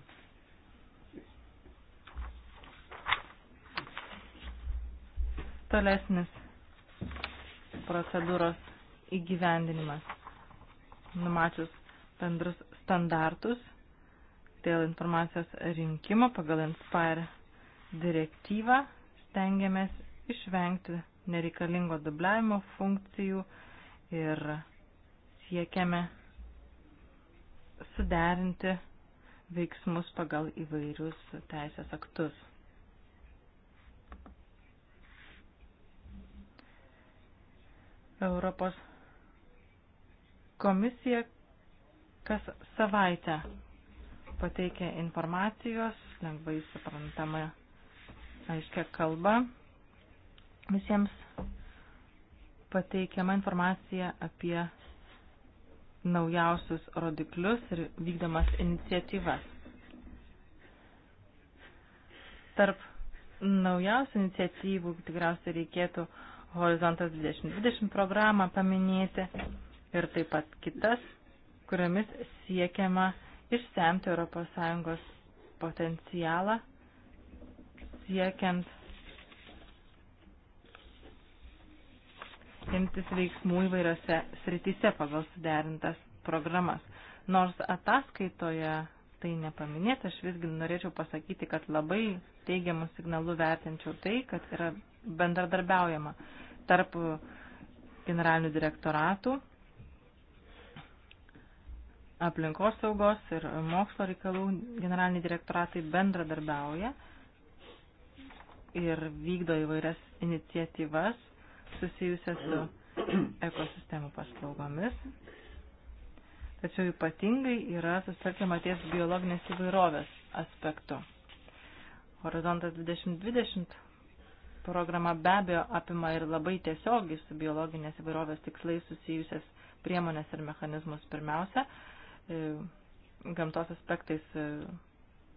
Tolesnis procedūros įgyvendinimas numačius bendrus standartus dėl informacijos rinkimo pagal Inspire direktyvą stengiamės išvengti nereikalingo dubliavimo funkcijų ir siekiame suderinti veiksmus pagal įvairius teisės aktus. Europos komisija kas savaitę pateikia informacijos, lengvai suprantama, aiškia kalba. Visiems pateikiama informacija apie naujausius rodiklius ir vykdomas iniciatyvas. Tarp naujausių iniciatyvų tikriausiai reikėtų Horizontas 2020 programą paminėti ir taip pat kitas kuriomis siekiama išsemti ES potencialą, siekiant imtis veiksmų įvairiose srityse pagal suderintas programas. Nors ataskaitoje tai nepaminėta, aš visgi norėčiau pasakyti, kad labai teigiamų signalų vertinčiau tai, kad yra bendradarbiaujama tarp generalinių direktoratų aplinkos saugos ir mokslo reikalų generaliniai direktoratai bendradarbiauja ir vykdo įvairias iniciatyvas susijusias su ekosistemų paslaugomis. Tačiau ypatingai yra susitelkiama ties biologinės įvairovės aspektu. Horizontas 2020 programa be abejo apima ir labai tiesiogiai su biologinės įvairovės tikslais susijusias priemonės ir mechanizmus pirmiausia, E, gamtos aspektais e,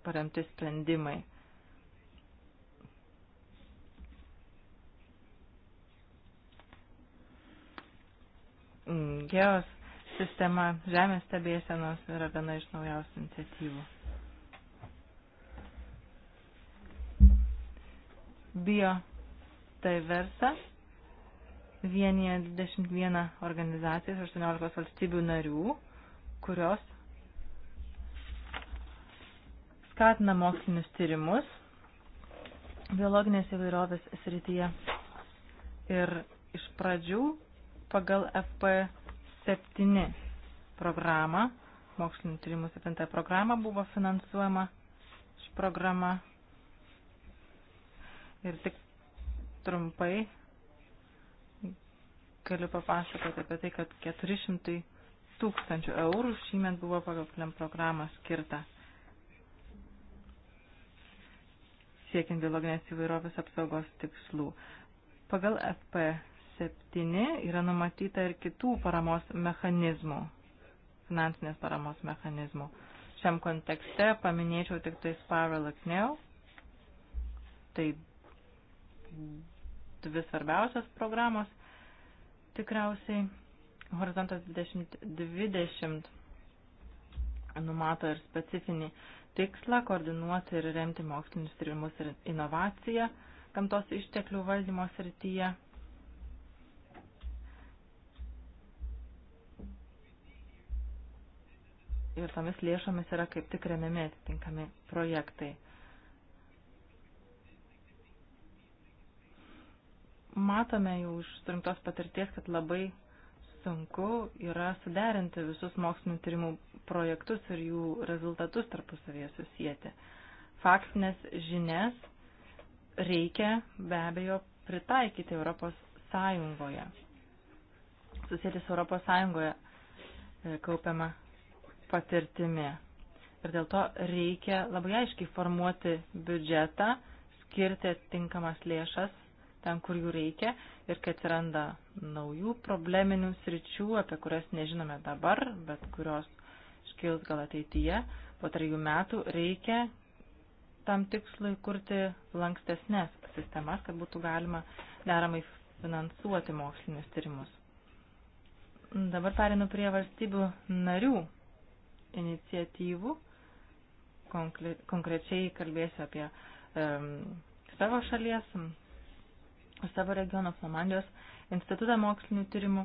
paremti sprendimai. Geos sistema žemės stebėsenos yra viena iš naujausių iniciatyvų. Bio tai versa vienyje 21 organizacijas 18 valstybių narių kurios skatina mokslinius tyrimus biologinės įvairovės srityje. Ir iš pradžių pagal FP7 programą, mokslinių tyrimų 7 programą buvo finansuojama ši programa. Ir tik trumpai galiu papasakoti apie tai, kad 400 tūkstančių eurų šįmet buvo pagal FLEM programą skirta. siekiant biologinės įvairovės apsaugos tikslų. Pagal FP7 yra numatyta ir kitų paramos mechanizmų, finansinės paramos mechanizmų. Šiam kontekste paminėčiau tik tai Spiral Acneu. Tai dvi svarbiausias programos tikriausiai Horizontas 2020 numato ir specifinį tikslą koordinuoti ir remti mokslinius tyrimus ir inovaciją gamtos išteklių valdymo srityje. Ir tomis lėšomis yra kaip tik remiami atitinkami projektai. Matome jau iš surinktos patirties, kad labai sunku yra suderinti visus mokslinių tyrimų projektus ir jų rezultatus tarpusavėje susijęti. Faktinės žinias reikia be abejo pritaikyti Europos Sąjungoje. Susėdis Europos Sąjungoje e, kaupiama patirtimi. Ir dėl to reikia labai aiškiai formuoti biudžetą, skirti tinkamas lėšas ten, kur jų reikia ir kai atsiranda naujų probleminių sričių, apie kurias nežinome dabar, bet kurios iškils gal ateityje, po trejų metų reikia tam tikslui kurti lankstesnės sistemas, kad būtų galima deramai finansuoti mokslinius tyrimus. Dabar perinu prie valstybių narių iniciatyvų. Konkrečiai kalbėsiu apie um, savo šalies savo regiono Flamandijos institutą mokslinių tyrimų.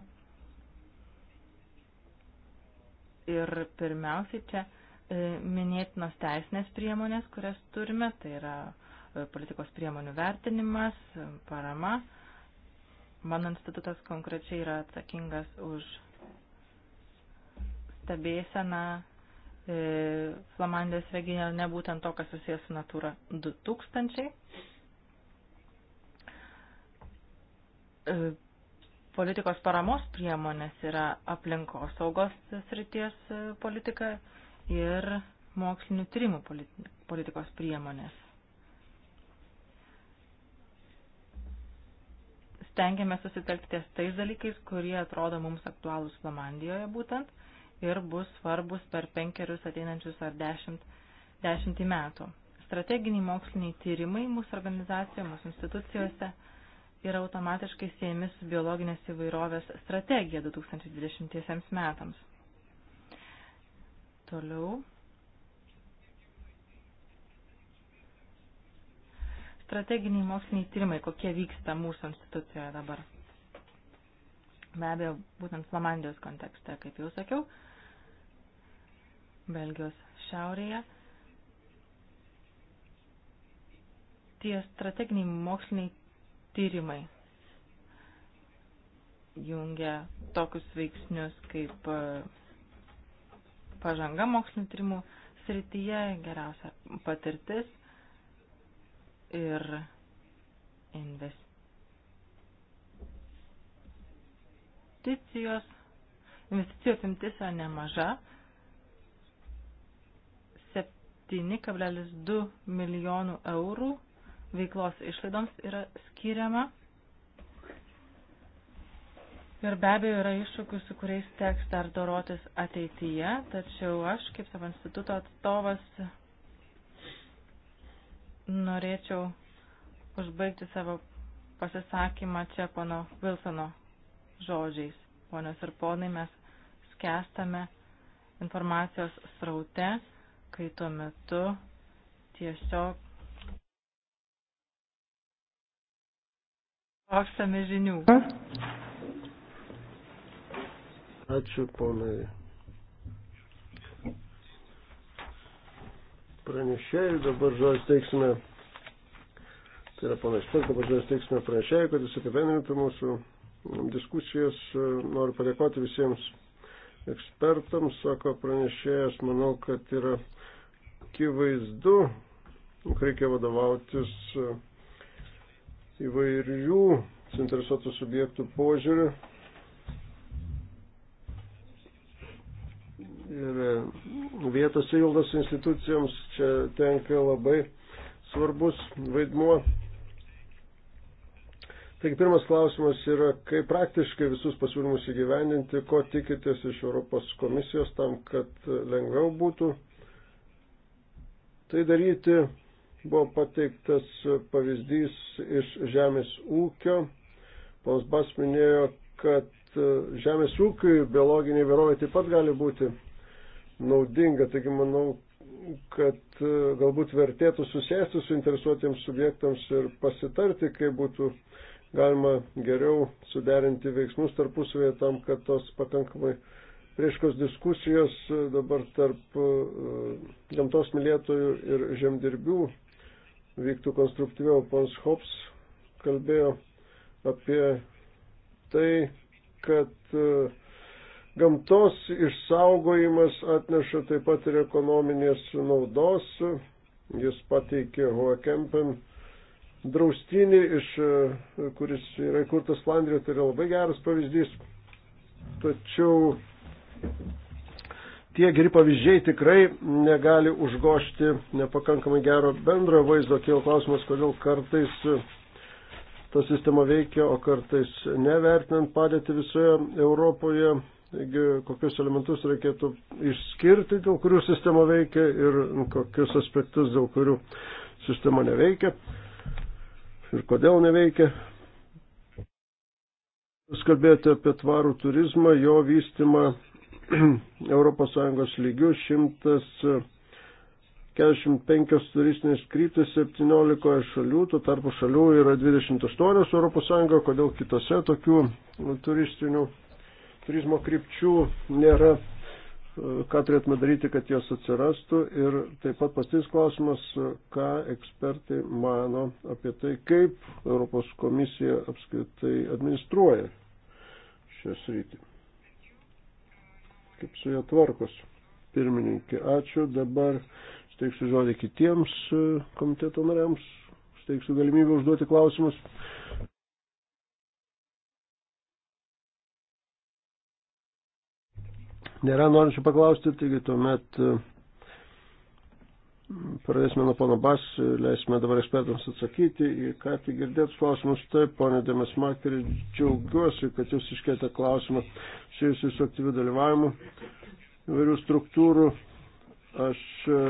Ir pirmiausiai čia e, minėtinos teisinės priemonės, kurias turime, tai yra e, politikos priemonių vertinimas, e, parama. Mano institutas konkrečiai yra atsakingas už stebėseną Flamandijos regione, būtent to, kas susijęs su Natura 2000. E, politikos paramos priemonės yra aplinkosaugos srities e, politika ir mokslinių tyrimų politikos priemonės. Stengiame susitelkti tais dalykais, kurie atrodo mums aktualūs Flamandijoje būtent ir bus svarbus per penkerius ateinančius ar dešimt, dešimtį metų. Strateginiai moksliniai tyrimai mūsų organizacijoje, mūsų institucijose. Mm yra automatiškai siejami su biologinės įvairovės strategija 2020 metams. Toliau. Strateginiai moksliniai tyrimai, kokie vyksta mūsų institucijoje dabar. Be abejo, būtent Flamandijos kontekste, kaip jau sakiau, Belgijos šiaurėje. Tie strateginiai moksliniai tyrimai jungia tokius veiksnius kaip e, pažanga mokslinio tyrimų srityje, geriausia patirtis ir investicijos. Investicijų apimtis yra nemaža. 7,2 milijonų eurų veiklos išlaidoms yra skiriama. Ir be abejo yra iššūkių, su kuriais teks dar dorotis ateityje, tačiau aš, kaip savo instituto atstovas, norėčiau užbaigti savo pasisakymą čia pono Wilsono žodžiais. Ponios ir ponai, mes skęstame informacijos sraute, kai tuo metu tiesiog Lauksame žinių. Ačiū, ponai. Pranešėjai, dabar žodžiu teiksime, tai yra ponas Špilka, dabar žodžiu teiksime pranešėjai, kad jis apibendrintų mūsų diskusijas. Noriu padėkoti visiems ekspertams, sako pranešėjas, manau, kad yra akivaizdu, reikia vadovautis. Uh, įvairių suinteresuotų subjektų požiūrių. Ir e, vietos savildos institucijoms čia tenka labai svarbus vaidmuo. Taigi pirmas klausimas yra, kaip praktiškai visus pasiūlymus įgyvendinti, ko tikitės iš Europos komisijos tam, kad lengviau būtų tai daryti Buvo pateiktas pavyzdys iš žemės ūkio. Pons Bas minėjo, kad e, žemės ūkiui biologinė įvairovė taip pat gali būti naudinga. Taigi manau, kad e, galbūt vertėtų susėsti su interesuotiems subjektams ir pasitarti, kaip būtų galima geriau suderinti veiksmus tarpusavėje tam, kad tos pakankamai prieškos diskusijos e, dabar tarp gamtos mylėtojų ir žemdirbių vyktų konstruktyviau. Pons Hops kalbėjo apie tai, kad e, gamtos išsaugojimas atneša taip pat ir ekonominės naudos. Jis pateikė Hoekempen draustinį, iš, e, kuris yra įkurtas Flandrijoje, tai yra labai geras pavyzdys. Tačiau tie geri pavyzdžiai tikrai negali užgošti nepakankamai gero bendro vaizdo. Kėl klausimas, kodėl kartais ta sistema veikia, o kartais nevertinant padėti visoje Europoje. Taigi, kokius elementus reikėtų išskirti, dėl kurių sistema veikia ir kokius aspektus, dėl kurių sistema neveikia ir kodėl neveikia. Jūs kalbėjote apie tvarų turizmą, jo vystimą ES lygių 145 turistinės kryptis 17 šalių, tuo tarpu šalių yra 28 ES, kodėl kitose tokių turistinių turizmo krypčių nėra, ką turėtume daryti, kad jos atsirastų ir taip pat pastis klausimas, ką ekspertai mano apie tai, kaip Europos komisija apskritai administruoja šią sritį kaip su juo tvarkos. Pirmininkė, ačiū. Dabar steiksiu žodį kitiems e, komiteto nariams, steiksiu galimybę užduoti klausimus. Nėra norinčių paklausti, taigi tuomet. Uh, Pradėsime nuo pono Bas, leisime dabar ekspertams atsakyti į ką tik girdėtus klausimus. Taip, ponė Dėmes Makeri, džiaugiuosi, kad jūs iškėtė klausimą susijusiu su aktyviu dalyvavimu įvairių struktūrų. Aš e,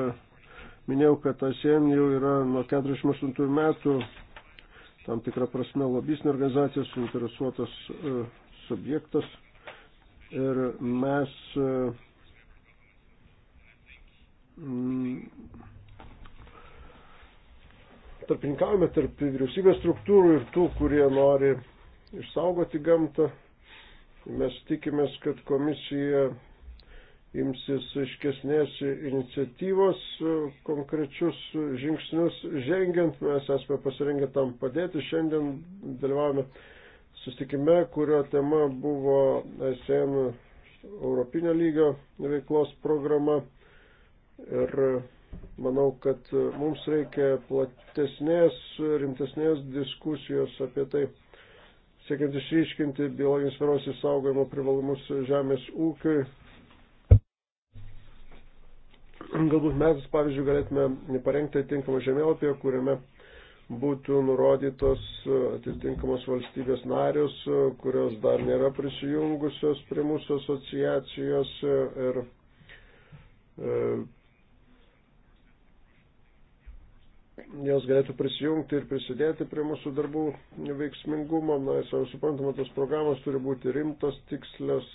minėjau, kad ASEM jau yra nuo 48 metų tam tikrą prasme lobistinė organizacija, suinteresuotas e, subjektas. Ir mes e, Mm, tarpininkavome tarp vyriausybės struktūrų ir tų, kurie nori išsaugoti gamtą. Mes tikimės, kad komisija imsis iškesnės iniciatyvos, konkrečius žingsnius žengiant. Mes esame pasirengę tam padėti. Šiandien dalyvavome sustikime, kurio tema buvo SN e Europinio lygio veiklos programa Ir manau, kad mums reikia platesnės, rimtesnės diskusijos apie tai, siekiant išryškinti biologinės sferos įsaugojimo privalumus žemės ūkiui. Galbūt mes, pavyzdžiui, galėtume parengti atinkamą žemėlapį, kuriame būtų nurodytos atitinkamos valstybės narius, kurios dar nėra prisijungusios prie mūsų asociacijos ir e, jos galėtų prisijungti ir prisidėti prie mūsų darbų veiksmingumo. Na, jau suprantama, tos programos turi būti rimtos, tikslios.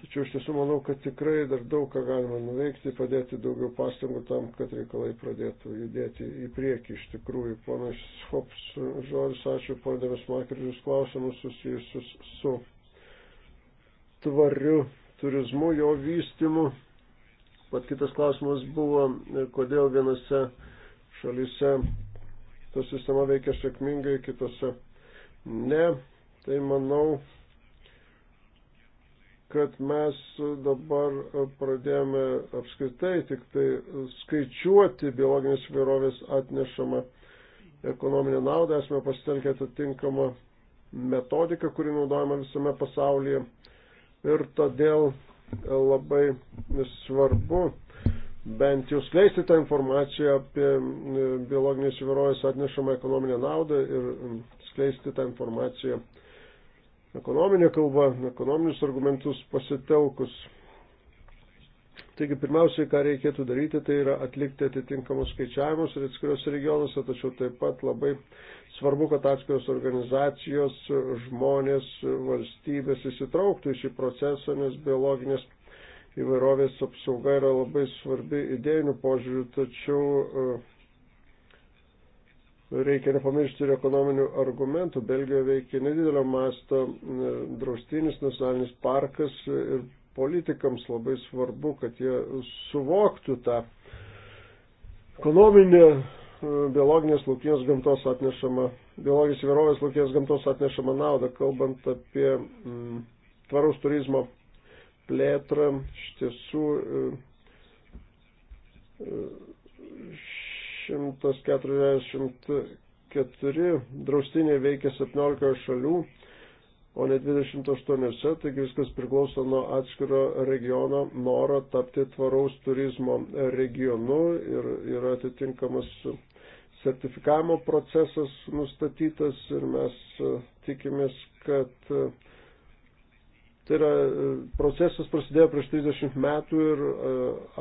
Tačiau iš tiesų manau, kad tikrai dar daug ką galima nuveikti, padėti daugiau pastangų tam, kad reikalai pradėtų judėti į priekį. Iš tikrųjų, ponas Hops žodis, ačiū pardavęs makerius klausimus susijusius su tvariu turizmu, jo vystimu. Vat kitas klausimas buvo, kodėl vienose šalyse ta sistema veikia sėkmingai, kitose ne. Tai manau, kad mes dabar pradėjome apskritai tik tai skaičiuoti biologinės vyrovės atnešamą ekonominę naudą, esame pasitelkę atitinkamą metodiką, kuri naudojama visame pasaulyje. Ir todėl labai svarbu bent jau skleisti tą informaciją apie e, biologinės įvairovės atnešamą ekonominę naudą ir skleisti tą informaciją ekonominė kalba, ekonominius argumentus pasitelkus. Taigi pirmiausiai, ką reikėtų daryti, tai yra atlikti atitinkamus skaičiavimus ir atskiriuose regionuose, tačiau taip pat labai Svarbu, kad atskiros organizacijos, žmonės, valstybės įsitrauktų į šį procesą, nes biologinės įvairovės apsauga yra labai svarbi idėjinių požiūrių, tačiau e, reikia nepamiršti ir ekonominių argumentų. Belgijoje veikia nedidelio masto e, draustinis nacionalinis parkas ir politikams labai svarbu, kad jie suvoktų tą ekonominę biologinės laukinės gamtos atnešama, biologinės įvairovės laukinės gamtos atnešama nauda, kalbant apie mm, tvaraus turizmo plėtrą, iš tiesų 144 e, e, draustiniai veikia 17 šalių, o ne 28, taigi viskas priklauso nuo atskiro regiono noro tapti tvaraus turizmo regionu ir yra atitinkamas sertifikavimo procesas nustatytas ir mes e, tikimės, kad e, tai yra e, procesas prasidėjo prieš 30 metų ir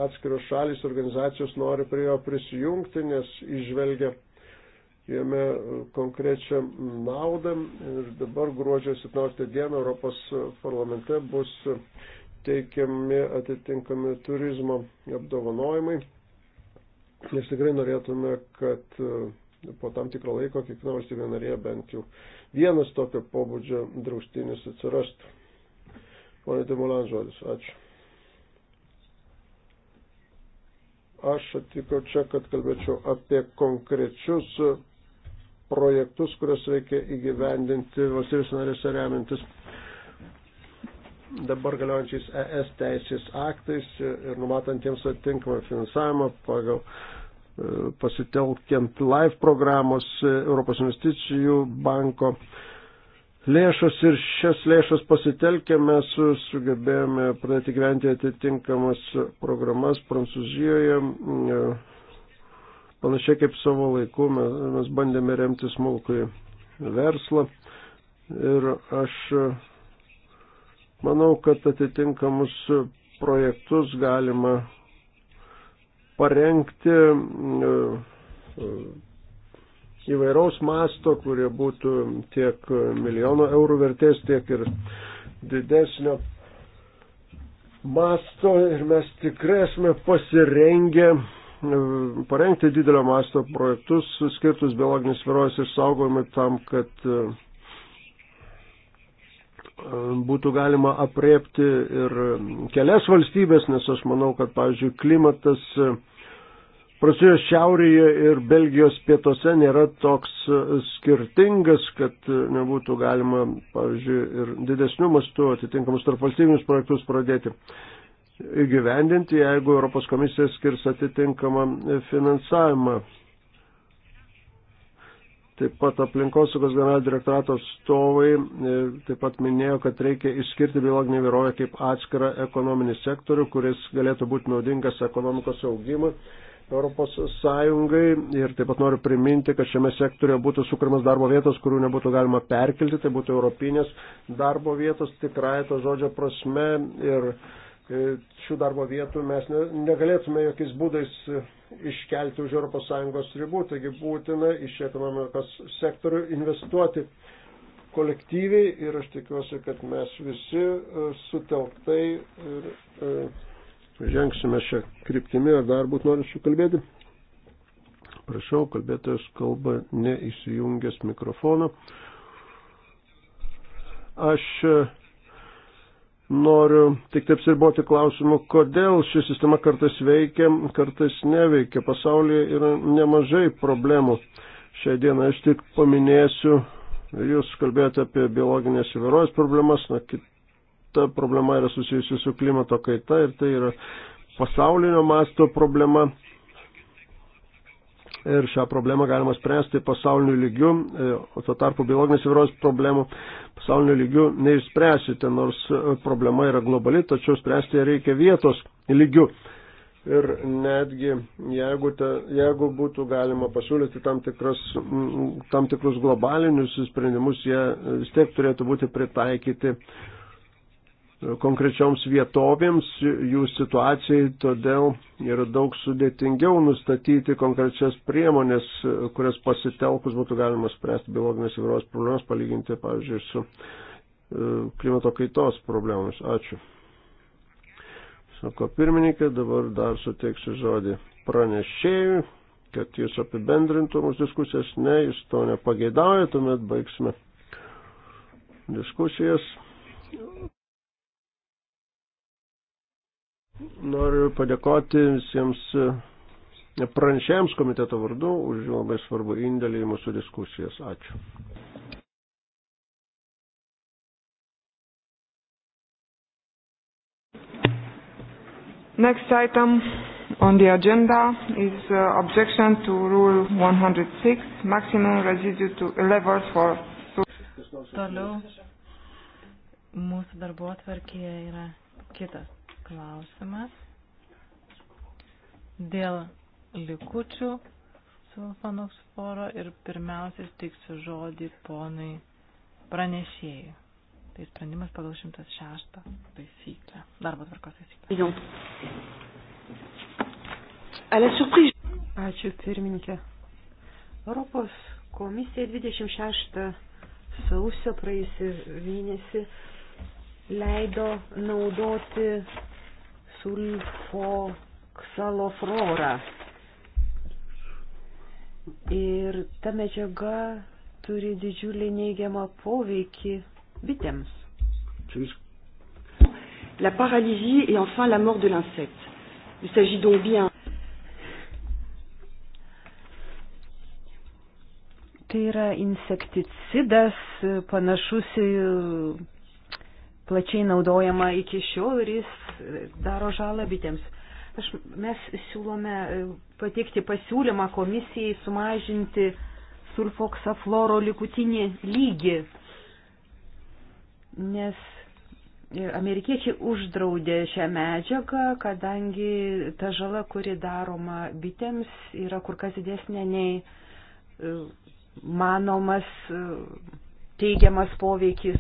atskiros šalis organizacijos nori prie jo prisijungti, nes išvelgia jame konkrečią naudą ir dabar gruodžio 17 dieną Europos parlamente bus teikiami atitinkami turizmo apdovanojimai Nes tikrai norėtume, kad e, po tam tikro laiko kiekviena valstybė narė bent jau vienas tokio pobūdžio draustinis atsirastų. Pone Timulan žodis, ačiū. Aš atvykau čia, kad kalbėčiau apie konkrečius projektus, kuriuos reikia įgyvendinti valstybės narėse remintis dabar galiojančiais ES teisės aktais ir numatantiems atitinkamą finansavimą pagal e, pasitelkiant live programos e, Europos investicijų banko lėšas ir šias lėšas pasitelkę mes sugebėjome pradėti gyventi atitinkamas programas Prancūzijoje. E, panašiai kaip savo laiku mes bandėme remti smulkui verslą ir aš Manau, kad atitinkamus projektus galima parengti e, e, įvairaus masto, kurie būtų tiek milijono eurų vertės, tiek ir didesnio masto ir mes tikrai esame pasirengę e, parengti didelio masto projektus skirtus biologinės sferos išsaugojimui tam, kad būtų galima apriepti ir kelias valstybės, nes aš manau, kad, pavyzdžiui, klimatas Prancūzijos šiaurėje ir Belgijos pietuose nėra toks skirtingas, kad nebūtų galima, pavyzdžiui, ir didesnių mastų atitinkamus tarp valstybinius projektus pradėti įgyvendinti, jeigu Europos komisija skirs atitinkamą finansavimą. Taip pat aplinkosaugos generalinio direktorato atstovai e, taip pat minėjo, kad reikia išskirti biologinį vyrovę kaip atskirą ekonominį sektorių, kuris galėtų būti naudingas ekonomikos augimui. Europos Sąjungai ir taip pat noriu priminti, kad šiame sektorio būtų sukūrimas darbo vietos, kurių nebūtų galima perkelti, tai būtų europinės darbo vietos tikrai to žodžio prasme ir uh, E, šių darbo vietų mes negalėtume jokiais būdais e, iškelti už ES ribų, taigi būtina iš ekonomikos sektorių investuoti kolektyviai ir aš tikiuosi, kad mes visi e, sutelktai ir, ir žengsime šią kryptimį. Ar dar būt norinčių kalbėti? Prašau, kalbėtojas kalba neįsijungęs mikrofoną. Aš Noriu tik taip siriboti klausimu, kodėl ši sistema kartais veikia, kartais neveikia. Pasaulyje yra nemažai problemų. Šią dieną aš tik paminėsiu, jūs kalbėjote apie biologinės įvairovės problemas, na, kita problema yra susijusi su klimato kaita ir tai yra pasaulinio masto problema ir šią problemą galima spręsti pasauliniu lygiu, e, o tuo tarpu biologinės įvairovės problemų pasauliniu lygiu neišspręsite, nors problema yra globali, tačiau spręsti ją reikia vietos lygiu. Ir netgi jeigu, te, jeigu būtų galima pasiūlyti tam, tikras, tam tikrus globalinius sprendimus, jie vis tiek turėtų būti pritaikyti konkrečioms vietovėms, jų situacijai, todėl yra daug sudėtingiau nustatyti konkrečias priemonės, kurias pasitelkus būtų galima spręsti biologinės įvairovės problemas, palyginti, pavyzdžiui, su e, klimato kaitos problemomis. Ačiū. Sako pirmininkė, dabar dar suteiksiu žodį pranešėjui, kad jis apibendrintų mūsų diskusijas. Ne, jis to nepageidauja, tuomet baigsime diskusijas. Noriu padėkoti visiems e, pranešėjams komiteto vardu už jų labai svarbu indėlį į mūsų diskusijas. Ačiū. Next item on the agenda is uh, objection to Rule 106, maximum residue to uh, levels for... Toliau mūsų darbo atvarkėje yra kitas klausimas dėl likučių sulfanoksforo ir pirmiausia steiksiu žodį ponui pranešėjui. Tai sprendimas pagal 106 taisyklę, darbo tvarkos taisyklę. Ačiū pirmininkė. Europos komisija 26 sausio praėjusį mėnesį leido naudoti sulfoksaloflorą. Ir ta medžiaga turi didžiulį neigiamą poveikį bitėms. La paralysie et enfin la mort de l'insecte. Il s'agit donc bien. Tai yra insekticidas panašus į plačiai naudojama iki šiol ir jis daro žalą bitėms. Aš, mes siūlome e, pateikti pasiūlymą komisijai sumažinti sulfoksafloro likutinį lygį, nes amerikiečiai uždraudė šią medžiagą, kadangi ta žala, kuri daroma bitėms, yra kur kas didesnė nei e, manomas e, teigiamas poveikis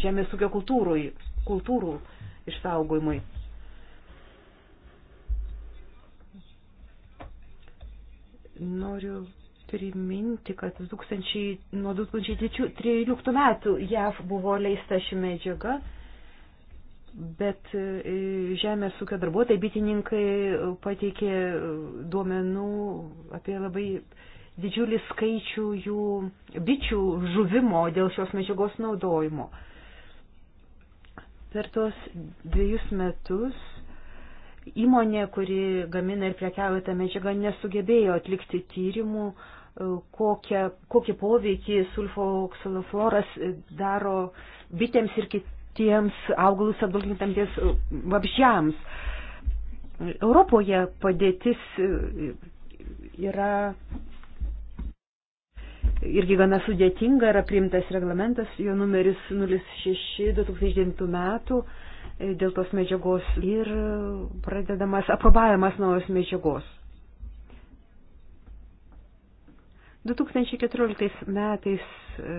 žemės ūkio kultūrui, kultūrų išsaugojimui. Noriu priminti, kad 2000, nuo 2013 metų JAV buvo leista ši medžiaga, bet e, žemės ūkio darbuotojai, bitininkai pateikė duomenų apie labai didžiulį skaičių jų bičių žuvimo dėl šios medžiagos naudojimo. Per tuos dviejus metus įmonė, kuri gamina ir prekiauja tą medžiagą, nesugebėjo atlikti tyrimų, e, kokią, kokį poveikį sulfooksilofloras e, daro bitėms ir kitiems augalus apdulkintamties e, vabžiams. Europoje padėtis yra irgi gana sudėtinga yra priimtas reglamentas, jo numeris 06-2009 metų e, dėl tos medžiagos ir pradedamas aprobavimas naujos medžiagos. 2014 metais e,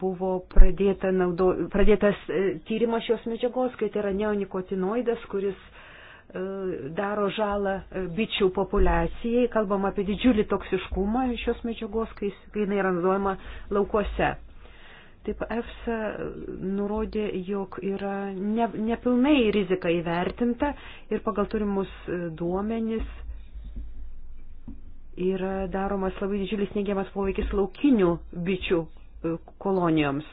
buvo pradėta naudo, pradėtas e, tyrimas šios medžiagos, kai tai yra neonikotinoidas, kuris E, daro žalą e, bičių populiacijai, kalbam apie didžiulį toksiškumą šios medžiagos, kai, kai jinai randuojama laukuose. Taip EFSA nurodė, jog yra ne, nepilnai rizika įvertinta ir pagal turimus e, duomenis yra daromas labai didžiulis neigiamas poveikis laukinių bičių kolonijoms.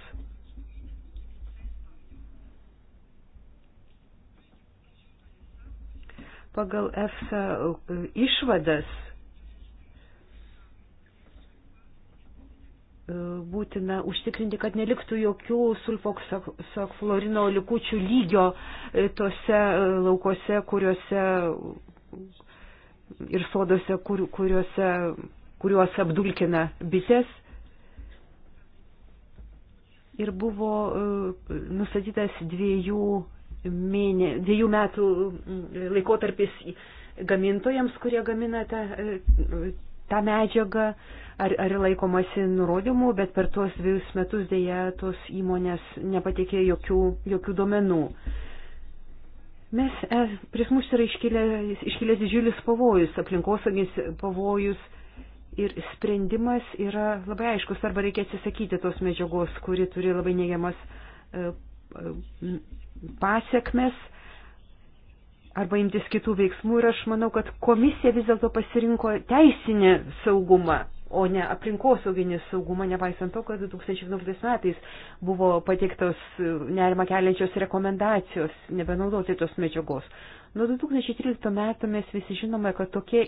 Pagal EFSA e, išvadas e, būtina užtikrinti, kad neliktų jokių sulfoksaflorino likučių lygio e, tose laukose, kuriuose ir soduose, kur, kuriuose, kuriuos apdulkina bitės. Ir buvo nustatytas dviejų mėne, dviejų metų laikotarpis gamintojams, kurie gamina tą, tą medžiagą, ar, ar laikomasi nurodymų, bet per tuos dviejus metus dėja tos įmonės nepatikė jokių, jokių duomenų. Mes, e, prieš mus yra iškilęs, iškilęs didžiulis pavojus, aplinkosaugis pavojus ir sprendimas yra labai aiškus, arba reikia atsisakyti tos medžiagos, kuri turi labai neigiamas e, e, pasiekmes arba imtis kitų veiksmų ir aš manau, kad komisija vis dėlto pasirinko teisinį saugumą, o ne aplinkosauginį saugumą, nepaisant to, kad 2011 metais buvo pateiktos nerima keliančios rekomendacijos nebenaudoti tos medžiagos. Nuo 2013 metų mes visi žinome, kad tokie,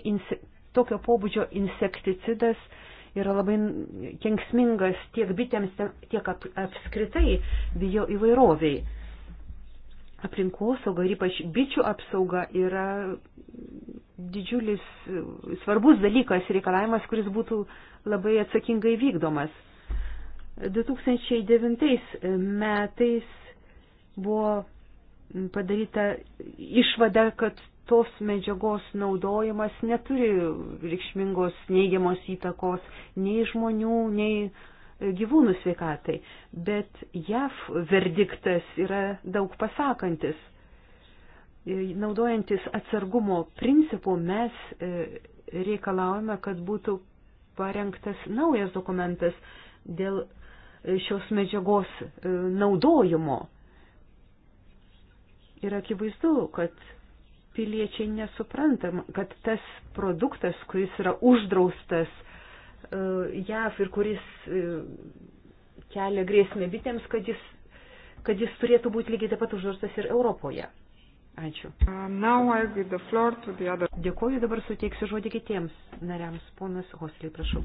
tokio pobūdžio insekticidas yra labai kenksmingas tiek bitėms, tiek ap, apskritai bio įvairoviai aplinkosauga ir ypač bičių apsauga yra didžiulis svarbus dalykas reikalavimas, kuris būtų labai atsakingai vykdomas. 2009 metais buvo padaryta išvada, kad tos medžiagos naudojimas neturi reikšmingos neigiamos įtakos nei žmonių, nei gyvūnų sveikatai. Bet JAV verdiktas yra daug pasakantis. E, naudojantis atsargumo principu mes e, reikalaujame, kad būtų parengtas naujas dokumentas dėl e, šios medžiagos naudojimo. Ir akivaizdu, kad piliečiai nesuprantam, kad tas produktas, kuris yra uždraustas E, JAV ir kuris e, kelia grėsmę bitėms, kad jis, kad jis turėtų būti lygiai taip pat uždraustas ir Europoje. Ačiū. Uh, Dėkuoju, dabar suteiksiu žodį kitiems nariams. Ponas Hosliai, prašau.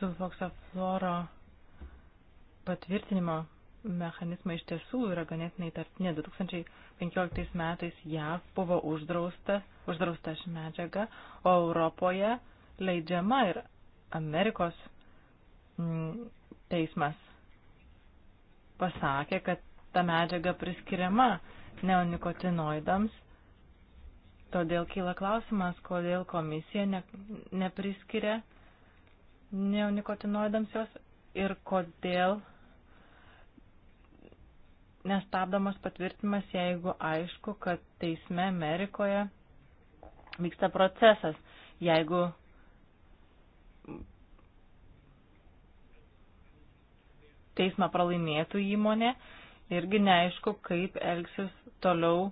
Sulfoksafloro patvirtinimo mechanizmai iš tiesų yra ganėtinai tarptinė. 2015 metais JAV buvo uždrausta, uždrausta ši medžiaga, o Europoje leidžiama ir Amerikos m, mm, teismas pasakė, kad ta medžiaga priskiriama neonikotinoidams. Todėl kyla klausimas, kodėl komisija ne, nepriskiria neonikotinoidams jos ir kodėl nestabdomas patvirtimas, jeigu aišku, kad teisme Amerikoje vyksta procesas. Jeigu teismą pralaimėtų įmonė, irgi neaišku, kaip elgsis toliau e,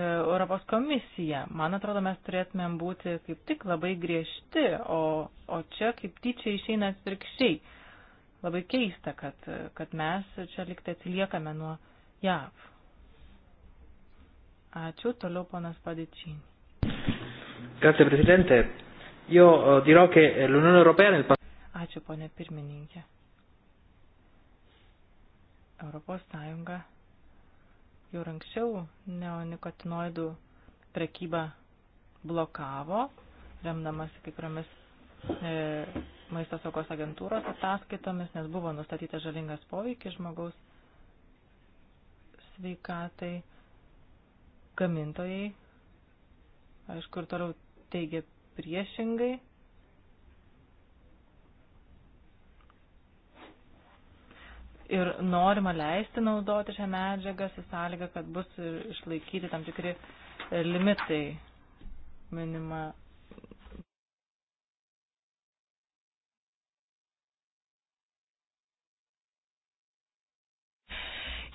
Europos komisija. Man atrodo, mes turėtumėm būti kaip tik labai griežti, o, o čia kaip tyčia išeina atvirkščiai labai keista, kad, kad mes čia liktai atsiliekame nuo JAV. Ačiū, toliau ponas Padičinį. Grazie Presidente. Io eh, dirò che l'Unione Europea nel Ačiū, ponė pirmininkė. Europos Sąjunga jau anksčiau neonikotinoidų prekybą blokavo, remdamasi kai kuriomis e, maisto saugos agentūros ataskaitomis, nes buvo nustatytas žalingas poveikis žmogaus sveikatai. Gamintojai, aišku, ir toliau teigia priešingai. Ir norima leisti naudoti šią medžiagą su sąlyga, kad bus išlaikyti tam tikri limitai minima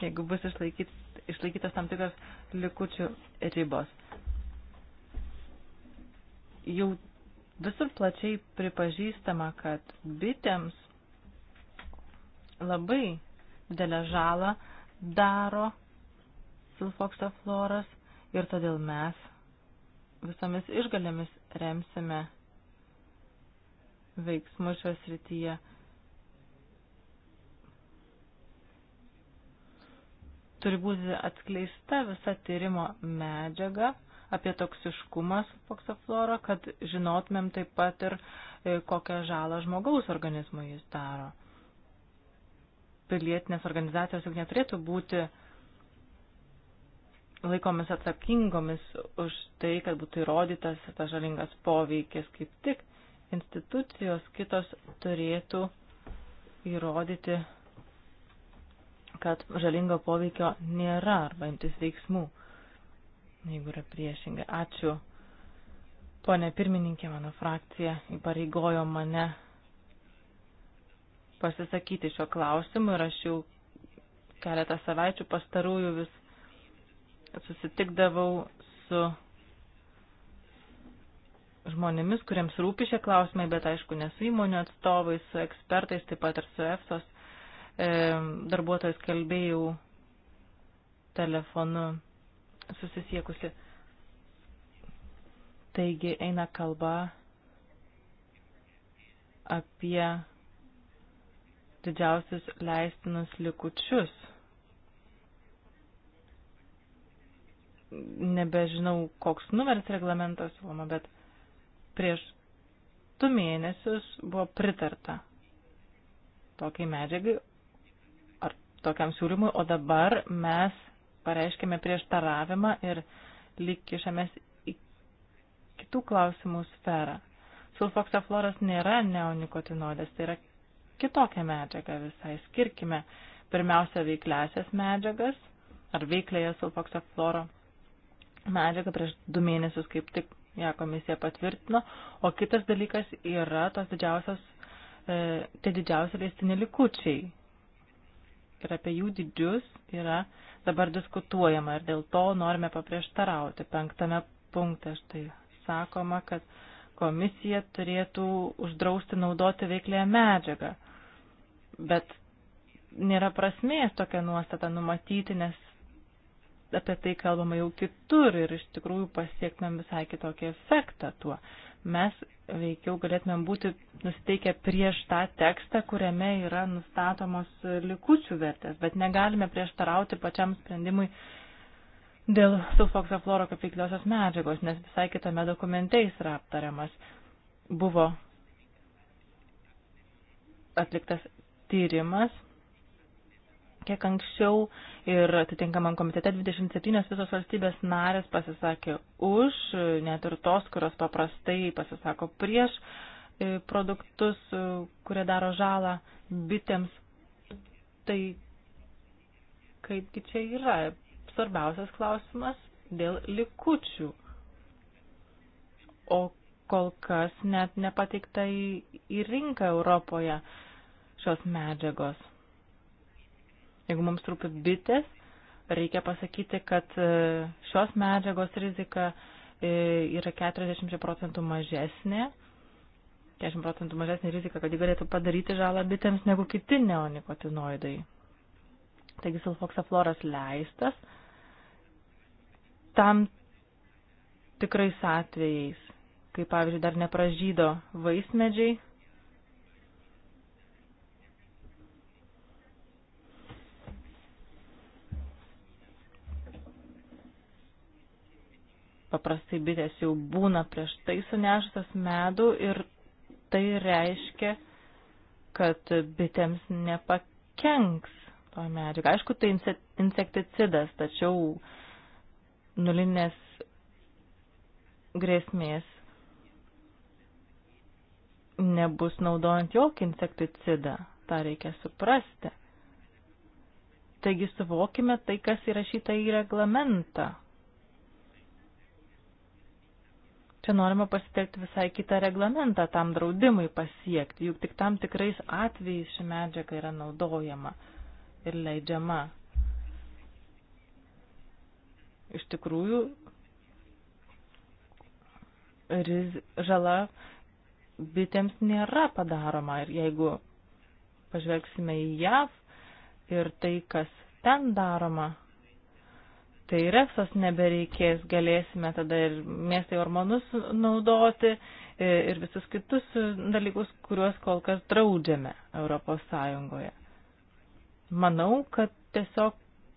jeigu bus išlaikyt, išlaikytos tam tikros likučių ribos. Jau visur plačiai pripažįstama, kad bitėms labai didelę žalą daro silfoksofloras ir todėl mes visomis išgalėmis remsime veiksmus šios rytyje. Turi būti atskleista visa tyrimo medžiaga apie toksiškumą foksafloro, kad žinotumėm taip pat ir e, kokią žalą žmogaus organizmui jis daro. Pilietinės organizacijos juk neturėtų būti laikomis atsakingomis už tai, kad būtų įrodytas tas žalingas poveikis, kaip tik institucijos kitos turėtų įrodyti kad žalingo poveikio nėra arba imtis veiksmų, jeigu yra priešinga. Ačiū. Pone pirmininkė, mano frakcija įpareigojo mane pasisakyti šio klausimu ir aš jau keletą savaičių pastarųjų vis susitikdavau su žmonėmis, kuriems rūpi šie klausimai, bet aišku, ne su įmonių atstovais, su ekspertais, taip pat ir su EFSOS E, darbuotojas kalbėjau telefonu susisiekusi. Taigi eina kalba apie didžiausius leistinus likučius. Nebežinau, koks numeris reglamentas siūloma, nu, bet prieš du mėnesius buvo pritarta tokiai medžiagai, tokiam siūlymui, o dabar mes pareiškėme prieštaravimą ir lyg kišamės į kitų klausimų sferą. Sulfoksafloras nėra neonikotinoidas, tai yra kitokia medžiaga visai. Skirkime pirmiausia veikliasias medžiagas ar veiklėje sulfoksafloro medžiagą prieš du mėnesius kaip tik ją komisija patvirtino, o kitas dalykas yra tos didžiausios, e, tie didžiausi leistini likučiai ir apie jų didžius yra dabar diskutuojama ir dėl to norime paprieštarauti. Penktame punkte štai sakoma, kad komisija turėtų uždrausti naudoti veiklėje medžiagą, bet nėra prasmės tokią nuostatą numatyti, nes apie tai kalbama jau kitur ir iš tikrųjų pasiektumėm visai kitokį efektą tuo. Mes veikiau galėtumėm būti nusiteikę prieš tą tekstą, kuriame yra nustatomos likučių vertės, bet negalime prieštarauti pačiam sprendimui dėl sulfoksafloro kapikliosios medžiagos, nes visai kitame dokumente jis yra aptariamas. Buvo atliktas tyrimas kiek anksčiau ir atitinkamam komitete 27 visos valstybės narės pasisakė už, net ir tos, kurios paprastai pasisako prieš e, produktus, e, kurie daro žalą bitėms. Tai kaipgi čia yra? Svarbiausias klausimas dėl likučių. O kol kas net nepateikta į, į rinką Europoje šios medžiagos. Jeigu mums rūpi bitės, reikia pasakyti, kad e, šios medžiagos rizika e, yra 40 procentų mažesnė, 40 procentų mažesnė rizika, kad ji galėtų padaryti žalą bitėms negu kiti neonikotinoidai. Taigi sulfoksafloras leistas tam tikrais atvejais, kai pavyzdžiui dar nepražydo vaismedžiai Paprastai bitės jau būna prieš tai sunešusios medų ir tai reiškia, kad bitėms nepakenks to medžiaga. Aišku, tai insekticidas, tačiau nulinės grėsmės nebus naudojant jokį insekticidą. Ta reikia suprasti. Taigi suvokime tai, kas įrašyta į reglamentą. Čia norima pasitelkti visai kitą reglamentą tam draudimui pasiekti, juk tik tam tikrais atvejais ši medžiaga yra naudojama ir leidžiama. Iš tikrųjų, riz, žala bitėms nėra padaroma ir jeigu pažvelgsime į JAV ir tai, kas ten daroma, tai refsos nebereikės, galėsime tada ir miestai hormonus naudoti e, ir visus kitus dalykus, kuriuos kol kas draudžiame Europos Sąjungoje. Manau, kad tiesiog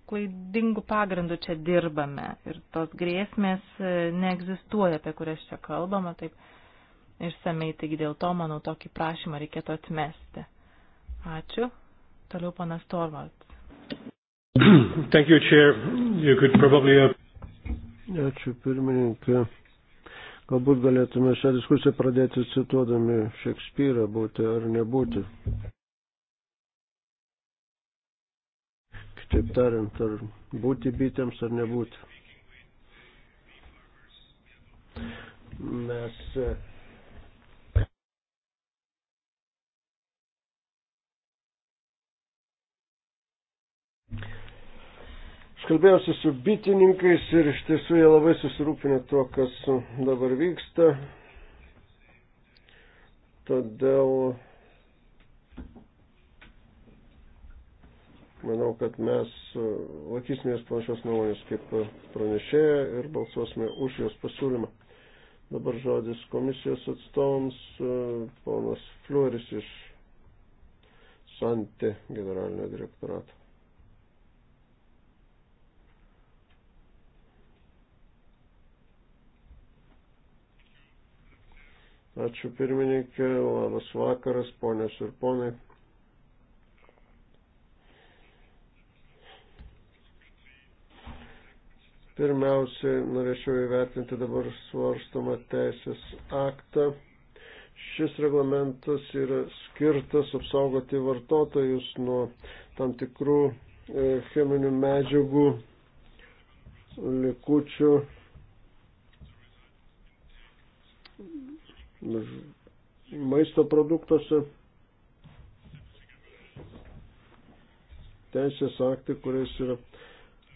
klaidingų pagrindų čia dirbame ir tos grėsmės e, neegzistuoja, apie kurias čia kalbama taip išsamei, taigi dėl to, manau, tokį prašymą reikėtų atmesti. Ačiū. Toliau panas Torvalds. Thank you, Chair. Probably... Uh, Ačiū pirmininkė. Galbūt galėtume šią diskusiją pradėti cituodami Šekspyrą būti ar nebūti. Kitaip tariant, ar būti bitėms ar nebūti. Mes Aš kalbėjausi su bitininkais ir iš tiesų jie labai susirūpinę tuo, kas dabar vyksta. Todėl manau, kad mes laikysimės panašios nuomonės kaip pranešėja ir balsuosime už jos pasiūlymą. Dabar žodis komisijos atstovams, ponas Fluoris iš Santė generalinio direktorato. Ačiū pirmininkė, labas vakaras, ponios ir ponai. Pirmiausiai norėčiau įvertinti dabar svarstomą teisės aktą. Šis reglamentas yra skirtas apsaugoti vartotojus nuo tam tikrų e, cheminių medžiagų likučių maisto produktuose. Teisės aktai, kuriais yra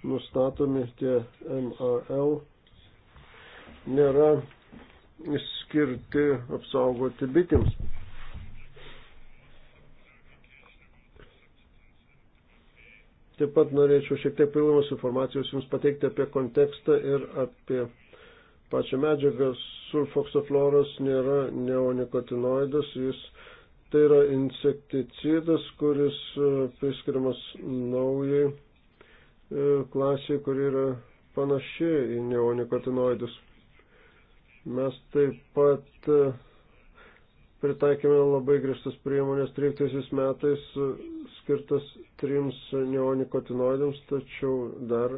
nustatomi tie MAL, nėra skirti apsaugoti bitėms. Taip pat norėčiau šiek tiek pilnos informacijos Jums pateikti apie kontekstą ir apie pačią medžiagą sulfoksofloras nėra neonikotinoidas, jis tai yra insekticidas, kuris e, priskiriamas naujai e, klasiai, kuri yra panaši į neonikotinoidus. Mes taip pat e, pritaikėme labai grįžtas priemonės 13 metais skirtas trims neonikotinoidams, tačiau dar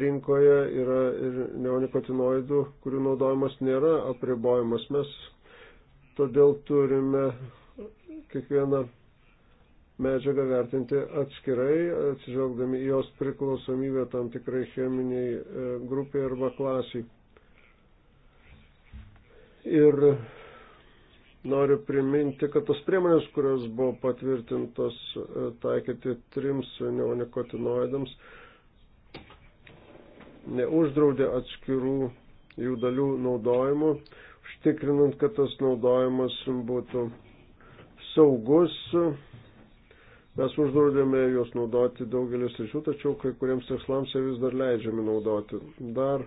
rinkoje yra ir neonikotinoidų, kurių naudojimas nėra apribojimas. Mes todėl turime kiekvieną medžiagą vertinti atskirai, atsižvelgdami į jos priklausomybę tam tikrai cheminiai e, grupiai arba klasiai. Ir noriu priminti, kad tos priemonės, kurios buvo patvirtintos e, taikyti trims neonikotinoidams, neuždraudė atskirų jų dalių naudojimo, užtikrinant, kad tas naudojimas būtų saugus. Mes uždraudėme juos naudoti daugelis ryšių, tačiau kai kuriems tikslams jie vis dar leidžiami naudoti. Dar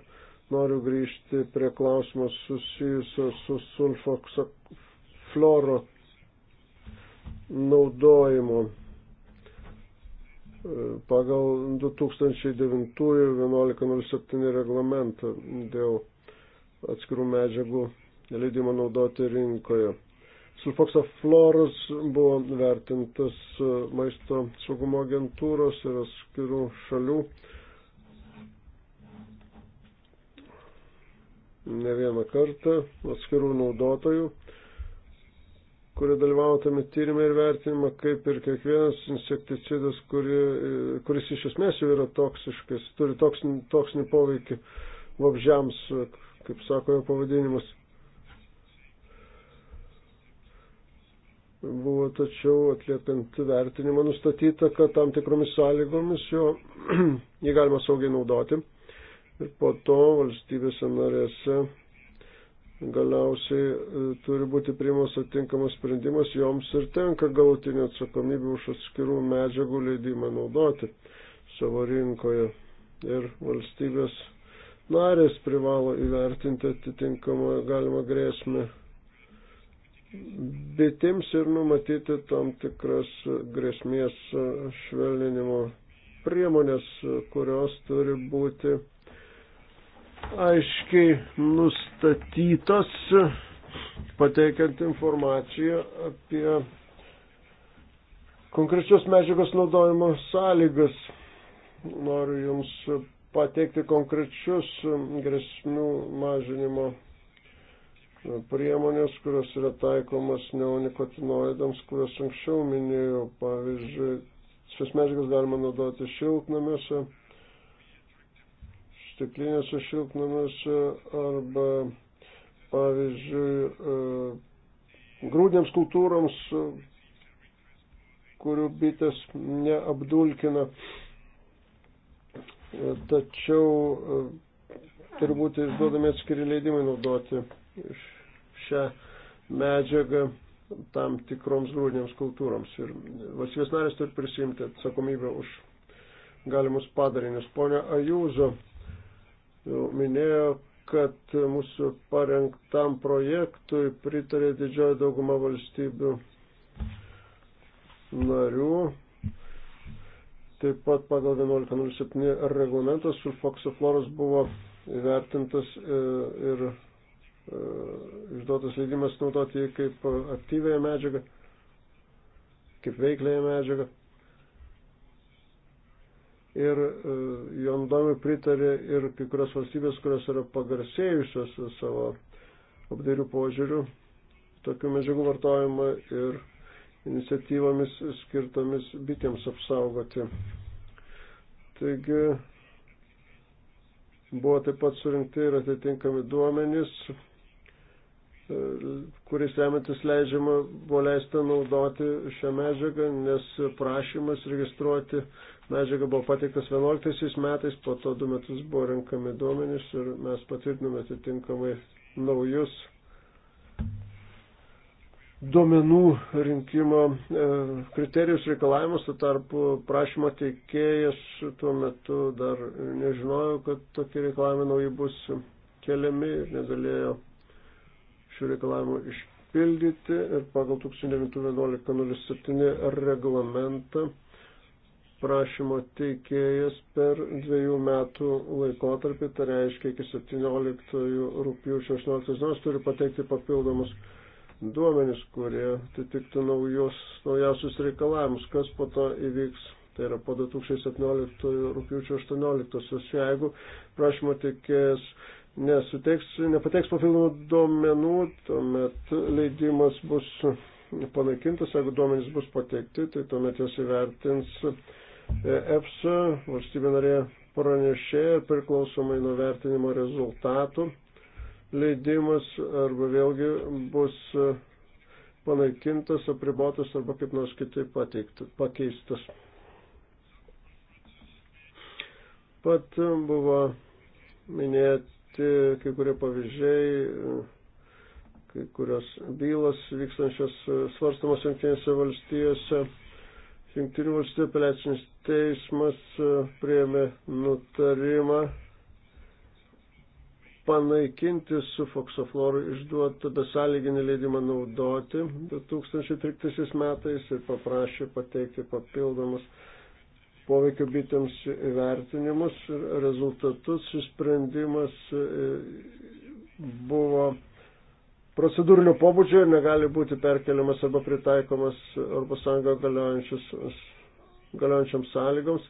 noriu grįžti prie klausimo susijusio su sulfoksafloro naudojimu pagal 2009-1107 reglamentą dėl atskirų medžiagų leidimo naudoti rinkoje. Sulfoksafloras buvo vertintas maisto saugumo agentūros ir atskirų šalių. Ne vieną kartą atskirų naudotojų kurie dalyvavo tame tyrimė ir vertinimą, kaip ir kiekvienas insekticidas, kuri, kuris iš esmės jau yra toksiškas, turi toksinį, toksinį poveikį vabžiams, kaip sako jo pavadinimas. Buvo tačiau atliekant vertinimą nustatyta, kad tam tikromis sąlygomis jo jį galima saugiai naudoti. Ir po to valstybėse narėse galiausiai e, turi būti priimamas atitinkamas sprendimas, joms ir tenka galutinė atsakomybė už atskirų medžiagų leidimą naudoti savo rinkoje. Ir valstybės narės privalo įvertinti atitinkamą galimą grėsmę bitims ir numatyti tam tikras grėsmės švelninimo priemonės, kurios turi būti aiškiai nustatytas, pateikiant informaciją apie konkrečios medžiagos naudojimo sąlygas. Noriu Jums pateikti konkrečius grėsmių mažinimo priemonės, kurios yra taikomas neonikotinoidams, kuriuos anksčiau minėjau. Pavyzdžiui, šias medžiagas galima naudoti šiltnamiuose, stiklinėse šiltnamiuose arba, pavyzdžiui, e, grūdėms kultūroms, kurių bitės neapdulkina. Tačiau e, turi būti išduodami atskiri leidimai naudoti šią medžiagą tam tikroms grūdinėms kultūroms. Ir valstybės narės turi prisimti atsakomybę už galimus padarinius. Pone Ajūzo jau minėjo, kad mūsų parengtam projektui pritarė didžioji dauguma valstybių narių. Taip pat pagal 1107 reglamentas sulfoksofloras buvo įvertintas e, ir e, išduotas leidimas naudoti jį kaip aktyvėją medžiagą, kaip veiklėją medžiagą ir jom e, domai pritarė ir kai kurios valstybės, kurios yra pagarsėjusios savo apdairių požiūrių, tokių medžiagų vartojimą ir iniciatyvomis skirtomis bitėms apsaugoti. Taigi buvo taip pat surinkti ir atitinkami duomenys, e, kuris remiantis leidžiama buvo leista naudoti šią medžiagą, nes prašymas registruoti medžiaga buvo pateiktas 11 metais, po to du metus buvo renkami duomenys ir mes patvirtinome atitinkamai naujus duomenų rinkimo e, kriterijus reikalavimus, tuo tarpu prašymo teikėjas tuo metu dar nežinojo, kad tokie reikalavimai nauji bus keliami ir negalėjo šių reikalavimų išpildyti ir pagal 1911.07 reglamentą prašymo teikėjas per dviejų metų laikotarpį, tai reiškia iki 17 rūpjūčio 18 dienos turi pateikti papildomus duomenis, kurie atitiktų naujus, naujausius reikalavimus, kas po to įvyks. Tai yra po 2017 rūpjūčio 18. Jeigu prašymo teikėjas nesuteiks, nepateiks papildomų duomenų, tuomet leidimas bus panaikintas, jeigu duomenys bus pateikti, tai tuomet jos įvertins EFSA, valstybė narė pranešė ir priklausomai nuo vertinimo rezultatų leidimas arba vėlgi bus panaikintas, apribotas arba kaip nors kitaip pakeistas. Pat buvo minėti kai kurie pavyzdžiai, kai kurios bylos vykstančios svarstamos jungtinėse valstijose. Jungtinių valstybių apeliacinis teismas e, priemė nutarimą panaikinti su foksofloru išduotą besąlyginį leidimą naudoti 2013 metais ir paprašė pateikti papildomus poveikio bitėms įvertinimus ir rezultatus. Šis sprendimas e, buvo procedūrinio pobūdžio ir negali būti perkeliamas arba pritaikomas arba sąjungoje galiojančius galiojančiams sąlygoms.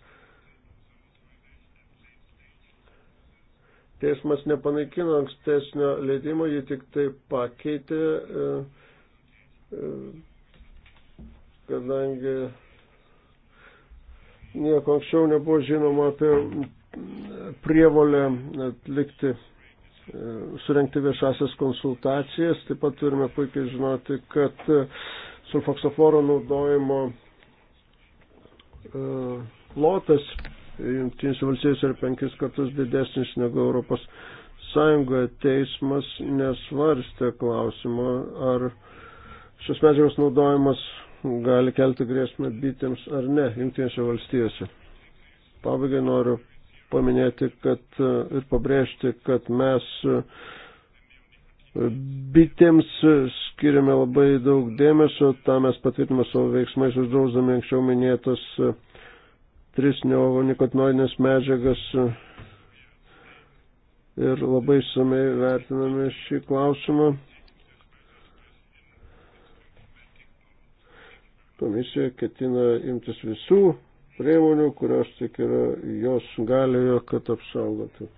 Teismas nepanaikino ankstesnio leidimo, jį tik tai pakeitė, e, e, kadangi nieko anksčiau nebuvo žinoma apie prievolę atlikti e, surenkti viešasias konsultacijas. Taip pat turime puikiai žinoti, kad sulfoksoforo naudojimo E, plotas Junktinėse valstijose yra penkis kartus didesnis negu Europos Sąjungoje. Teismas nesvarstė klausimo, ar šios medžiagos naudojimas gali kelti grėsmę bitėms ar ne Junktinėse valstijose. Pabaigai noriu paminėti kad, e, ir pabrėžti, kad mes e, Bitėms skiriame labai daug dėmesio, tą mes patvirtiname savo veiksmais, uždrausdami anksčiau minėtas e, tris neonikotinoidinės medžiagas ir labai samiai vertiname šį klausimą. Komisija ketina imtis visų priemonių, kurios tik yra jos galiojo, kad apsaugotų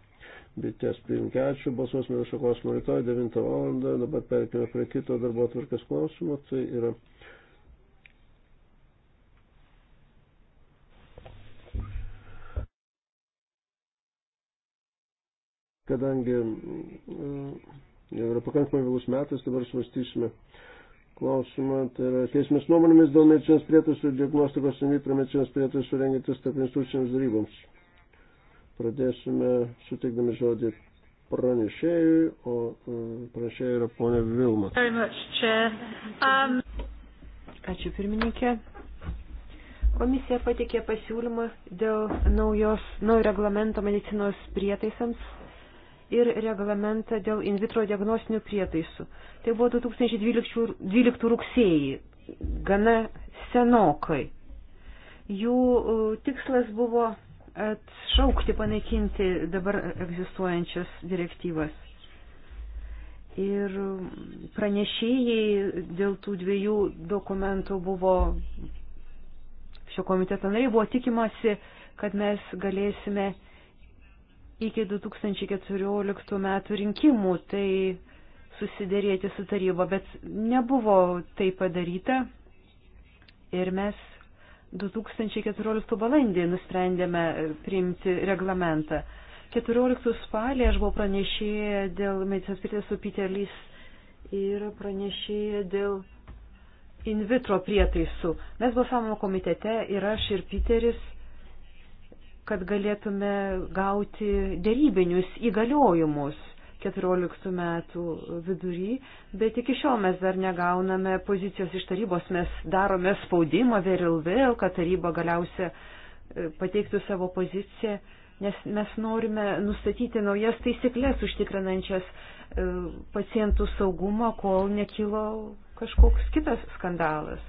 bitės plinkečių, balsuosime už šio klausimo rytoj 9 val. Dabar perkime prie kito darbo atvarkės klausimo. Tai yra kadangi mm, jau yra pakankamai vėlus metas, dabar svastysime klausimą, tai yra teismės nuomonėmis dėl medicinos prietaisų ir diagnostikos in vitro medicinos prietaisų rengintis tarp institucijams daryboms. Pradėsime sutikdami žodį pranešėjui, o e, pranešėjai yra ponė Vilma. Um, Ačiū pirmininkė. Komisija patikė pasiūlymą dėl naujos, naujo reglamento medicinos prietaisams ir reglamentą dėl in vitro diagnostinių prietaisų. Tai buvo 2012 rugsėjai, gana senokai. Jų e, tikslas buvo atšaukti, panaikinti dabar egzistuojančias direktyvas. Ir pranešėjai dėl tų dviejų dokumentų buvo, šio komiteto nariai buvo tikimasi, kad mes galėsime iki 2014 metų rinkimų tai susidėrėti su taryba, bet nebuvo tai padaryta ir mes 2014 balandį nusprendėme e, priimti reglamentą. 14 spalį aš buvau pranešėję dėl medicinos pirties su Pitelis ir pranešėję dėl in vitro prietaisų. Mes balsavome komitete ir aš ir Piteris, kad galėtume gauti dėrybinius įgaliojimus 14 metų vidury, bet iki šiol mes dar negauname pozicijos iš tarybos, mes darome spaudimą vėl ir vėl, kad taryba galiausia e, pateiktų savo poziciją, nes mes norime nustatyti naujas taisyklės užtikrinančias e, pacientų saugumą, kol nekilo kažkoks kitas skandalas.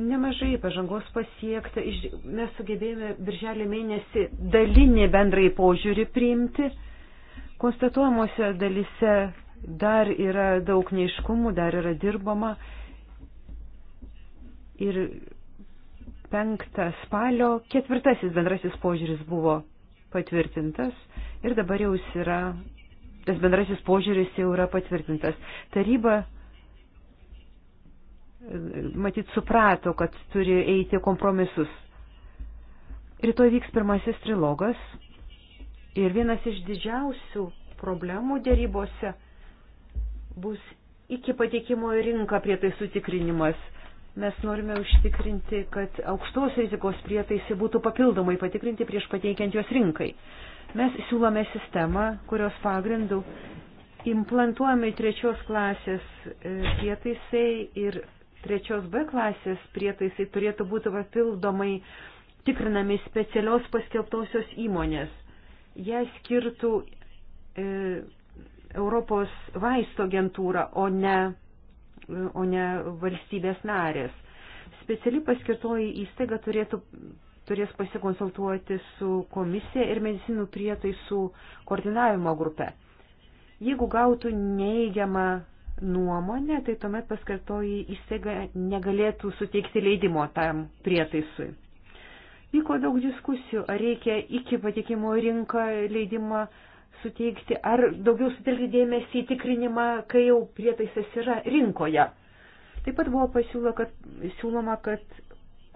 Nemažai pažangos pasiekta, mes sugebėjome birželio mėnesį dalinį bendrai požiūrį priimti Konstatuojamosiose dalise dar yra daug neiškumų, dar yra dirbama. Ir 5 spalio ketvirtasis bendrasis požiūris buvo patvirtintas ir dabar jau jis yra, tas bendrasis požiūris jau yra patvirtintas. Taryba matyt suprato, kad turi eiti kompromisus. Rytoj vyks pirmasis trilogas Ir vienas iš didžiausių problemų dėrybose bus iki patikimo į rinką prietaisų tikrinimas. Mes norime užtikrinti, kad aukštos rizikos prietaisai būtų papildomai patikrinti prieš pateikiant juos rinkai. Mes siūlome sistemą, kurios pagrindų implantuojami trečios klasės e, prietaisai ir trečios B klasės prietaisai turėtų būti papildomai tikrinami specialios paskelbtosios įmonės ją skirtų e, Europos vaisto agentūra, o ne, o ne valstybės narės. Speciali paskirtoji įstaiga turėtų, turės pasikonsultuoti su komisija ir medicinų prietaisų koordinavimo grupe. Jeigu gautų neįgiamą nuomonę, tai tuomet paskirtoji įstaiga negalėtų suteikti leidimo tam prietaisui. Vyko daug diskusijų, ar reikia iki patikimo rinką leidimą suteikti, ar daugiau sutelkti dėmesį į tikrinimą, kai jau prietaisas yra rinkoje. Taip pat buvo pasiūlo, kad, siūloma, kad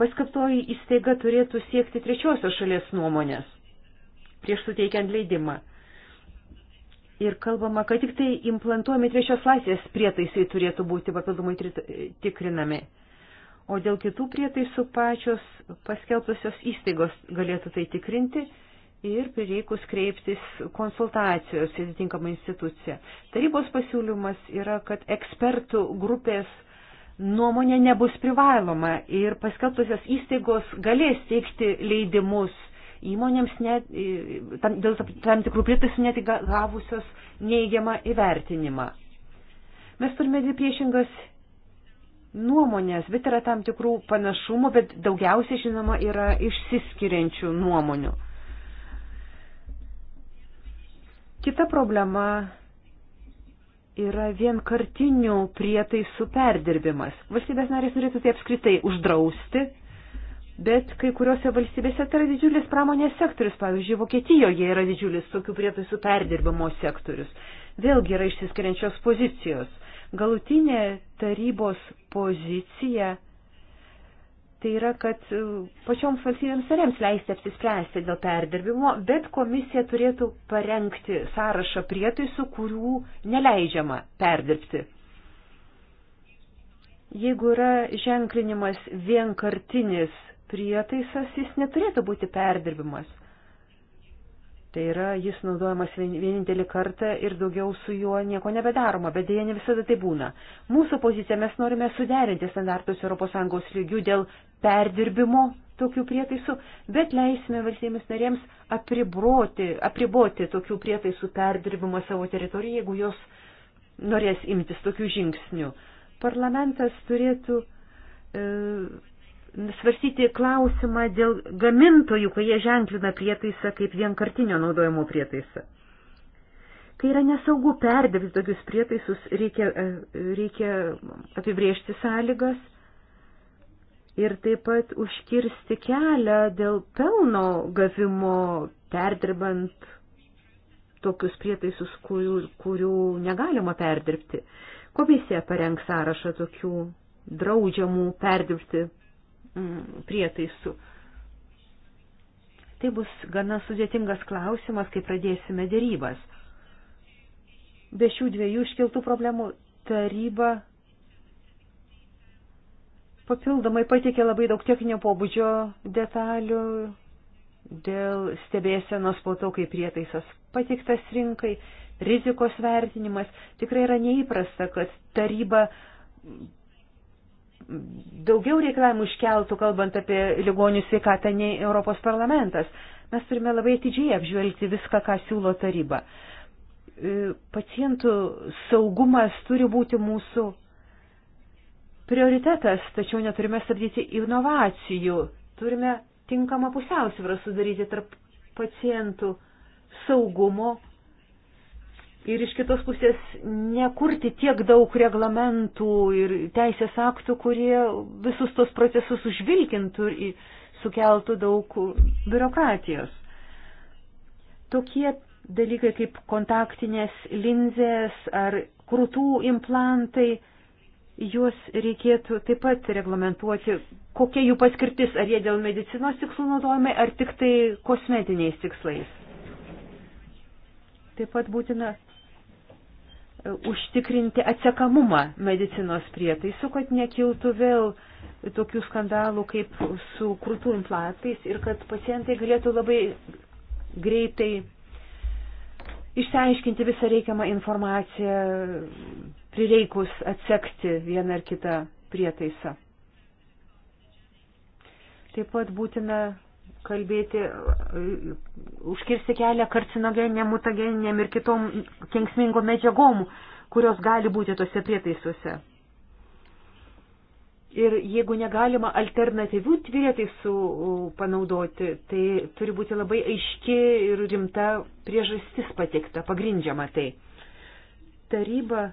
paskaptoji įstaiga turėtų siekti trečiosios šalies nuomonės prieš suteikiant leidimą. Ir kalbama, kad tik tai implantuojami trečios laisvės prietaisai turėtų būti papildomai tikrinami o dėl kitų prietaisų pačios paskelbtusios įstaigos galėtų tai tikrinti ir prireikus kreiptis konsultacijos į atitinkamą instituciją. Tarybos pasiūlymas yra, kad ekspertų grupės nuomonė nebus privaloma ir paskelbtusios įstaigos galės teikti leidimus įmonėms net, e, tam, dėl tam tikrų prietaisų net gavusios neįgiamą įvertinimą. Mes turime dvi priešingas nuomonės, bet yra tam tikrų panašumų, bet daugiausiai, žinoma, yra išsiskiriančių nuomonių. Kita problema yra vienkartinių prietaisų perdirbimas. Valstybės narės norėtų tai apskritai uždrausti, bet kai kuriuose valstybėse tai yra didžiulis pramonės sektorius, pavyzdžiui, Vokietijoje yra didžiulis tokių prietaisų perdirbimo sektorius. Vėlgi yra išsiskiriančios pozicijos. Galutinė tarybos pozicija tai yra, kad e, pačioms valstybėms narėms leisti apsispręsti dėl perdirbimo, bet komisija turėtų parengti sąrašą prietaisų, kurių neleidžiama perdirbti. Jeigu yra ženklinimas vienkartinis prietaisas, jis neturėtų būti perdirbimas. Tai yra, jis naudojamas vienintelį kartą ir daugiau su juo nieko nebedaroma, bet dėja ne visada tai būna. Mūsų pozicija mes norime suderinti standartus ES lygių dėl perdirbimo tokių prietaisų, bet leisime valstybėms narėms apriboti, apriboti tokių prietaisų perdirbimą savo teritoriją, jeigu jos norės imtis tokių žingsnių. Parlamentas turėtų e, svarstyti klausimą dėl gamintojų, kai jie ženklina prietaisą kaip vienkartinio naudojimo prietaisą. Kai yra nesaugu perdirbti tokius prietaisus, reikia, e, reikia apibriežti sąlygas ir taip pat užkirsti kelią dėl pelno gavimo perdirbant tokius prietaisus, kurių, kurių negalima perdirbti. Komisija parengs sąrašą tokių draudžiamų perdirbti Mm, prietaisų. Tai bus gana sudėtingas klausimas, kai pradėsime dėrybas. Be šių dviejų iškiltų problemų taryba papildomai patikė labai daug techninio pobūdžio detalių dėl stebėsenos po to, kai prietaisas patiktas rinkai, rizikos vertinimas. Tikrai yra neįprasta, kad taryba daugiau reikalavimų iškeltų, kalbant apie ligonių sveikatą, nei Europos parlamentas. Mes turime labai atidžiai apžvelgti viską, ką siūlo taryba. E, pacientų saugumas turi būti mūsų prioritetas, tačiau neturime stabdyti inovacijų. Turime tinkamą pusiausvyrą sudaryti tarp pacientų saugumo ir iš kitos pusės nekurti tiek daug reglamentų ir teisės aktų, kurie visus tos procesus užvilkintų ir sukeltų daug biurokratijos. Tokie dalykai kaip kontaktinės linzės ar krūtų implantai, juos reikėtų taip pat reglamentuoti, kokia jų paskirtis, ar jie dėl medicinos tikslų naudojami, ar tik tai kosmetiniais tikslais. Taip pat būtina užtikrinti atsekamumą medicinos prietaisų, kad nekiltų vėl tokių skandalų kaip su krūtų implantais ir kad pacientai galėtų labai greitai išsiaiškinti visą reikiamą informaciją, prireikus atsekti vieną ar kitą prietaisą. Taip pat būtina kalbėti, e, užkirsti kelią karcinogeniniam, mutageniniam ir kitom kenksmingom medžiagom, kurios gali būti tose prietaisuose. Ir jeigu negalima alternatyvių prietaisų e, panaudoti, tai turi būti labai aiški ir rimta priežastis patikta, pagrindžiama tai. Taryba e,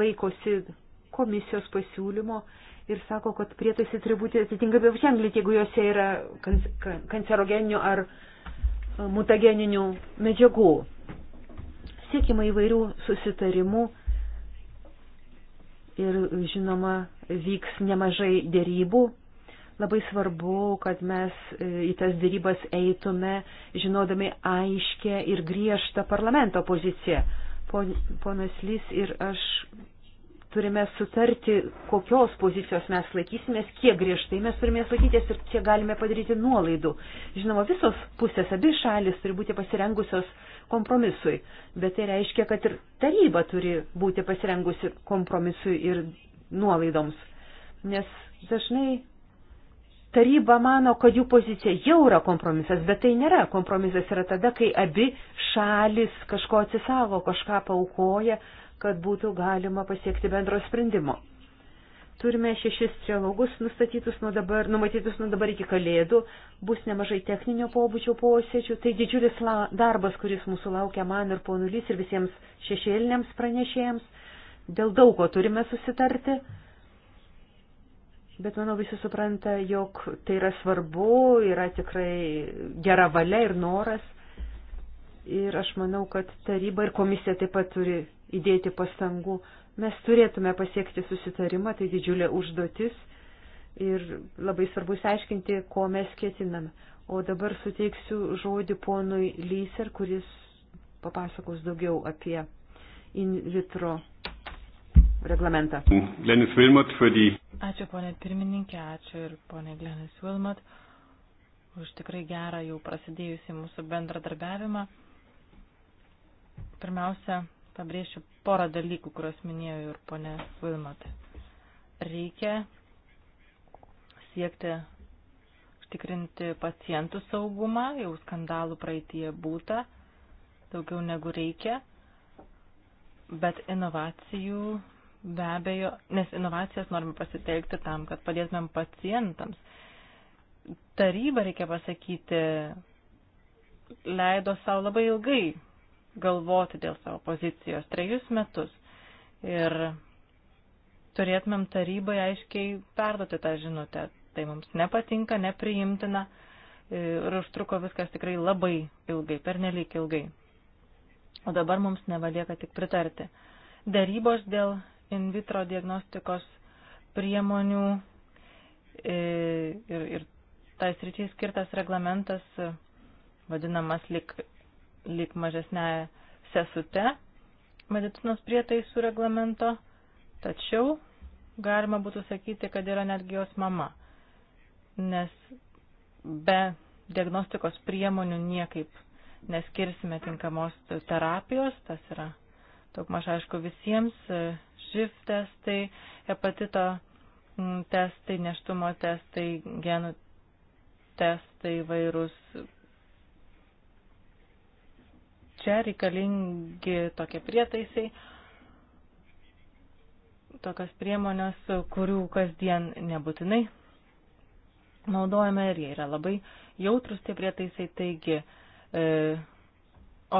laikosi komisijos pasiūlymo ir sako, kad prietaisai turi būti atitinkami apženklinti, jeigu juose yra kancerogeninių ar e, mutageninių medžiagų. Siekima įvairių susitarimų ir, žinoma, vyks nemažai dėrybų. Labai svarbu, kad mes e, į tas dėrybas eitume, žinodami aiškę ir griežtą parlamento poziciją. Ponas Lys ir aš turime sutarti, kokios pozicijos mes laikysimės, kiek griežtai mes turime laikytis ir kiek galime padaryti nuolaidų. Žinoma, visos pusės, abi šalis turi būti pasirengusios kompromisui, bet tai reiškia, kad ir taryba turi būti pasirengusi kompromisui ir nuolaidoms. Nes dažnai taryba mano, kad jų pozicija jau yra kompromisas, bet tai nėra. Kompromisas yra tada, kai abi šalis kažko atsisavo, kažką paukoja kad būtų galima pasiekti bendro sprendimo. Turime šešis trialogus nustatytus nuo dabar, numatytus nuo dabar iki kalėdų, bus nemažai techninio pobūdžio posėdžių, tai didžiulis la, darbas, kuris mūsų laukia man ir ponulys ir visiems šešėliniams pranešėjams. Dėl daug ko turime susitarti, bet manau visi supranta, jog tai yra svarbu, yra tikrai gera valia ir noras. Ir aš manau, kad taryba ir komisija taip pat turi įdėti pastangų. Mes turėtume pasiekti susitarimą, tai didžiulė užduotis ir labai svarbu išsiaiškinti, ko mes ketiname. O dabar suteiksiu žodį ponui Lyser, kuris papasakos daugiau apie in vitro reglamentą. Glenis Wilmot für die. Ačiū ponė pirmininkė, ačiū ir ponė Glenis Wilmot už tikrai gerą jau prasidėjusi mūsų bendradarbiavimą. Pirmiausia, pabrėšiu porą dalykų, kuriuos minėjo ir ponė Vilmat. Reikia siekti užtikrinti pacientų saugumą, jau skandalų praeitie būta, daugiau negu reikia, bet inovacijų be abejo, nes inovacijas norime pasitelkti tam, kad padėtumėm pacientams. Taryba, reikia pasakyti, leido savo labai ilgai galvoti dėl savo pozicijos trejus metus. Ir turėtumėm tarybai aiškiai perduoti tą žinutę. Tai mums nepatinka, nepriimtina ir užtruko viskas tikrai labai ilgai, pernelyg ilgai. O dabar mums nevalieka tik pritarti. Darybos dėl in vitro diagnostikos priemonių e, ir, ir tai sričiai skirtas reglamentas e, vadinamas lik lik mažesnė sesute medicinos prietaisų reglamento, tačiau galima būtų sakyti, kad yra netgi jos mama, nes be diagnostikos priemonių niekaip neskirsime tinkamos terapijos, tas yra daug maž aišku visiems, živ testai, hepatito mm, testai, neštumo testai, genų testai, vairūs čia reikalingi tokie prietaisai, tokios priemonės, kurių kasdien nebūtinai naudojame ir jie yra labai jautrus tie prietaisai, taigi e,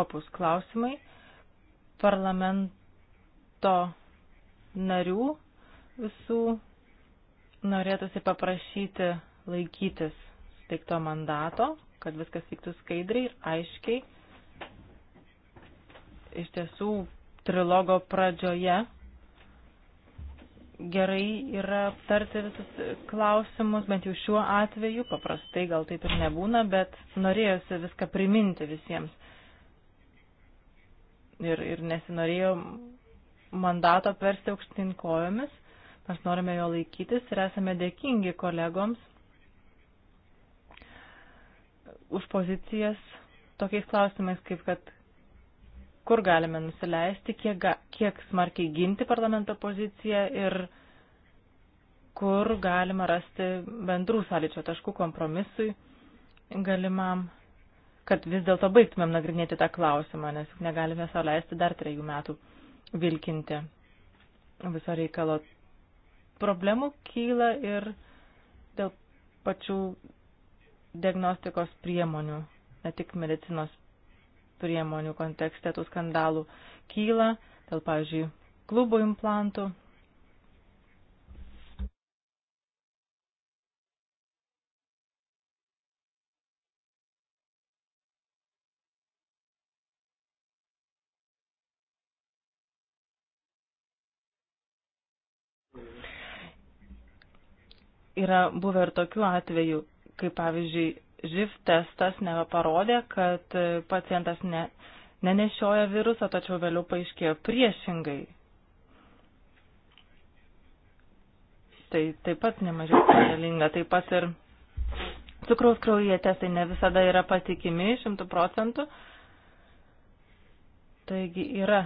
opus klausimai parlamento narių visų norėtųsi paprašyti laikytis steigto mandato, kad viskas vyktų skaidriai ir aiškiai iš tiesų trilogo pradžioje gerai yra aptarti visus klausimus, bent jau šiuo atveju, paprastai gal taip ir nebūna, bet norėjosi viską priminti visiems. Ir, ir nesinorėjo mandato persti aukštin kojomis, mes norime jo laikytis ir esame dėkingi kolegoms už pozicijas tokiais klausimais, kaip kad kur galime nusileisti, kiek, kiek smarkiai ginti parlamento poziciją ir kur galima rasti bendrų sąlyčio taškų kompromisui galimam, kad vis dėlto baigtumėm nagrinėti tą klausimą, nes negalime savo leisti dar trejų metų vilkinti viso reikalo. Problemų kyla ir dėl pačių diagnostikos priemonių, ne tik medicinos priemonių kontekste tų skandalų kyla, dėl, pavyzdžiui, klubo implantų. Yra buvę ir tokių atvejų, kai pavyzdžiui živ testas neparodė, kad pacientas ne, nenešioja viruso, tačiau vėliau paaiškėjo priešingai. Tai taip pat nemažiau pavėlinga. Taip pat ir cukraus kraujyje testai ne visada yra patikimi šimtų procentų. Taigi yra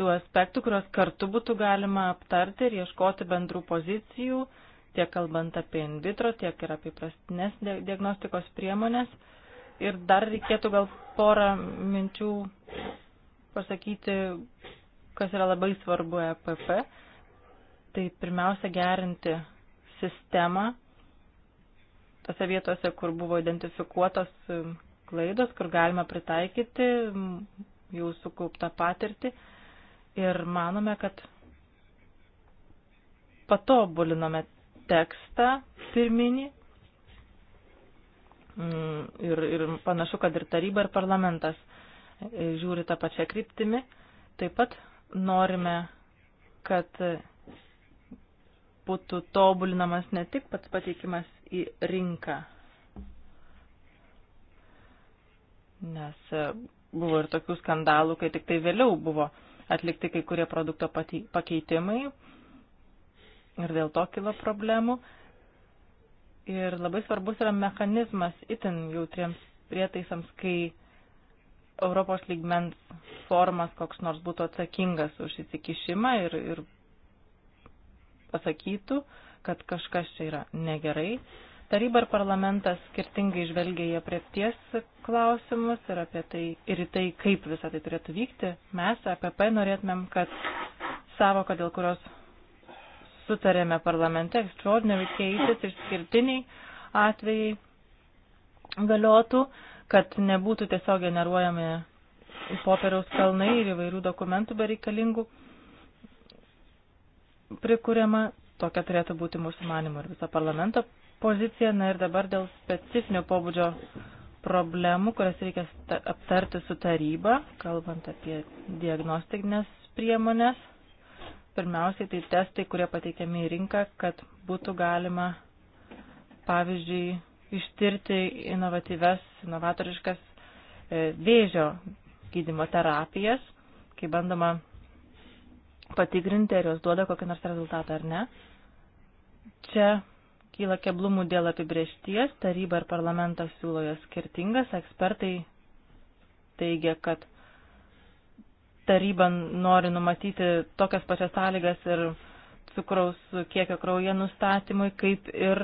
tų aspektų, kuriuos kartu būtų galima aptarti ir ieškoti bendrų pozicijų. Uh, tiek kalbant apie in vitro, tiek ir apie prastinės diagnostikos priemonės. Ir dar reikėtų gal porą minčių pasakyti, kas yra labai svarbu EPP. Tai pirmiausia, gerinti sistemą tose vietose, kur buvo identifikuotos klaidos, kur galima pritaikyti jau sukauptą patirtį. Ir manome, kad patobulinome tekstą pirminį. Mm, ir, ir panašu, kad ir taryba, ir parlamentas e, žiūri tą pačią kryptimį. Taip pat norime, kad būtų tobulinamas ne tik pats pateikimas į rinką, nes e, buvo ir tokių skandalų, kai tik tai vėliau buvo atlikti kai kurie produkto pakeitimai ir dėl to kilo problemų. Ir labai svarbus yra mechanizmas itin jautriems prietaisams, kai Europos lygmens formas koks nors būtų atsakingas už įsikišimą ir, ir pasakytų, kad kažkas čia yra negerai. Taryba ir parlamentas skirtingai žvelgia į apriepties klausimus ir, apie tai, ir į tai, kaip visą tai turėtų vykti. Mes, APP, norėtumėm, kad savoka, dėl kurios sutarėme parlamente, extraordinary cases, išskirtiniai atvejai galiotų, kad nebūtų tiesiog generuojami popieriaus kalnai ir įvairių dokumentų bereikalingų prikūriama. Tokia turėtų būti mūsų manimo ir viso parlamento pozicija. Na ir dabar dėl specifinio pobūdžio problemų, kurias reikia aptarti su taryba, kalbant apie diagnostinės priemonės Pirmiausiai tai testai, kurie pateikiami į rinką, kad būtų galima, pavyzdžiui, ištirti inovatyves, inovatoriškas e, vėžio gydimo terapijas, kai bandoma patikrinti, ar jos duoda kokį nors rezultatą ar ne. Čia kyla keblumų dėl apibriešties, taryba ir parlamentas siūlo jas skirtingas, ekspertai teigia, kad taryba nori numatyti tokias pačias sąlygas ir cukraus kiekio krauje nustatymui, kaip ir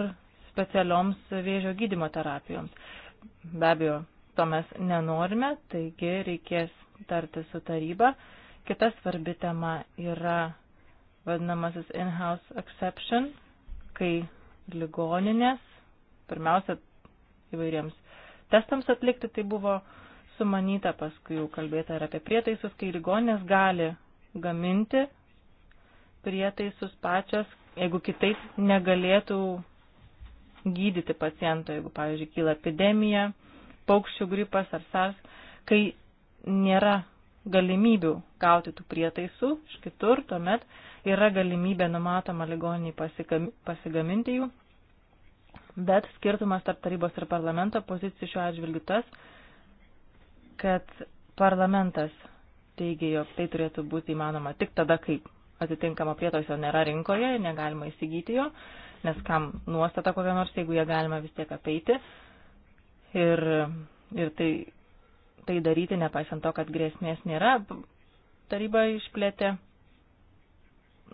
specialioms vėžio gydimo terapijoms. Be abejo, to mes nenorime, taigi reikės tarti su taryba. Kita svarbi tema yra vadinamasis in-house exception, kai ligoninės, pirmiausia, įvairiems testams atlikti, tai buvo uh, sumanyta, paskui jau kalbėta ir apie prietaisus, kai ligonės gali gaminti prietaisus pačios, jeigu kitaip negalėtų gydyti paciento, jeigu, pavyzdžiui, kyla epidemija, paukščių gripas ar sars, kai nėra galimybių gauti tų prietaisų iš kitur, tuomet yra galimybė numatoma ligoniai pasigaminti jų, bet skirtumas tarp tarybos ir parlamento pozicijų šiuo atžvilgiu tas, kad parlamentas teigia, jog tai turėtų būti įmanoma tik tada, kai atitinkamo prietaiso nėra rinkoje, negalima įsigyti jo, nes kam nuostata kokią nors, jeigu ją galima vis tiek apeiti. Ir, ir tai, tai daryti, nepaisant to, kad grėsmės nėra, taryba išplėtė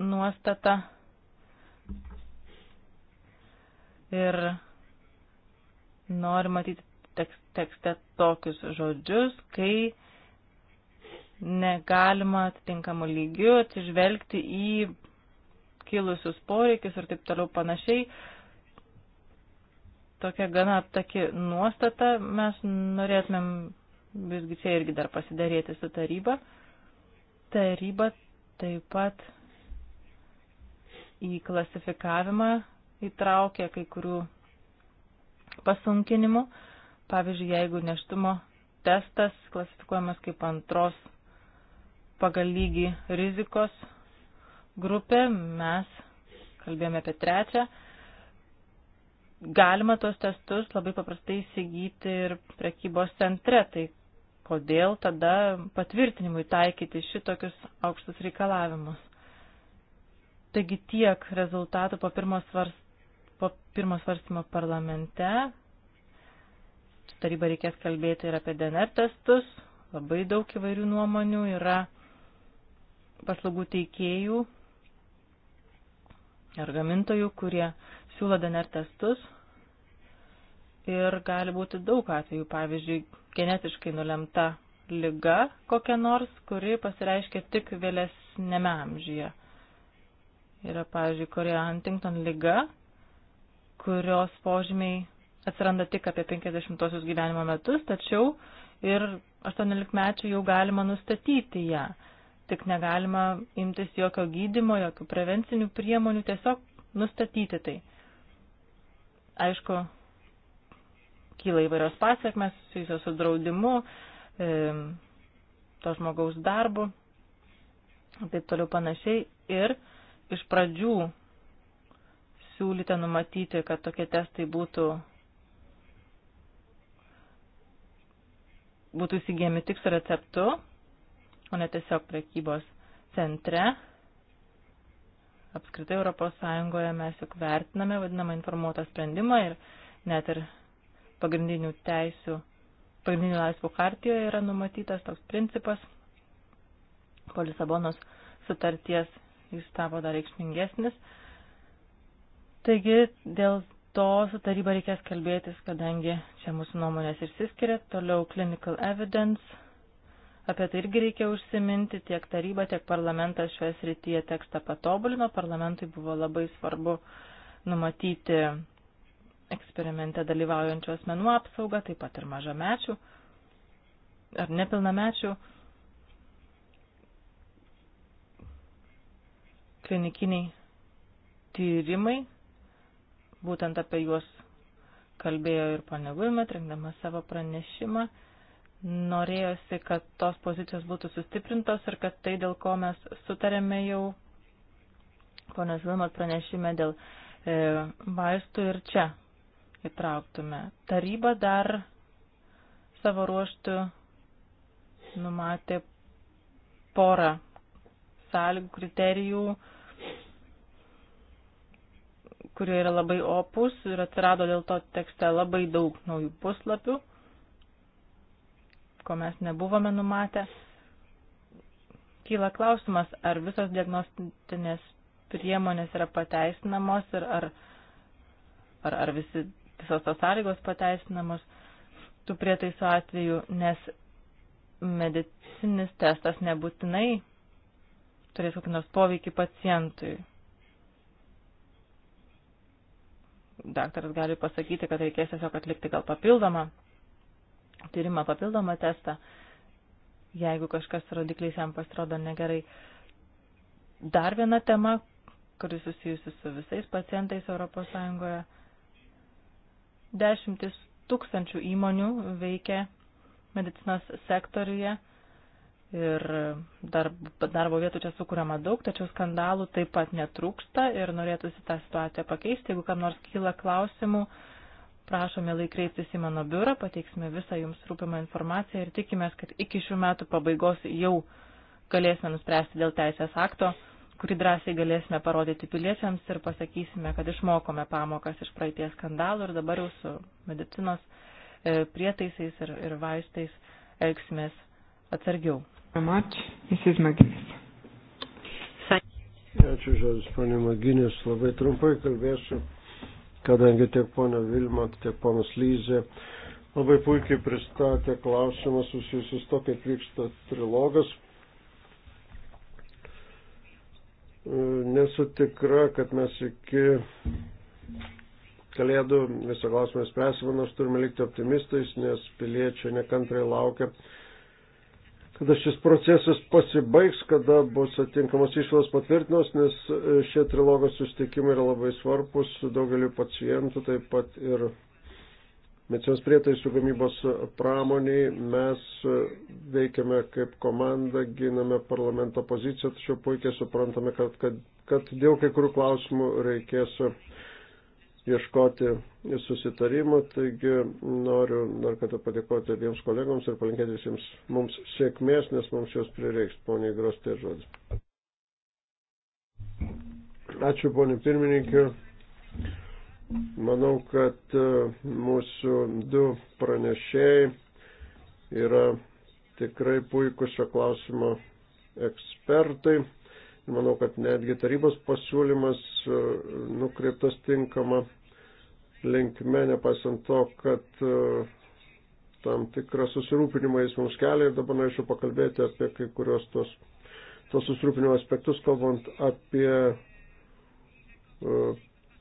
nuostatą. Ir nori matyti tekste tokius žodžius, kai negalima atitinkamų lygių atsižvelgti į kilusius poreikius ir taip toliau panašiai. Tokia gana aptaki nuostata mes norėtumėm visgi čia irgi dar pasidarėti su taryba. Taryba taip pat į klasifikavimą įtraukė kai kurių pasunkinimų. Uh, Pavyzdžiui, jeigu neštumo testas klasifikuojamas kaip antros pagal lygį rizikos grupė, mes kalbėjome apie trečią, galima tos testus labai paprastai įsigyti ir prekybos centre, tai kodėl tada patvirtinimui taikyti šitokius aukštus reikalavimus. Taigi tiek rezultatų po pirmo, svars, po pirmo svarstymo parlamente, su taryba reikės kalbėti ir apie DNR testus. Labai daug įvairių nuomonių yra paslaugų teikėjų ir gamintojų, kurie siūlo DNR testus. Ir gali būti daug atvejų, pavyzdžiui, genetiškai nulemta lyga kokia nors, kuri pasireiškia tik vėlesnėme amžyje. Yra, pavyzdžiui, Korea Huntington lyga, kurios požymiai atsiranda tik apie 50-osius gyvenimo metus, tačiau ir 18-mečių jau galima nustatyti ją. Tik negalima imtis jokio gydimo, jokių prevencinių priemonių, tiesiog nustatyti tai. Aišku, kyla įvairios pasiekmes, susijusios su draudimu, e, to žmogaus darbu, taip toliau panašiai. Ir iš pradžių siūlyte numatyti, kad tokie testai būtų būtų įsigijami tik su receptu, o ne tiesiog prekybos centre. Apskritai ES mes juk vertiname vadinamą informuotą sprendimą ir net ir pagrindinių teisių, pagrindinių laisvų kartijoje yra numatytas toks principas. Po Lisabonos sutarties jis tapo dar reikšmingesnis. Taigi dėl to su taryba reikės kalbėtis, kadangi čia mūsų nuomonės išsiskiria. Toliau clinical evidence. Apie tai irgi reikia užsiminti, tiek taryba, tiek parlamentas šioje srityje tekstą patobulino. Parlamentui buvo labai svarbu numatyti eksperimente dalyvaujančių asmenų apsaugą, taip pat ir mažamečių ar nepilnamečių. Klinikiniai tyrimai Būtent apie juos kalbėjo ir ponia Vilmet, rengdama savo pranešimą. Norėjosi, kad tos pozicijos būtų sustiprintos ir kad tai, dėl ko mes sutarėme jau ponios Vilmet pranešime dėl e, vaistų ir čia įtrauktume. Taryba dar savo ruoštų numatė porą sąlygų kriterijų, kurie yra labai opus ir atsirado dėl to tekste labai daug naujų puslapių, ko mes nebuvome numatę. Kyla klausimas, ar visos diagnostinės priemonės yra pateisinamos ir ar, ar, ar visi, visos tos sąlygos pateisinamos tų prietaisų atveju, nes medicinis testas nebūtinai turės kokį nors poveikį pacientui. daktaras gali pasakyti, kad reikės tiesiog atlikti gal papildomą tyrimą, papildomą testą, jeigu kažkas rodikliais jam pasirodo negerai. Dar viena tema, kuri susijusi su visais pacientais Europos Sąjungoje. Dešimtis tūkstančių įmonių veikia medicinos sektoriuje ir darb, darbo vietų čia sukūriama daug, tačiau skandalų taip pat netrūksta ir norėtųsi tą situaciją pakeisti. Jeigu kam nors kyla klausimų, prašome laikreiptis į mano biurą, pateiksime visą jums rūpimą informaciją ir tikimės, kad iki šių metų pabaigos jau galėsime nuspręsti dėl teisės akto, kurį drąsiai galėsime parodyti piliečiams ir pasakysime, kad išmokome pamokas iš praeities skandalų ir dabar jau su medicinos e, prietaisais ir, ir vaistais elgsimės atsargiau. Much, Mrs. McGinnis. Ačiū žodis, ponė Maginis, labai trumpai kalbėsiu, kadangi tiek ponė Vilmat, tiek ponas Lyzė labai puikiai pristatė klausimą susijusius to, kaip vyksta trilogas. Nesu tikra, kad mes iki kalėdų visą klausimą spręsime, nors turime likti optimistais, nes piliečiai nekantrai laukia kada šis procesas pasibaigs, kada bus atinkamos išvados patvirtinos, nes e, šie trilogo sustikimai yra labai svarbus daugeliu pacientų, taip pat ir medicinos prietaisų gamybos pramoniai. Mes e, veikiame kaip komanda, giname parlamento poziciją, tačiau puikiai suprantame, kad, kad, kad dėl kai kurių klausimų reikės ieškoti susitarimų. Taigi noriu dar kartą padėkoti abiems kolegoms ir palinkėti visiems mums sėkmės, nes mums jos prireiks, poniai Grostė žodis. Ačiū, poniai pirmininkė. Manau, kad e, mūsų du pranešėjai yra tikrai puikus šio klausimo ekspertai. Manau, kad netgi tarybos pasiūlymas e, nukreiptas tinkama linkme, nepaisant to, kad e, tam tikrą susirūpinimą jis mums kelia ir dabar norėčiau pakalbėti apie kai kurios tos, tos susirūpinimo aspektus, kalbant apie e,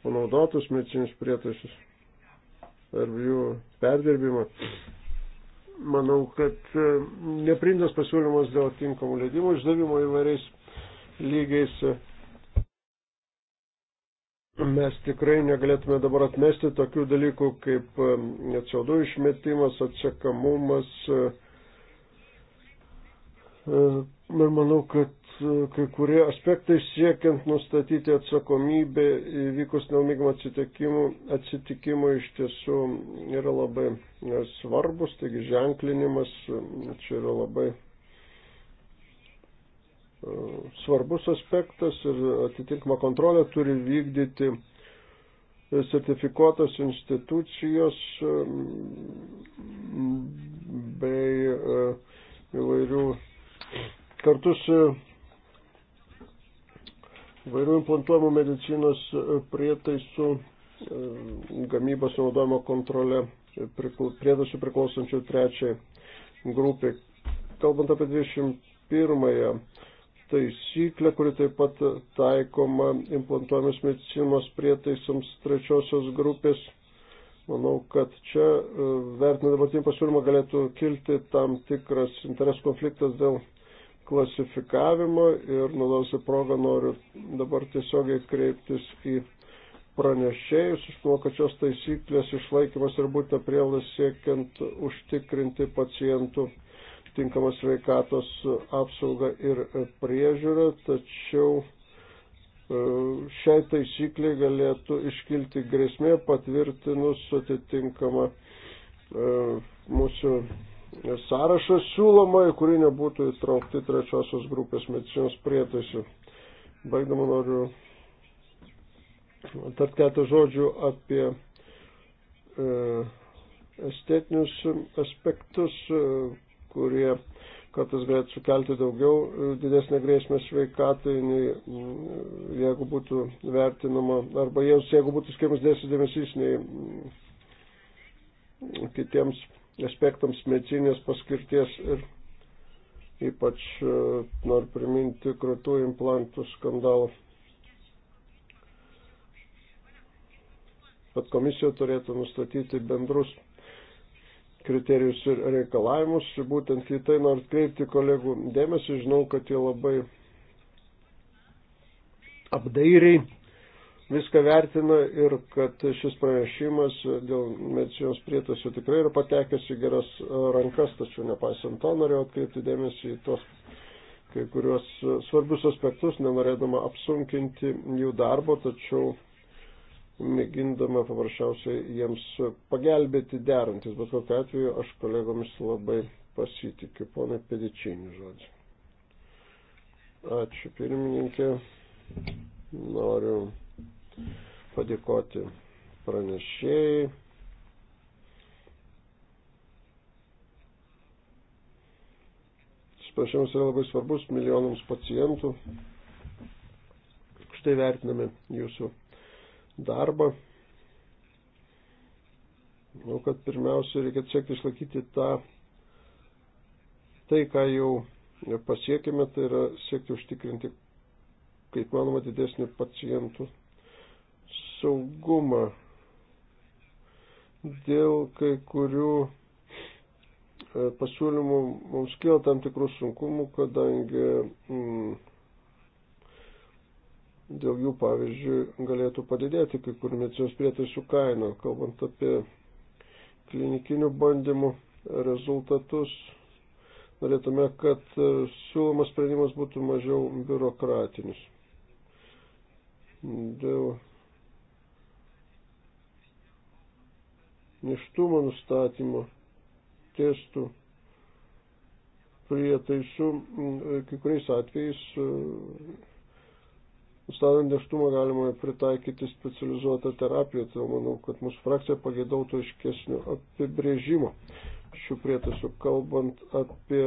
panaudotus medicinius prietaisus ar jų perdirbimą. Manau, kad neprindas pasiūlymas dėl tinkamų leidimų išdavimo įvairiais lygiais. Mes tikrai negalėtume dabar atmesti tokių dalykų kaip CO2 išmetimas, atsiekamumas. Ir manau, kad e, kai kurie aspektai siekiant nustatyti atsakomybę įvykus nelmygam atsitikimui, atsitikimui iš tiesų yra labai e, svarbus, taigi ženklinimas e, čia yra labai svarbus aspektas ir atitinkama kontrolė turi vykdyti sertifikuotos institucijos mm, bei e, įvairių kartu su įvairių implantuojamų medicinos prietaisų e, gamybos naudojimo kontrolė prietaisų priklausančių trečiai grupiai. Kalbant apie 21 taisyklę, kuri taip pat taikoma implantuojamis medicinos prietaisams trečiosios grupės. Manau, kad čia e, vertinant dabartinį pasiūlymą galėtų kilti tam tikras interesų konfliktas dėl klasifikavimo ir naudosiu progą noriu dabar tiesiogiai kreiptis į pranešėjus. Aš manau, kad šios taisyklės išlaikymas ir būtina prielas siekiant užtikrinti pacientų tinkamą sveikatos apsaugą ir priežiūrą, tačiau e, šiai taisyklė galėtų iškilti grėsmė patvirtinus atitinkamą e, mūsų sąrašą siūlomą, į kurį nebūtų įtraukti trečiosios grupės medicinos prietaisų. Baigdama noriu tarp ketų žodžių apie e, estetinius aspektus, kurie kartais galėtų sukelti daugiau e, didesnę grėsmę sveikatai, nei e, jeigu būtų vertinama, arba jiems, jeigu būtų skiriamas didesnis dėmesys nei mm, kitiems aspektams medicinės paskirties ir ypač e, noriu priminti krūtų implantų skandalą. Bet komisija turėtų nustatyti bendrus kriterijus ir reikalavimus. Būtent į tai noriu atkreipti kolegų dėmesį. Žinau, kad jie labai apdairiai viską vertina ir kad šis pranešimas dėl medicinos prietaisų tikrai yra patekęs į geras rankas, tačiau nepaisant to norėjau atkreipti dėmesį į tos kai kuriuos svarbius aspektus, nenorėdama apsunkinti jų darbo, tačiau mėgindama paprasčiausiai jiems pagelbėti derantis, bet kokiu atveju aš kolegomis labai pasitikiu. Pone Pedičinį žodžiu. Ačiū pirmininkė. Noriu padėkoti pranešėjai. Prašymas yra labai svarbus milijonams pacientų. Štai vertiname jūsų darbą. Manau, kad pirmiausia reikia siekti išlaikyti tą, tai, ką jau pasiekime, tai yra siekti užtikrinti, kaip manoma, didesnį pacientų saugumą. Dėl kai kurių e, pasiūlymų mums kyla tam tikrų sunkumų, kadangi mm, dėl jų, pavyzdžiui, galėtų padidėti kai kur medicijos prietaisų kaina, kalbant apie klinikinių bandymų rezultatus. Norėtume, kad e, siūlomas sprendimas būtų mažiau biurokratinis. Dėl neštumo nustatymo testų prietaisų e, kai kuriais atvejais e, Nustatant neštumą galima pritaikyti specializuotą terapiją, tai manau, kad mūsų frakcija pagėdautų iškesnių apibrėžimo šių prietaisų, kalbant apie.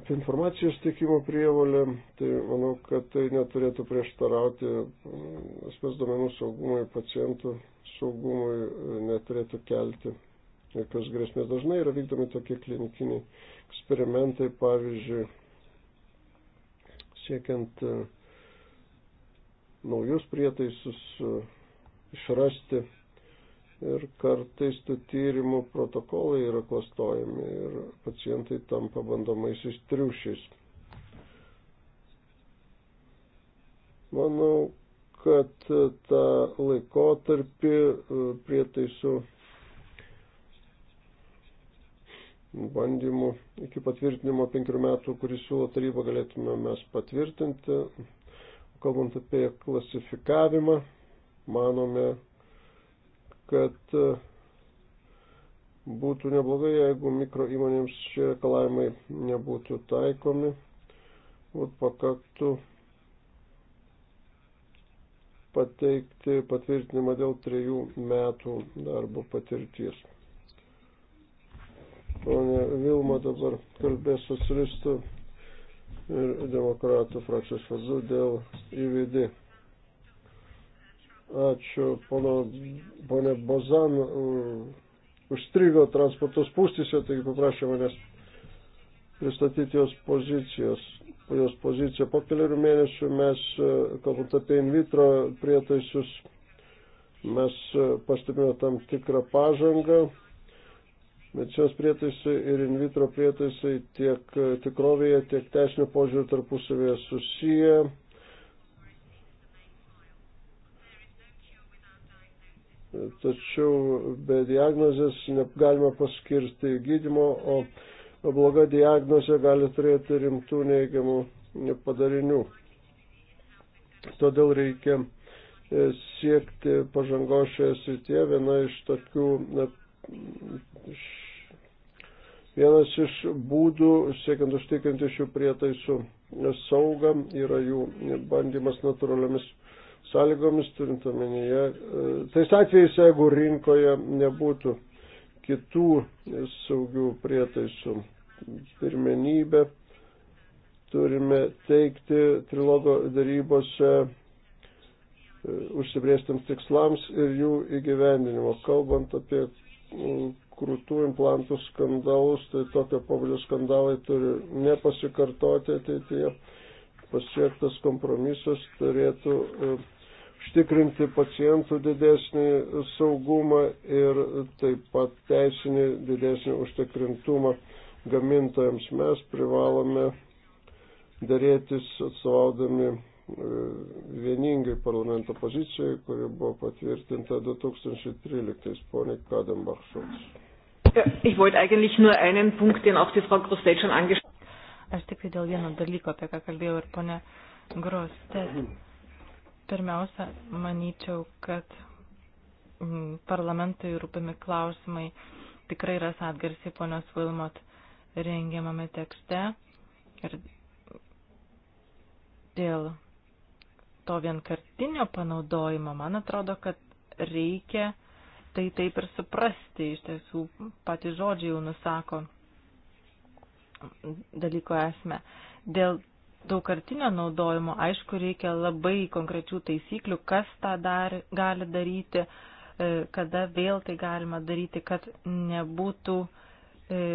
Apie informacijos teikimo prievalę, tai manau, kad tai neturėtų prieštarauti mm, asmens duomenų saugumui, pacientų saugumui, neturėtų kelti jokios grėsmės. Dažnai yra vykdomi tokie klinikiniai eksperimentai, pavyzdžiui, siekiant e, naujus prietaisus e, išrasti ir kartais tų tyrimų protokolai yra klastojami ir pacientai tampa bandomaisiais triušiais. Manau, kad e, tą laikotarpį prietaisų bandymų iki patvirtinimo penkių metų, kurį siūlo taryba, galėtume mes patvirtinti. Kalbant apie klasifikavimą, manome, kad e, būtų neblogai, jeigu mikro įmonėms šie reikalavimai nebūtų taikomi, būt pakaktų pateikti patvirtinimą dėl trejų metų darbo patirties. Pone Vilma dabar kalbės socialistų ir demokratų frakcijos vardu dėl įvd. Ačiū, pono, ponė Bozan, uh, užstrigo transporto spūstyse, taigi paprašė manęs pristatyti jos pozicijos. Jos poziciją po keliarių mėnesių mes, uh, kalbant apie in vitro prietaisus, mes uh, pastebėjome tam tikrą pažangą Bet šios prietaisai ir in vitro prietaisai tiek e, tikrovėje, tiek teisinio požiūrį tarpusavėje susiję. Tačiau be diagnozės negalima paskirti gydimo, o bloga diagnozė gali turėti rimtų neigiamų padarinių. Todėl reikia e, siekti pažangos šioje srityje. Viena iš tokių iš Vienas iš būdų, siekiant užtikrinti šių prietaisų saugą, yra jų bandymas natūraliomis sąlygomis, turint omenyje, e, tais atvejais, jeigu rinkoje nebūtų kitų saugių prietaisų pirmenybė, turime teikti trilogo darybose e, užsibrėžtams tikslams ir jų įgyvendinimo. Kalbant apie krūtų implantų skandalus, tai tokio pabudžio skandalai turi nepasikartoti ateityje. Pasiektas kompromisas turėtų e, užtikrinti pacientų didesnį saugumą ir taip pat teisinį didesnį užtikrintumą gamintojams. Mes privalome dėrėtis atstovaudami e, vieningai parlamento pozicijai, kuri buvo patvirtinta 2013 poniai Kadenbach Šulc. Äh, ich wollte eigentlich nur einen Punkt, den auch die Frau Grostet schon angesprochen hat. Aš tik tai dėl vieno dalyko, apie ką kalbėjau ir ponė Grostet. Pirmiausia, manyčiau, kad mm, parlamentui rūpimi klausimai tikrai yra atgarsiai ponios Vilmot rengiamame tekste. Ir dėl to vienkartinio panaudojimo, man atrodo, kad reikia tai taip ir suprasti, iš tiesų patys žodžiai jau nusako dalyko esmę. Dėl daugkartinio naudojimo, aišku, reikia labai konkrečių taisyklių, kas tą dar, gali daryti, e, kada vėl tai galima daryti, kad nebūtų e,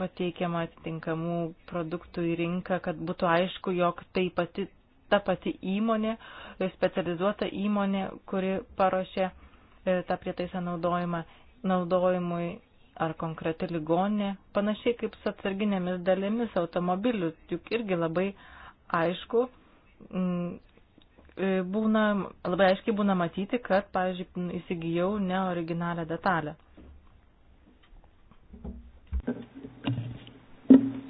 pateikiama atitinkamų produktų į rinką, kad būtų aišku, jog tai pati, ta pati įmonė, specializuota įmonė, kuri paruošė E, tą prietaisą naudojimą, naudojimui ar konkreti ligonė, panašiai kaip su atsarginėmis dalimis automobilių, juk irgi labai aišku, e, būna, labai aiškiai būna matyti, kad, pavyzdžiui, įsigijau neoriginalią detalę.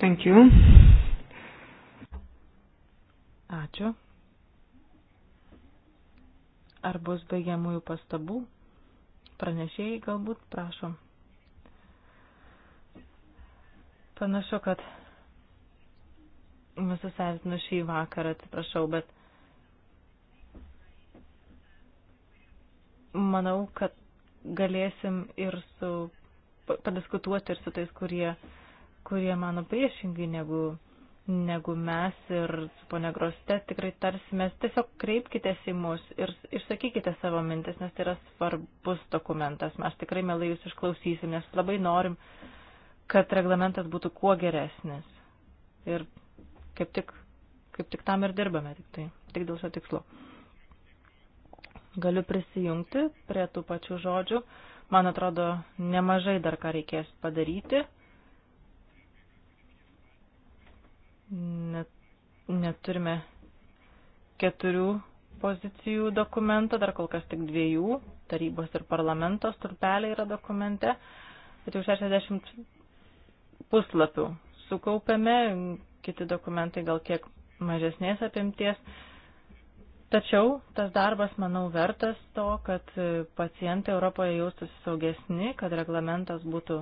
Thank you. Ačiū. Ar bus baigiamųjų pastabų? pranešėjai galbūt prašom. Panašu, kad visus erzinu šį vakarą, atsiprašau, bet manau, kad galėsim ir su, padiskutuoti ir su tais, kurie, kurie mano priešingai negu negu mes ir su ponia Groste tikrai tarsimės. Tiesiog kreipkitės į mus ir išsakykite savo mintis, nes tai yra svarbus dokumentas. Mes tikrai mielai jūs išklausysim, nes labai norim, kad reglamentas būtų kuo geresnis. Ir kaip tik, kaip tik tam ir dirbame, tik, tai, tik dėl šio tikslo. Galiu prisijungti prie tų pačių žodžių. Man atrodo, nemažai dar ką reikės padaryti. net, neturime keturių pozicijų dokumento, dar kol kas tik dviejų, tarybos ir parlamento stulpelė yra dokumente, bet jau 60 puslapių sukaupėme, kiti dokumentai gal kiek mažesnės apimties. Tačiau tas darbas, manau, vertas to, kad pacientai Europoje jaustųsi saugesni, kad reglamentas būtų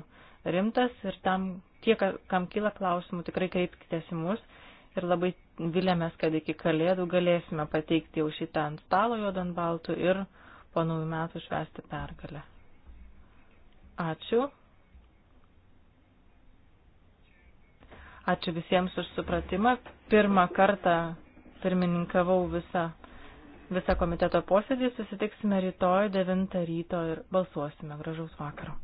rimtas ir tam tie, kam kyla klausimų, tikrai kreipkitės į mus ir labai vilėmės, kad iki kalėdų galėsime pateikti jau šitą ant stalo juodant baltų ir po naujų metų švesti pergalę. Ačiū. Ačiū visiems už supratimą. Pirmą kartą pirmininkavau visą, visą komiteto posėdį. Susitiksime rytoj 9 ryto ir balsuosime. Gražaus vakaro.